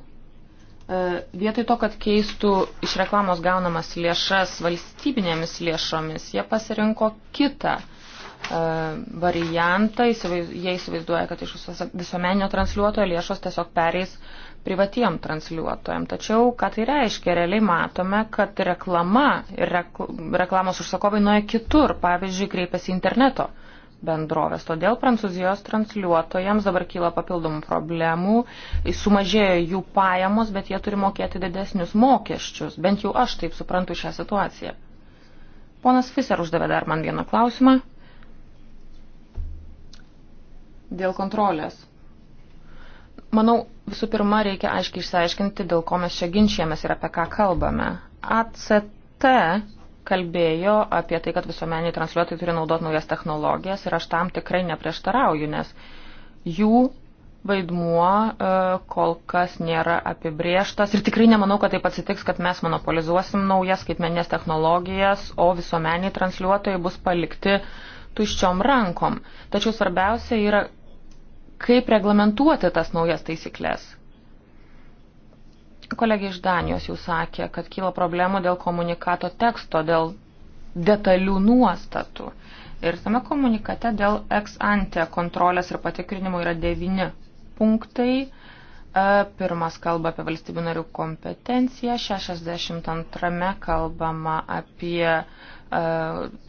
E, vietoj to, kad keistų iš reklamos gaunamas lėšas valstybinėmis lėšomis, jie pasirinko kitą e, variantą, jie įsivaizduoja, kad iš visuomeninio transliuotojo lėšos tiesiog pereis privatiem transliuotojam. Tačiau, ką tai reiškia, realiai matome, kad reklama ir reklamos užsakovai nuoja kitur, pavyzdžiui, kreipiasi interneto uh, bendrovės. Todėl Prancūzijos transliuotojams dabar kyla papildomų problemų, sumažėjo jų pajamos, bet jie turi mokėti didesnius mokesčius. Bent jau aš taip suprantu šią situaciją. Ponas Fiser uždavė dar man vieną klausimą dėl kontrolės. Manau, visų pirma, reikia aiškiai išsiaiškinti, dėl ko mes čia ginčiamės ir apie ką kalbame. ACT kalbėjo apie tai, kad visuomeniai transliuotojai turi naudoti naujas technologijas ir aš tam tikrai neprieštarauju, nes jų vaidmuo e, kol kas nėra apibrieštas ir tikrai nemanau, kad taip atsitiks, kad mes monopolizuosim naujas skaitmenės technologijas, o visuomeniai transliuotojai bus palikti tuščiom rankom. Tačiau svarbiausia yra, kaip reglamentuoti tas naujas taisyklės, Kolegė iš Danijos jau sakė, kad kyla problemų dėl komunikato teksto, dėl detalių nuostatų. Ir tame komunikate dėl ex ante kontrolės ir patikrinimo yra devini punktai. E, pirmas kalba apie valstybių narių kompetenciją, 62 kalbama apie E,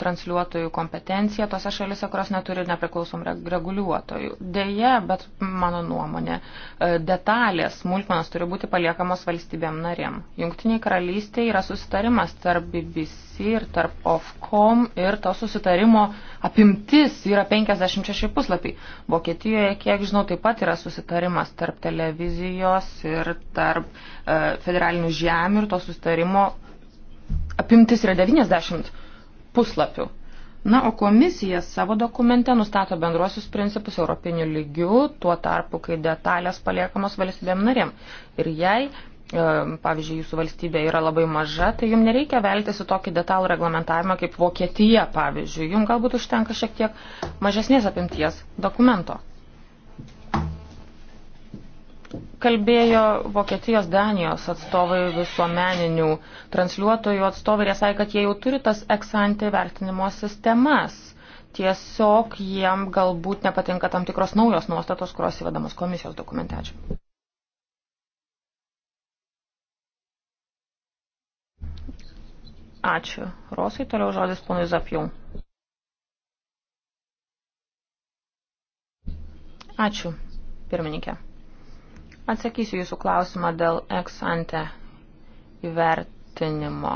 transliuotojų kompetencija tose šalise, kurios neturi nepriklausom reguliuotojų. Deja, bet mano nuomonė, e, detalės, smulkmenos turi būti paliekamos valstybėm narėm. Jungtiniai karalystėje yra susitarimas tarp BBC ir tarp Ofcom ir to susitarimo apimtis yra 56 puslapiai. Vokietijoje, kiek žinau, taip pat yra susitarimas tarp televizijos ir tarp e, federalinių žemių ir to susitarimo apimtis yra 90 puslapių. Na, o komisija savo dokumente nustato bendruosius principus europinių lygių, tuo tarpu, kai detalės paliekamos valstybėm narėm. Ir jei, e, pavyzdžiui, jūsų valstybė yra labai maža, tai jums nereikia veltis į tokį detalų reglamentavimą kaip Vokietija, pavyzdžiui. Jums galbūt užtenka šiek tiek mažesnės apimties dokumento kalbėjo Vokietijos, Danijos atstovai visuomeninių transliuotojų atstovai ir jie sakė, kad jie jau turi tas eksantį vertinimo sistemas. Tiesiog jiem galbūt nepatinka tam tikros naujos nuostatos, kurios įvedamos komisijos dokumente. Ačiū. Ačiū. Rosai, toliau žodis ponui Zapjau. Ačiū, pirmininkė. Atsakysiu jūsų klausimą dėl eksante įvertinimo.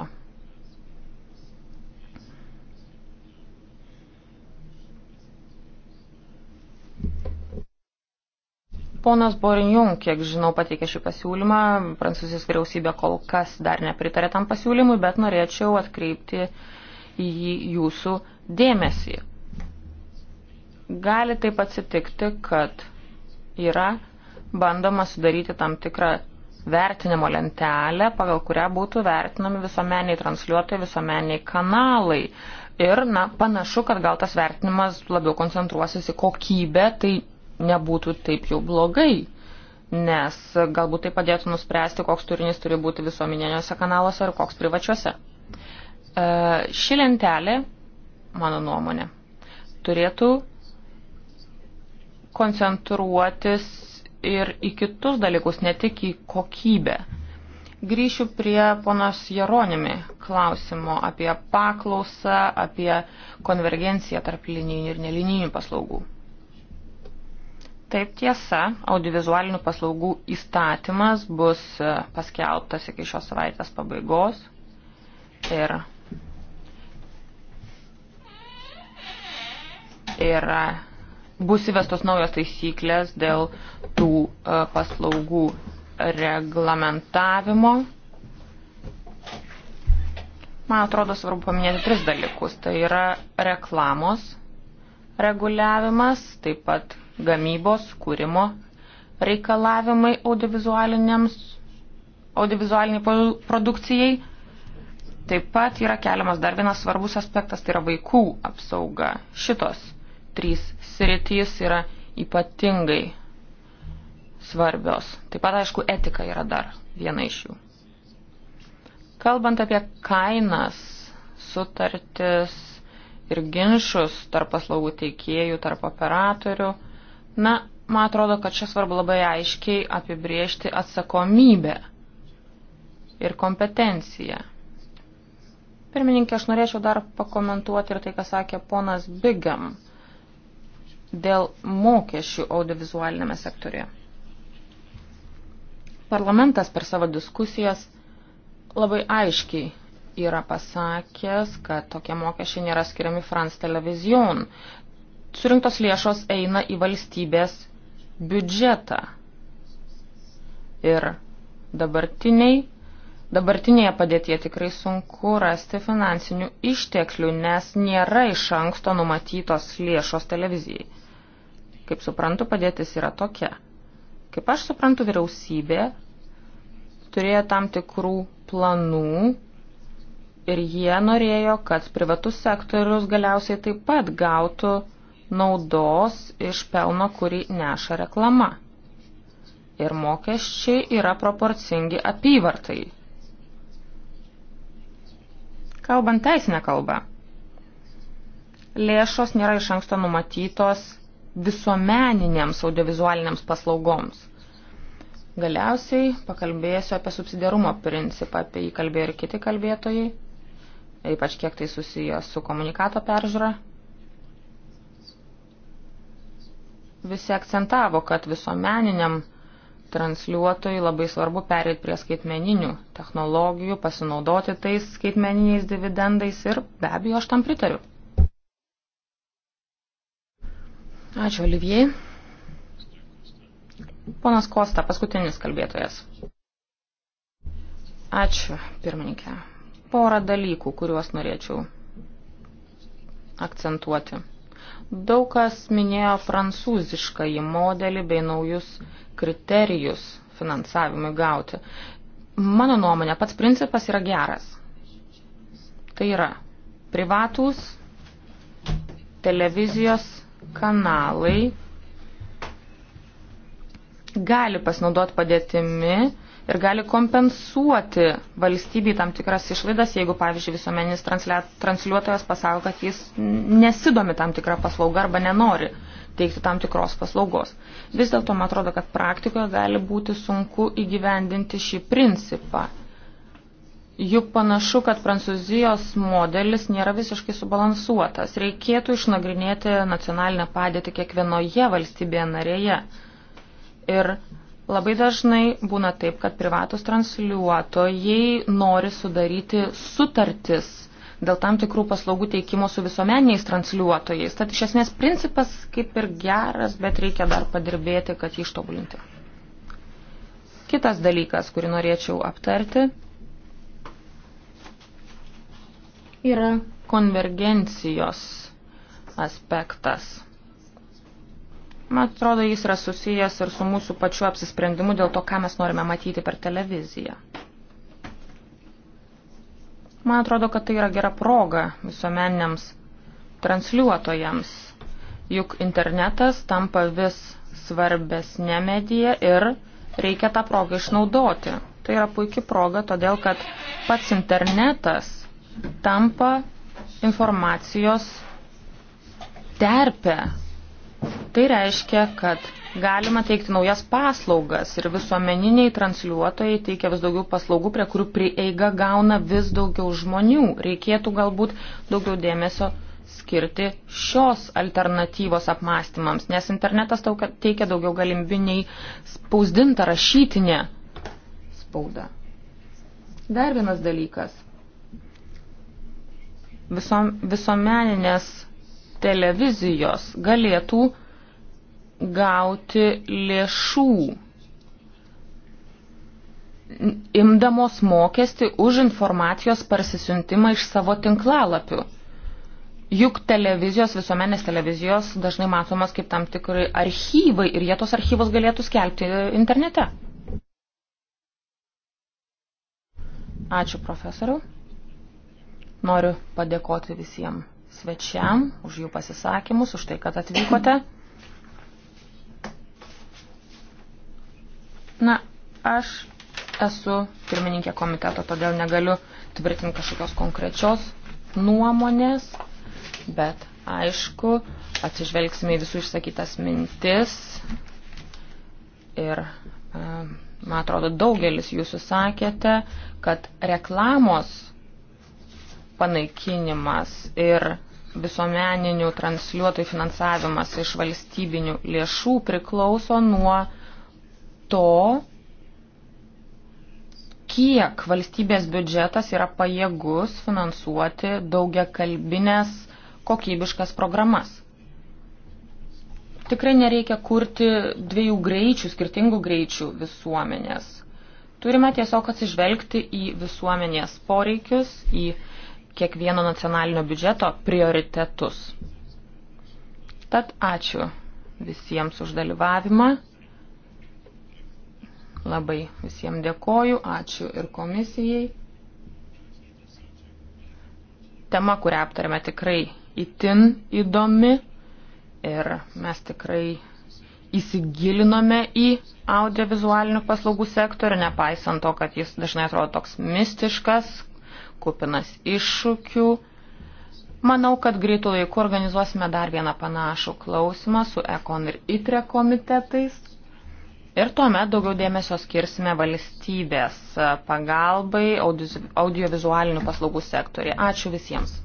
Ponas Borinjung, kiek žinau, pateikė šį pasiūlymą. Prancūzijos vyriausybė kol kas dar nepritarė tam pasiūlymui, bet norėčiau atkreipti į jūsų dėmesį. Gali taip atsitikti, kad yra bandoma sudaryti tam tikrą vertinimo lentelę, pagal kurią būtų vertinami visuomeniai transliuotojai, visuomeniai kanalai. Ir, na, panašu, kad gal tas vertinimas labiau koncentruosis į kokybę, tai nebūtų taip jau blogai, nes galbūt tai padėtų nuspręsti, koks turinys turi būti visuomeniniuose kanaluose ir koks privačiuose. E, ši lentelė, mano nuomonė, turėtų koncentruotis ir į kitus dalykus, ne tik į kokybę. Grįšiu prie ponos Jeronimi klausimo apie paklausą, apie konvergenciją tarp linijinių ir nelinijinių paslaugų. Taip tiesa, audiovizualinių paslaugų įstatymas bus e, paskelbtas iki šios savaitės pabaigos ir yra bus įvestos naujos taisyklės dėl tų e, paslaugų reglamentavimo. Man atrodo svarbu paminėti tris dalykus. Tai yra reklamos reguliavimas, taip pat gamybos, kūrimo reikalavimai audiovizualiniai produkcijai. Taip pat yra keliamas dar vienas svarbus aspektas, tai yra vaikų apsauga. Šitos trys sritys yra ypatingai svarbios. Taip pat, aišku, etika yra dar viena iš jų. Kalbant apie kainas, sutartis ir ginčius tarp paslaugų teikėjų, tarp operatorių, na, man atrodo, kad čia svarbu labai aiškiai apibriežti atsakomybę ir kompetenciją. Pirmininkė, aš norėčiau dar pakomentuoti ir tai, ką sakė ponas Bigam. Uh, dėl mokesčių audiovizualinėme sektorėje. Parlamentas per savo diskusijas labai aiškiai yra pasakęs, kad tokie mokesčiai nėra skiriami France Television. Surinktos lėšos eina į valstybės biudžetą. Ir dabartiniai Dabartinėje padėtie tikrai sunku rasti finansinių išteklių, nes nėra iš anksto numatytos lėšos televizijai. Kaip suprantu, padėtis yra tokia. Kaip aš suprantu, vyriausybė turėjo tam tikrų planų ir jie norėjo, kad privatus sektorius galiausiai taip pat gautų naudos iš pelno, kurį neša reklama. Ir mokesčiai yra proporcingi apyvartai Kalbant teisinę kalbą, lėšos nėra iš anksto numatytos visuomeninėms audiovizualinėms paslaugoms. Galiausiai pakalbėsiu apie subsidiarumo principą, apie jį kalbėjo ir kiti kalbėtojai, ypač kiek tai susijęs su komunikato peržiūra. Visi akcentavo, kad visuomeniniam transliuotojui labai svarbu perėti prie skaitmeninių technologijų, pasinaudoti tais skaitmeniniais dividendais ir be abejo aš tam pritariu. Ačiū, Olivijai. Ponas Kosta, paskutinis kalbėtojas. Ačiū, pirmininkė. Porą dalykų, kuriuos norėčiau akcentuoti. Daug kas minėjo prancūziškąjį modelį bei naujus kriterijus finansavimui gauti. Mano nuomonė, pats principas yra geras. Tai yra privatūs televizijos kanalai gali pasinaudoti padėtimi ir gali kompensuoti valstybei tam tikras išlaidas, jeigu, pavyzdžiui, visuomeninis transliuotojas pasako, kad jis nesidomi tam tikrą paslaugą arba nenori teikti tam tikros paslaugos. Vis dėlto, man atrodo, kad praktikoje gali būti sunku įgyvendinti šį principą. Juk panašu, kad Prancūzijos modelis nėra visiškai subalansuotas. Reikėtų išnagrinėti nacionalinę padėtį kiekvienoje valstybėje narėje. Ir Labai dažnai būna taip, kad privatus transliuotojai nori sudaryti sutartis dėl tam tikrų paslaugų teikimo su visuomeniais transliuotojais. Tad iš esmės principas kaip ir geras, bet reikia dar padirbėti, kad jį ištobulinti. Kitas dalykas, kurį norėčiau aptarti, yra konvergencijos aspektas. Man atrodo, jis yra susijęs ir su mūsų pačiu apsisprendimu dėl to, ką mes norime matyti per televiziją. Man atrodo, kad tai yra gera proga visuomeniniams transliuotojams, juk internetas tampa vis svarbesnė medija ir reikia tą progą išnaudoti. Tai yra puikia proga, todėl kad pats internetas tampa informacijos terpė Tai reiškia, kad galima teikti naujas paslaugas ir visuomeniniai transliuotojai teikia vis daugiau paslaugų, prie kurių prieiga gauna vis daugiau žmonių. Reikėtų galbūt daugiau dėmesio skirti šios alternatyvos apmąstymams, nes internetas teikia daugiau galimybių nei spausdinta rašytinė spauda. Dar vienas dalykas. Visom, visuomeninės televizijos galėtų gauti lėšų imdamos mokestį už informacijos parsisiuntimą iš savo tinklalapių. Juk televizijos, visuomenės televizijos dažnai matomos kaip tam tikri archyvai ir jie tos archyvos galėtų skelbti internete. Ačiū profesoriu. Noriu padėkoti visiems svečiam už jų pasisakymus, už tai, kad atvykote. Na, aš esu pirmininkė komiteto, todėl negaliu tvirtinti kažkokios konkrečios nuomonės, bet aišku, atsižvelgsime į visų išsakytas mintis ir, e, man atrodo, daugelis jūsų sakėte, kad reklamos panaikinimas ir visuomeninių transliuotojų finansavimas iš valstybinių lėšų priklauso nuo to, kiek valstybės biudžetas yra pajėgus finansuoti daugia kalbinės kokybiškas programas. Tikrai nereikia kurti dviejų greičių, skirtingų greičių visuomenės. Turime tiesiog atsižvelgti į visuomenės poreikius, į kiekvieno nacionalinio biudžeto prioritetus. Tad ačiū visiems už dalyvavimą. Labai visiems dėkoju, ačiū ir komisijai. Tema, kurią aptarėme, tikrai itin įdomi ir mes tikrai įsigilinome į audiovizualinių paslaugų sektorių, nepaisant to, kad jis dažnai atrodo toks mistiškas, kupinas iššūkių. Manau, kad greitų laikų organizuosime dar vieną panašų klausimą su Ekon ir ITRE komitetais. Ir tuomet daugiau dėmesio skirsime valstybės pagalbai audiovizualinių paslaugų sektoriai. Ačiū visiems.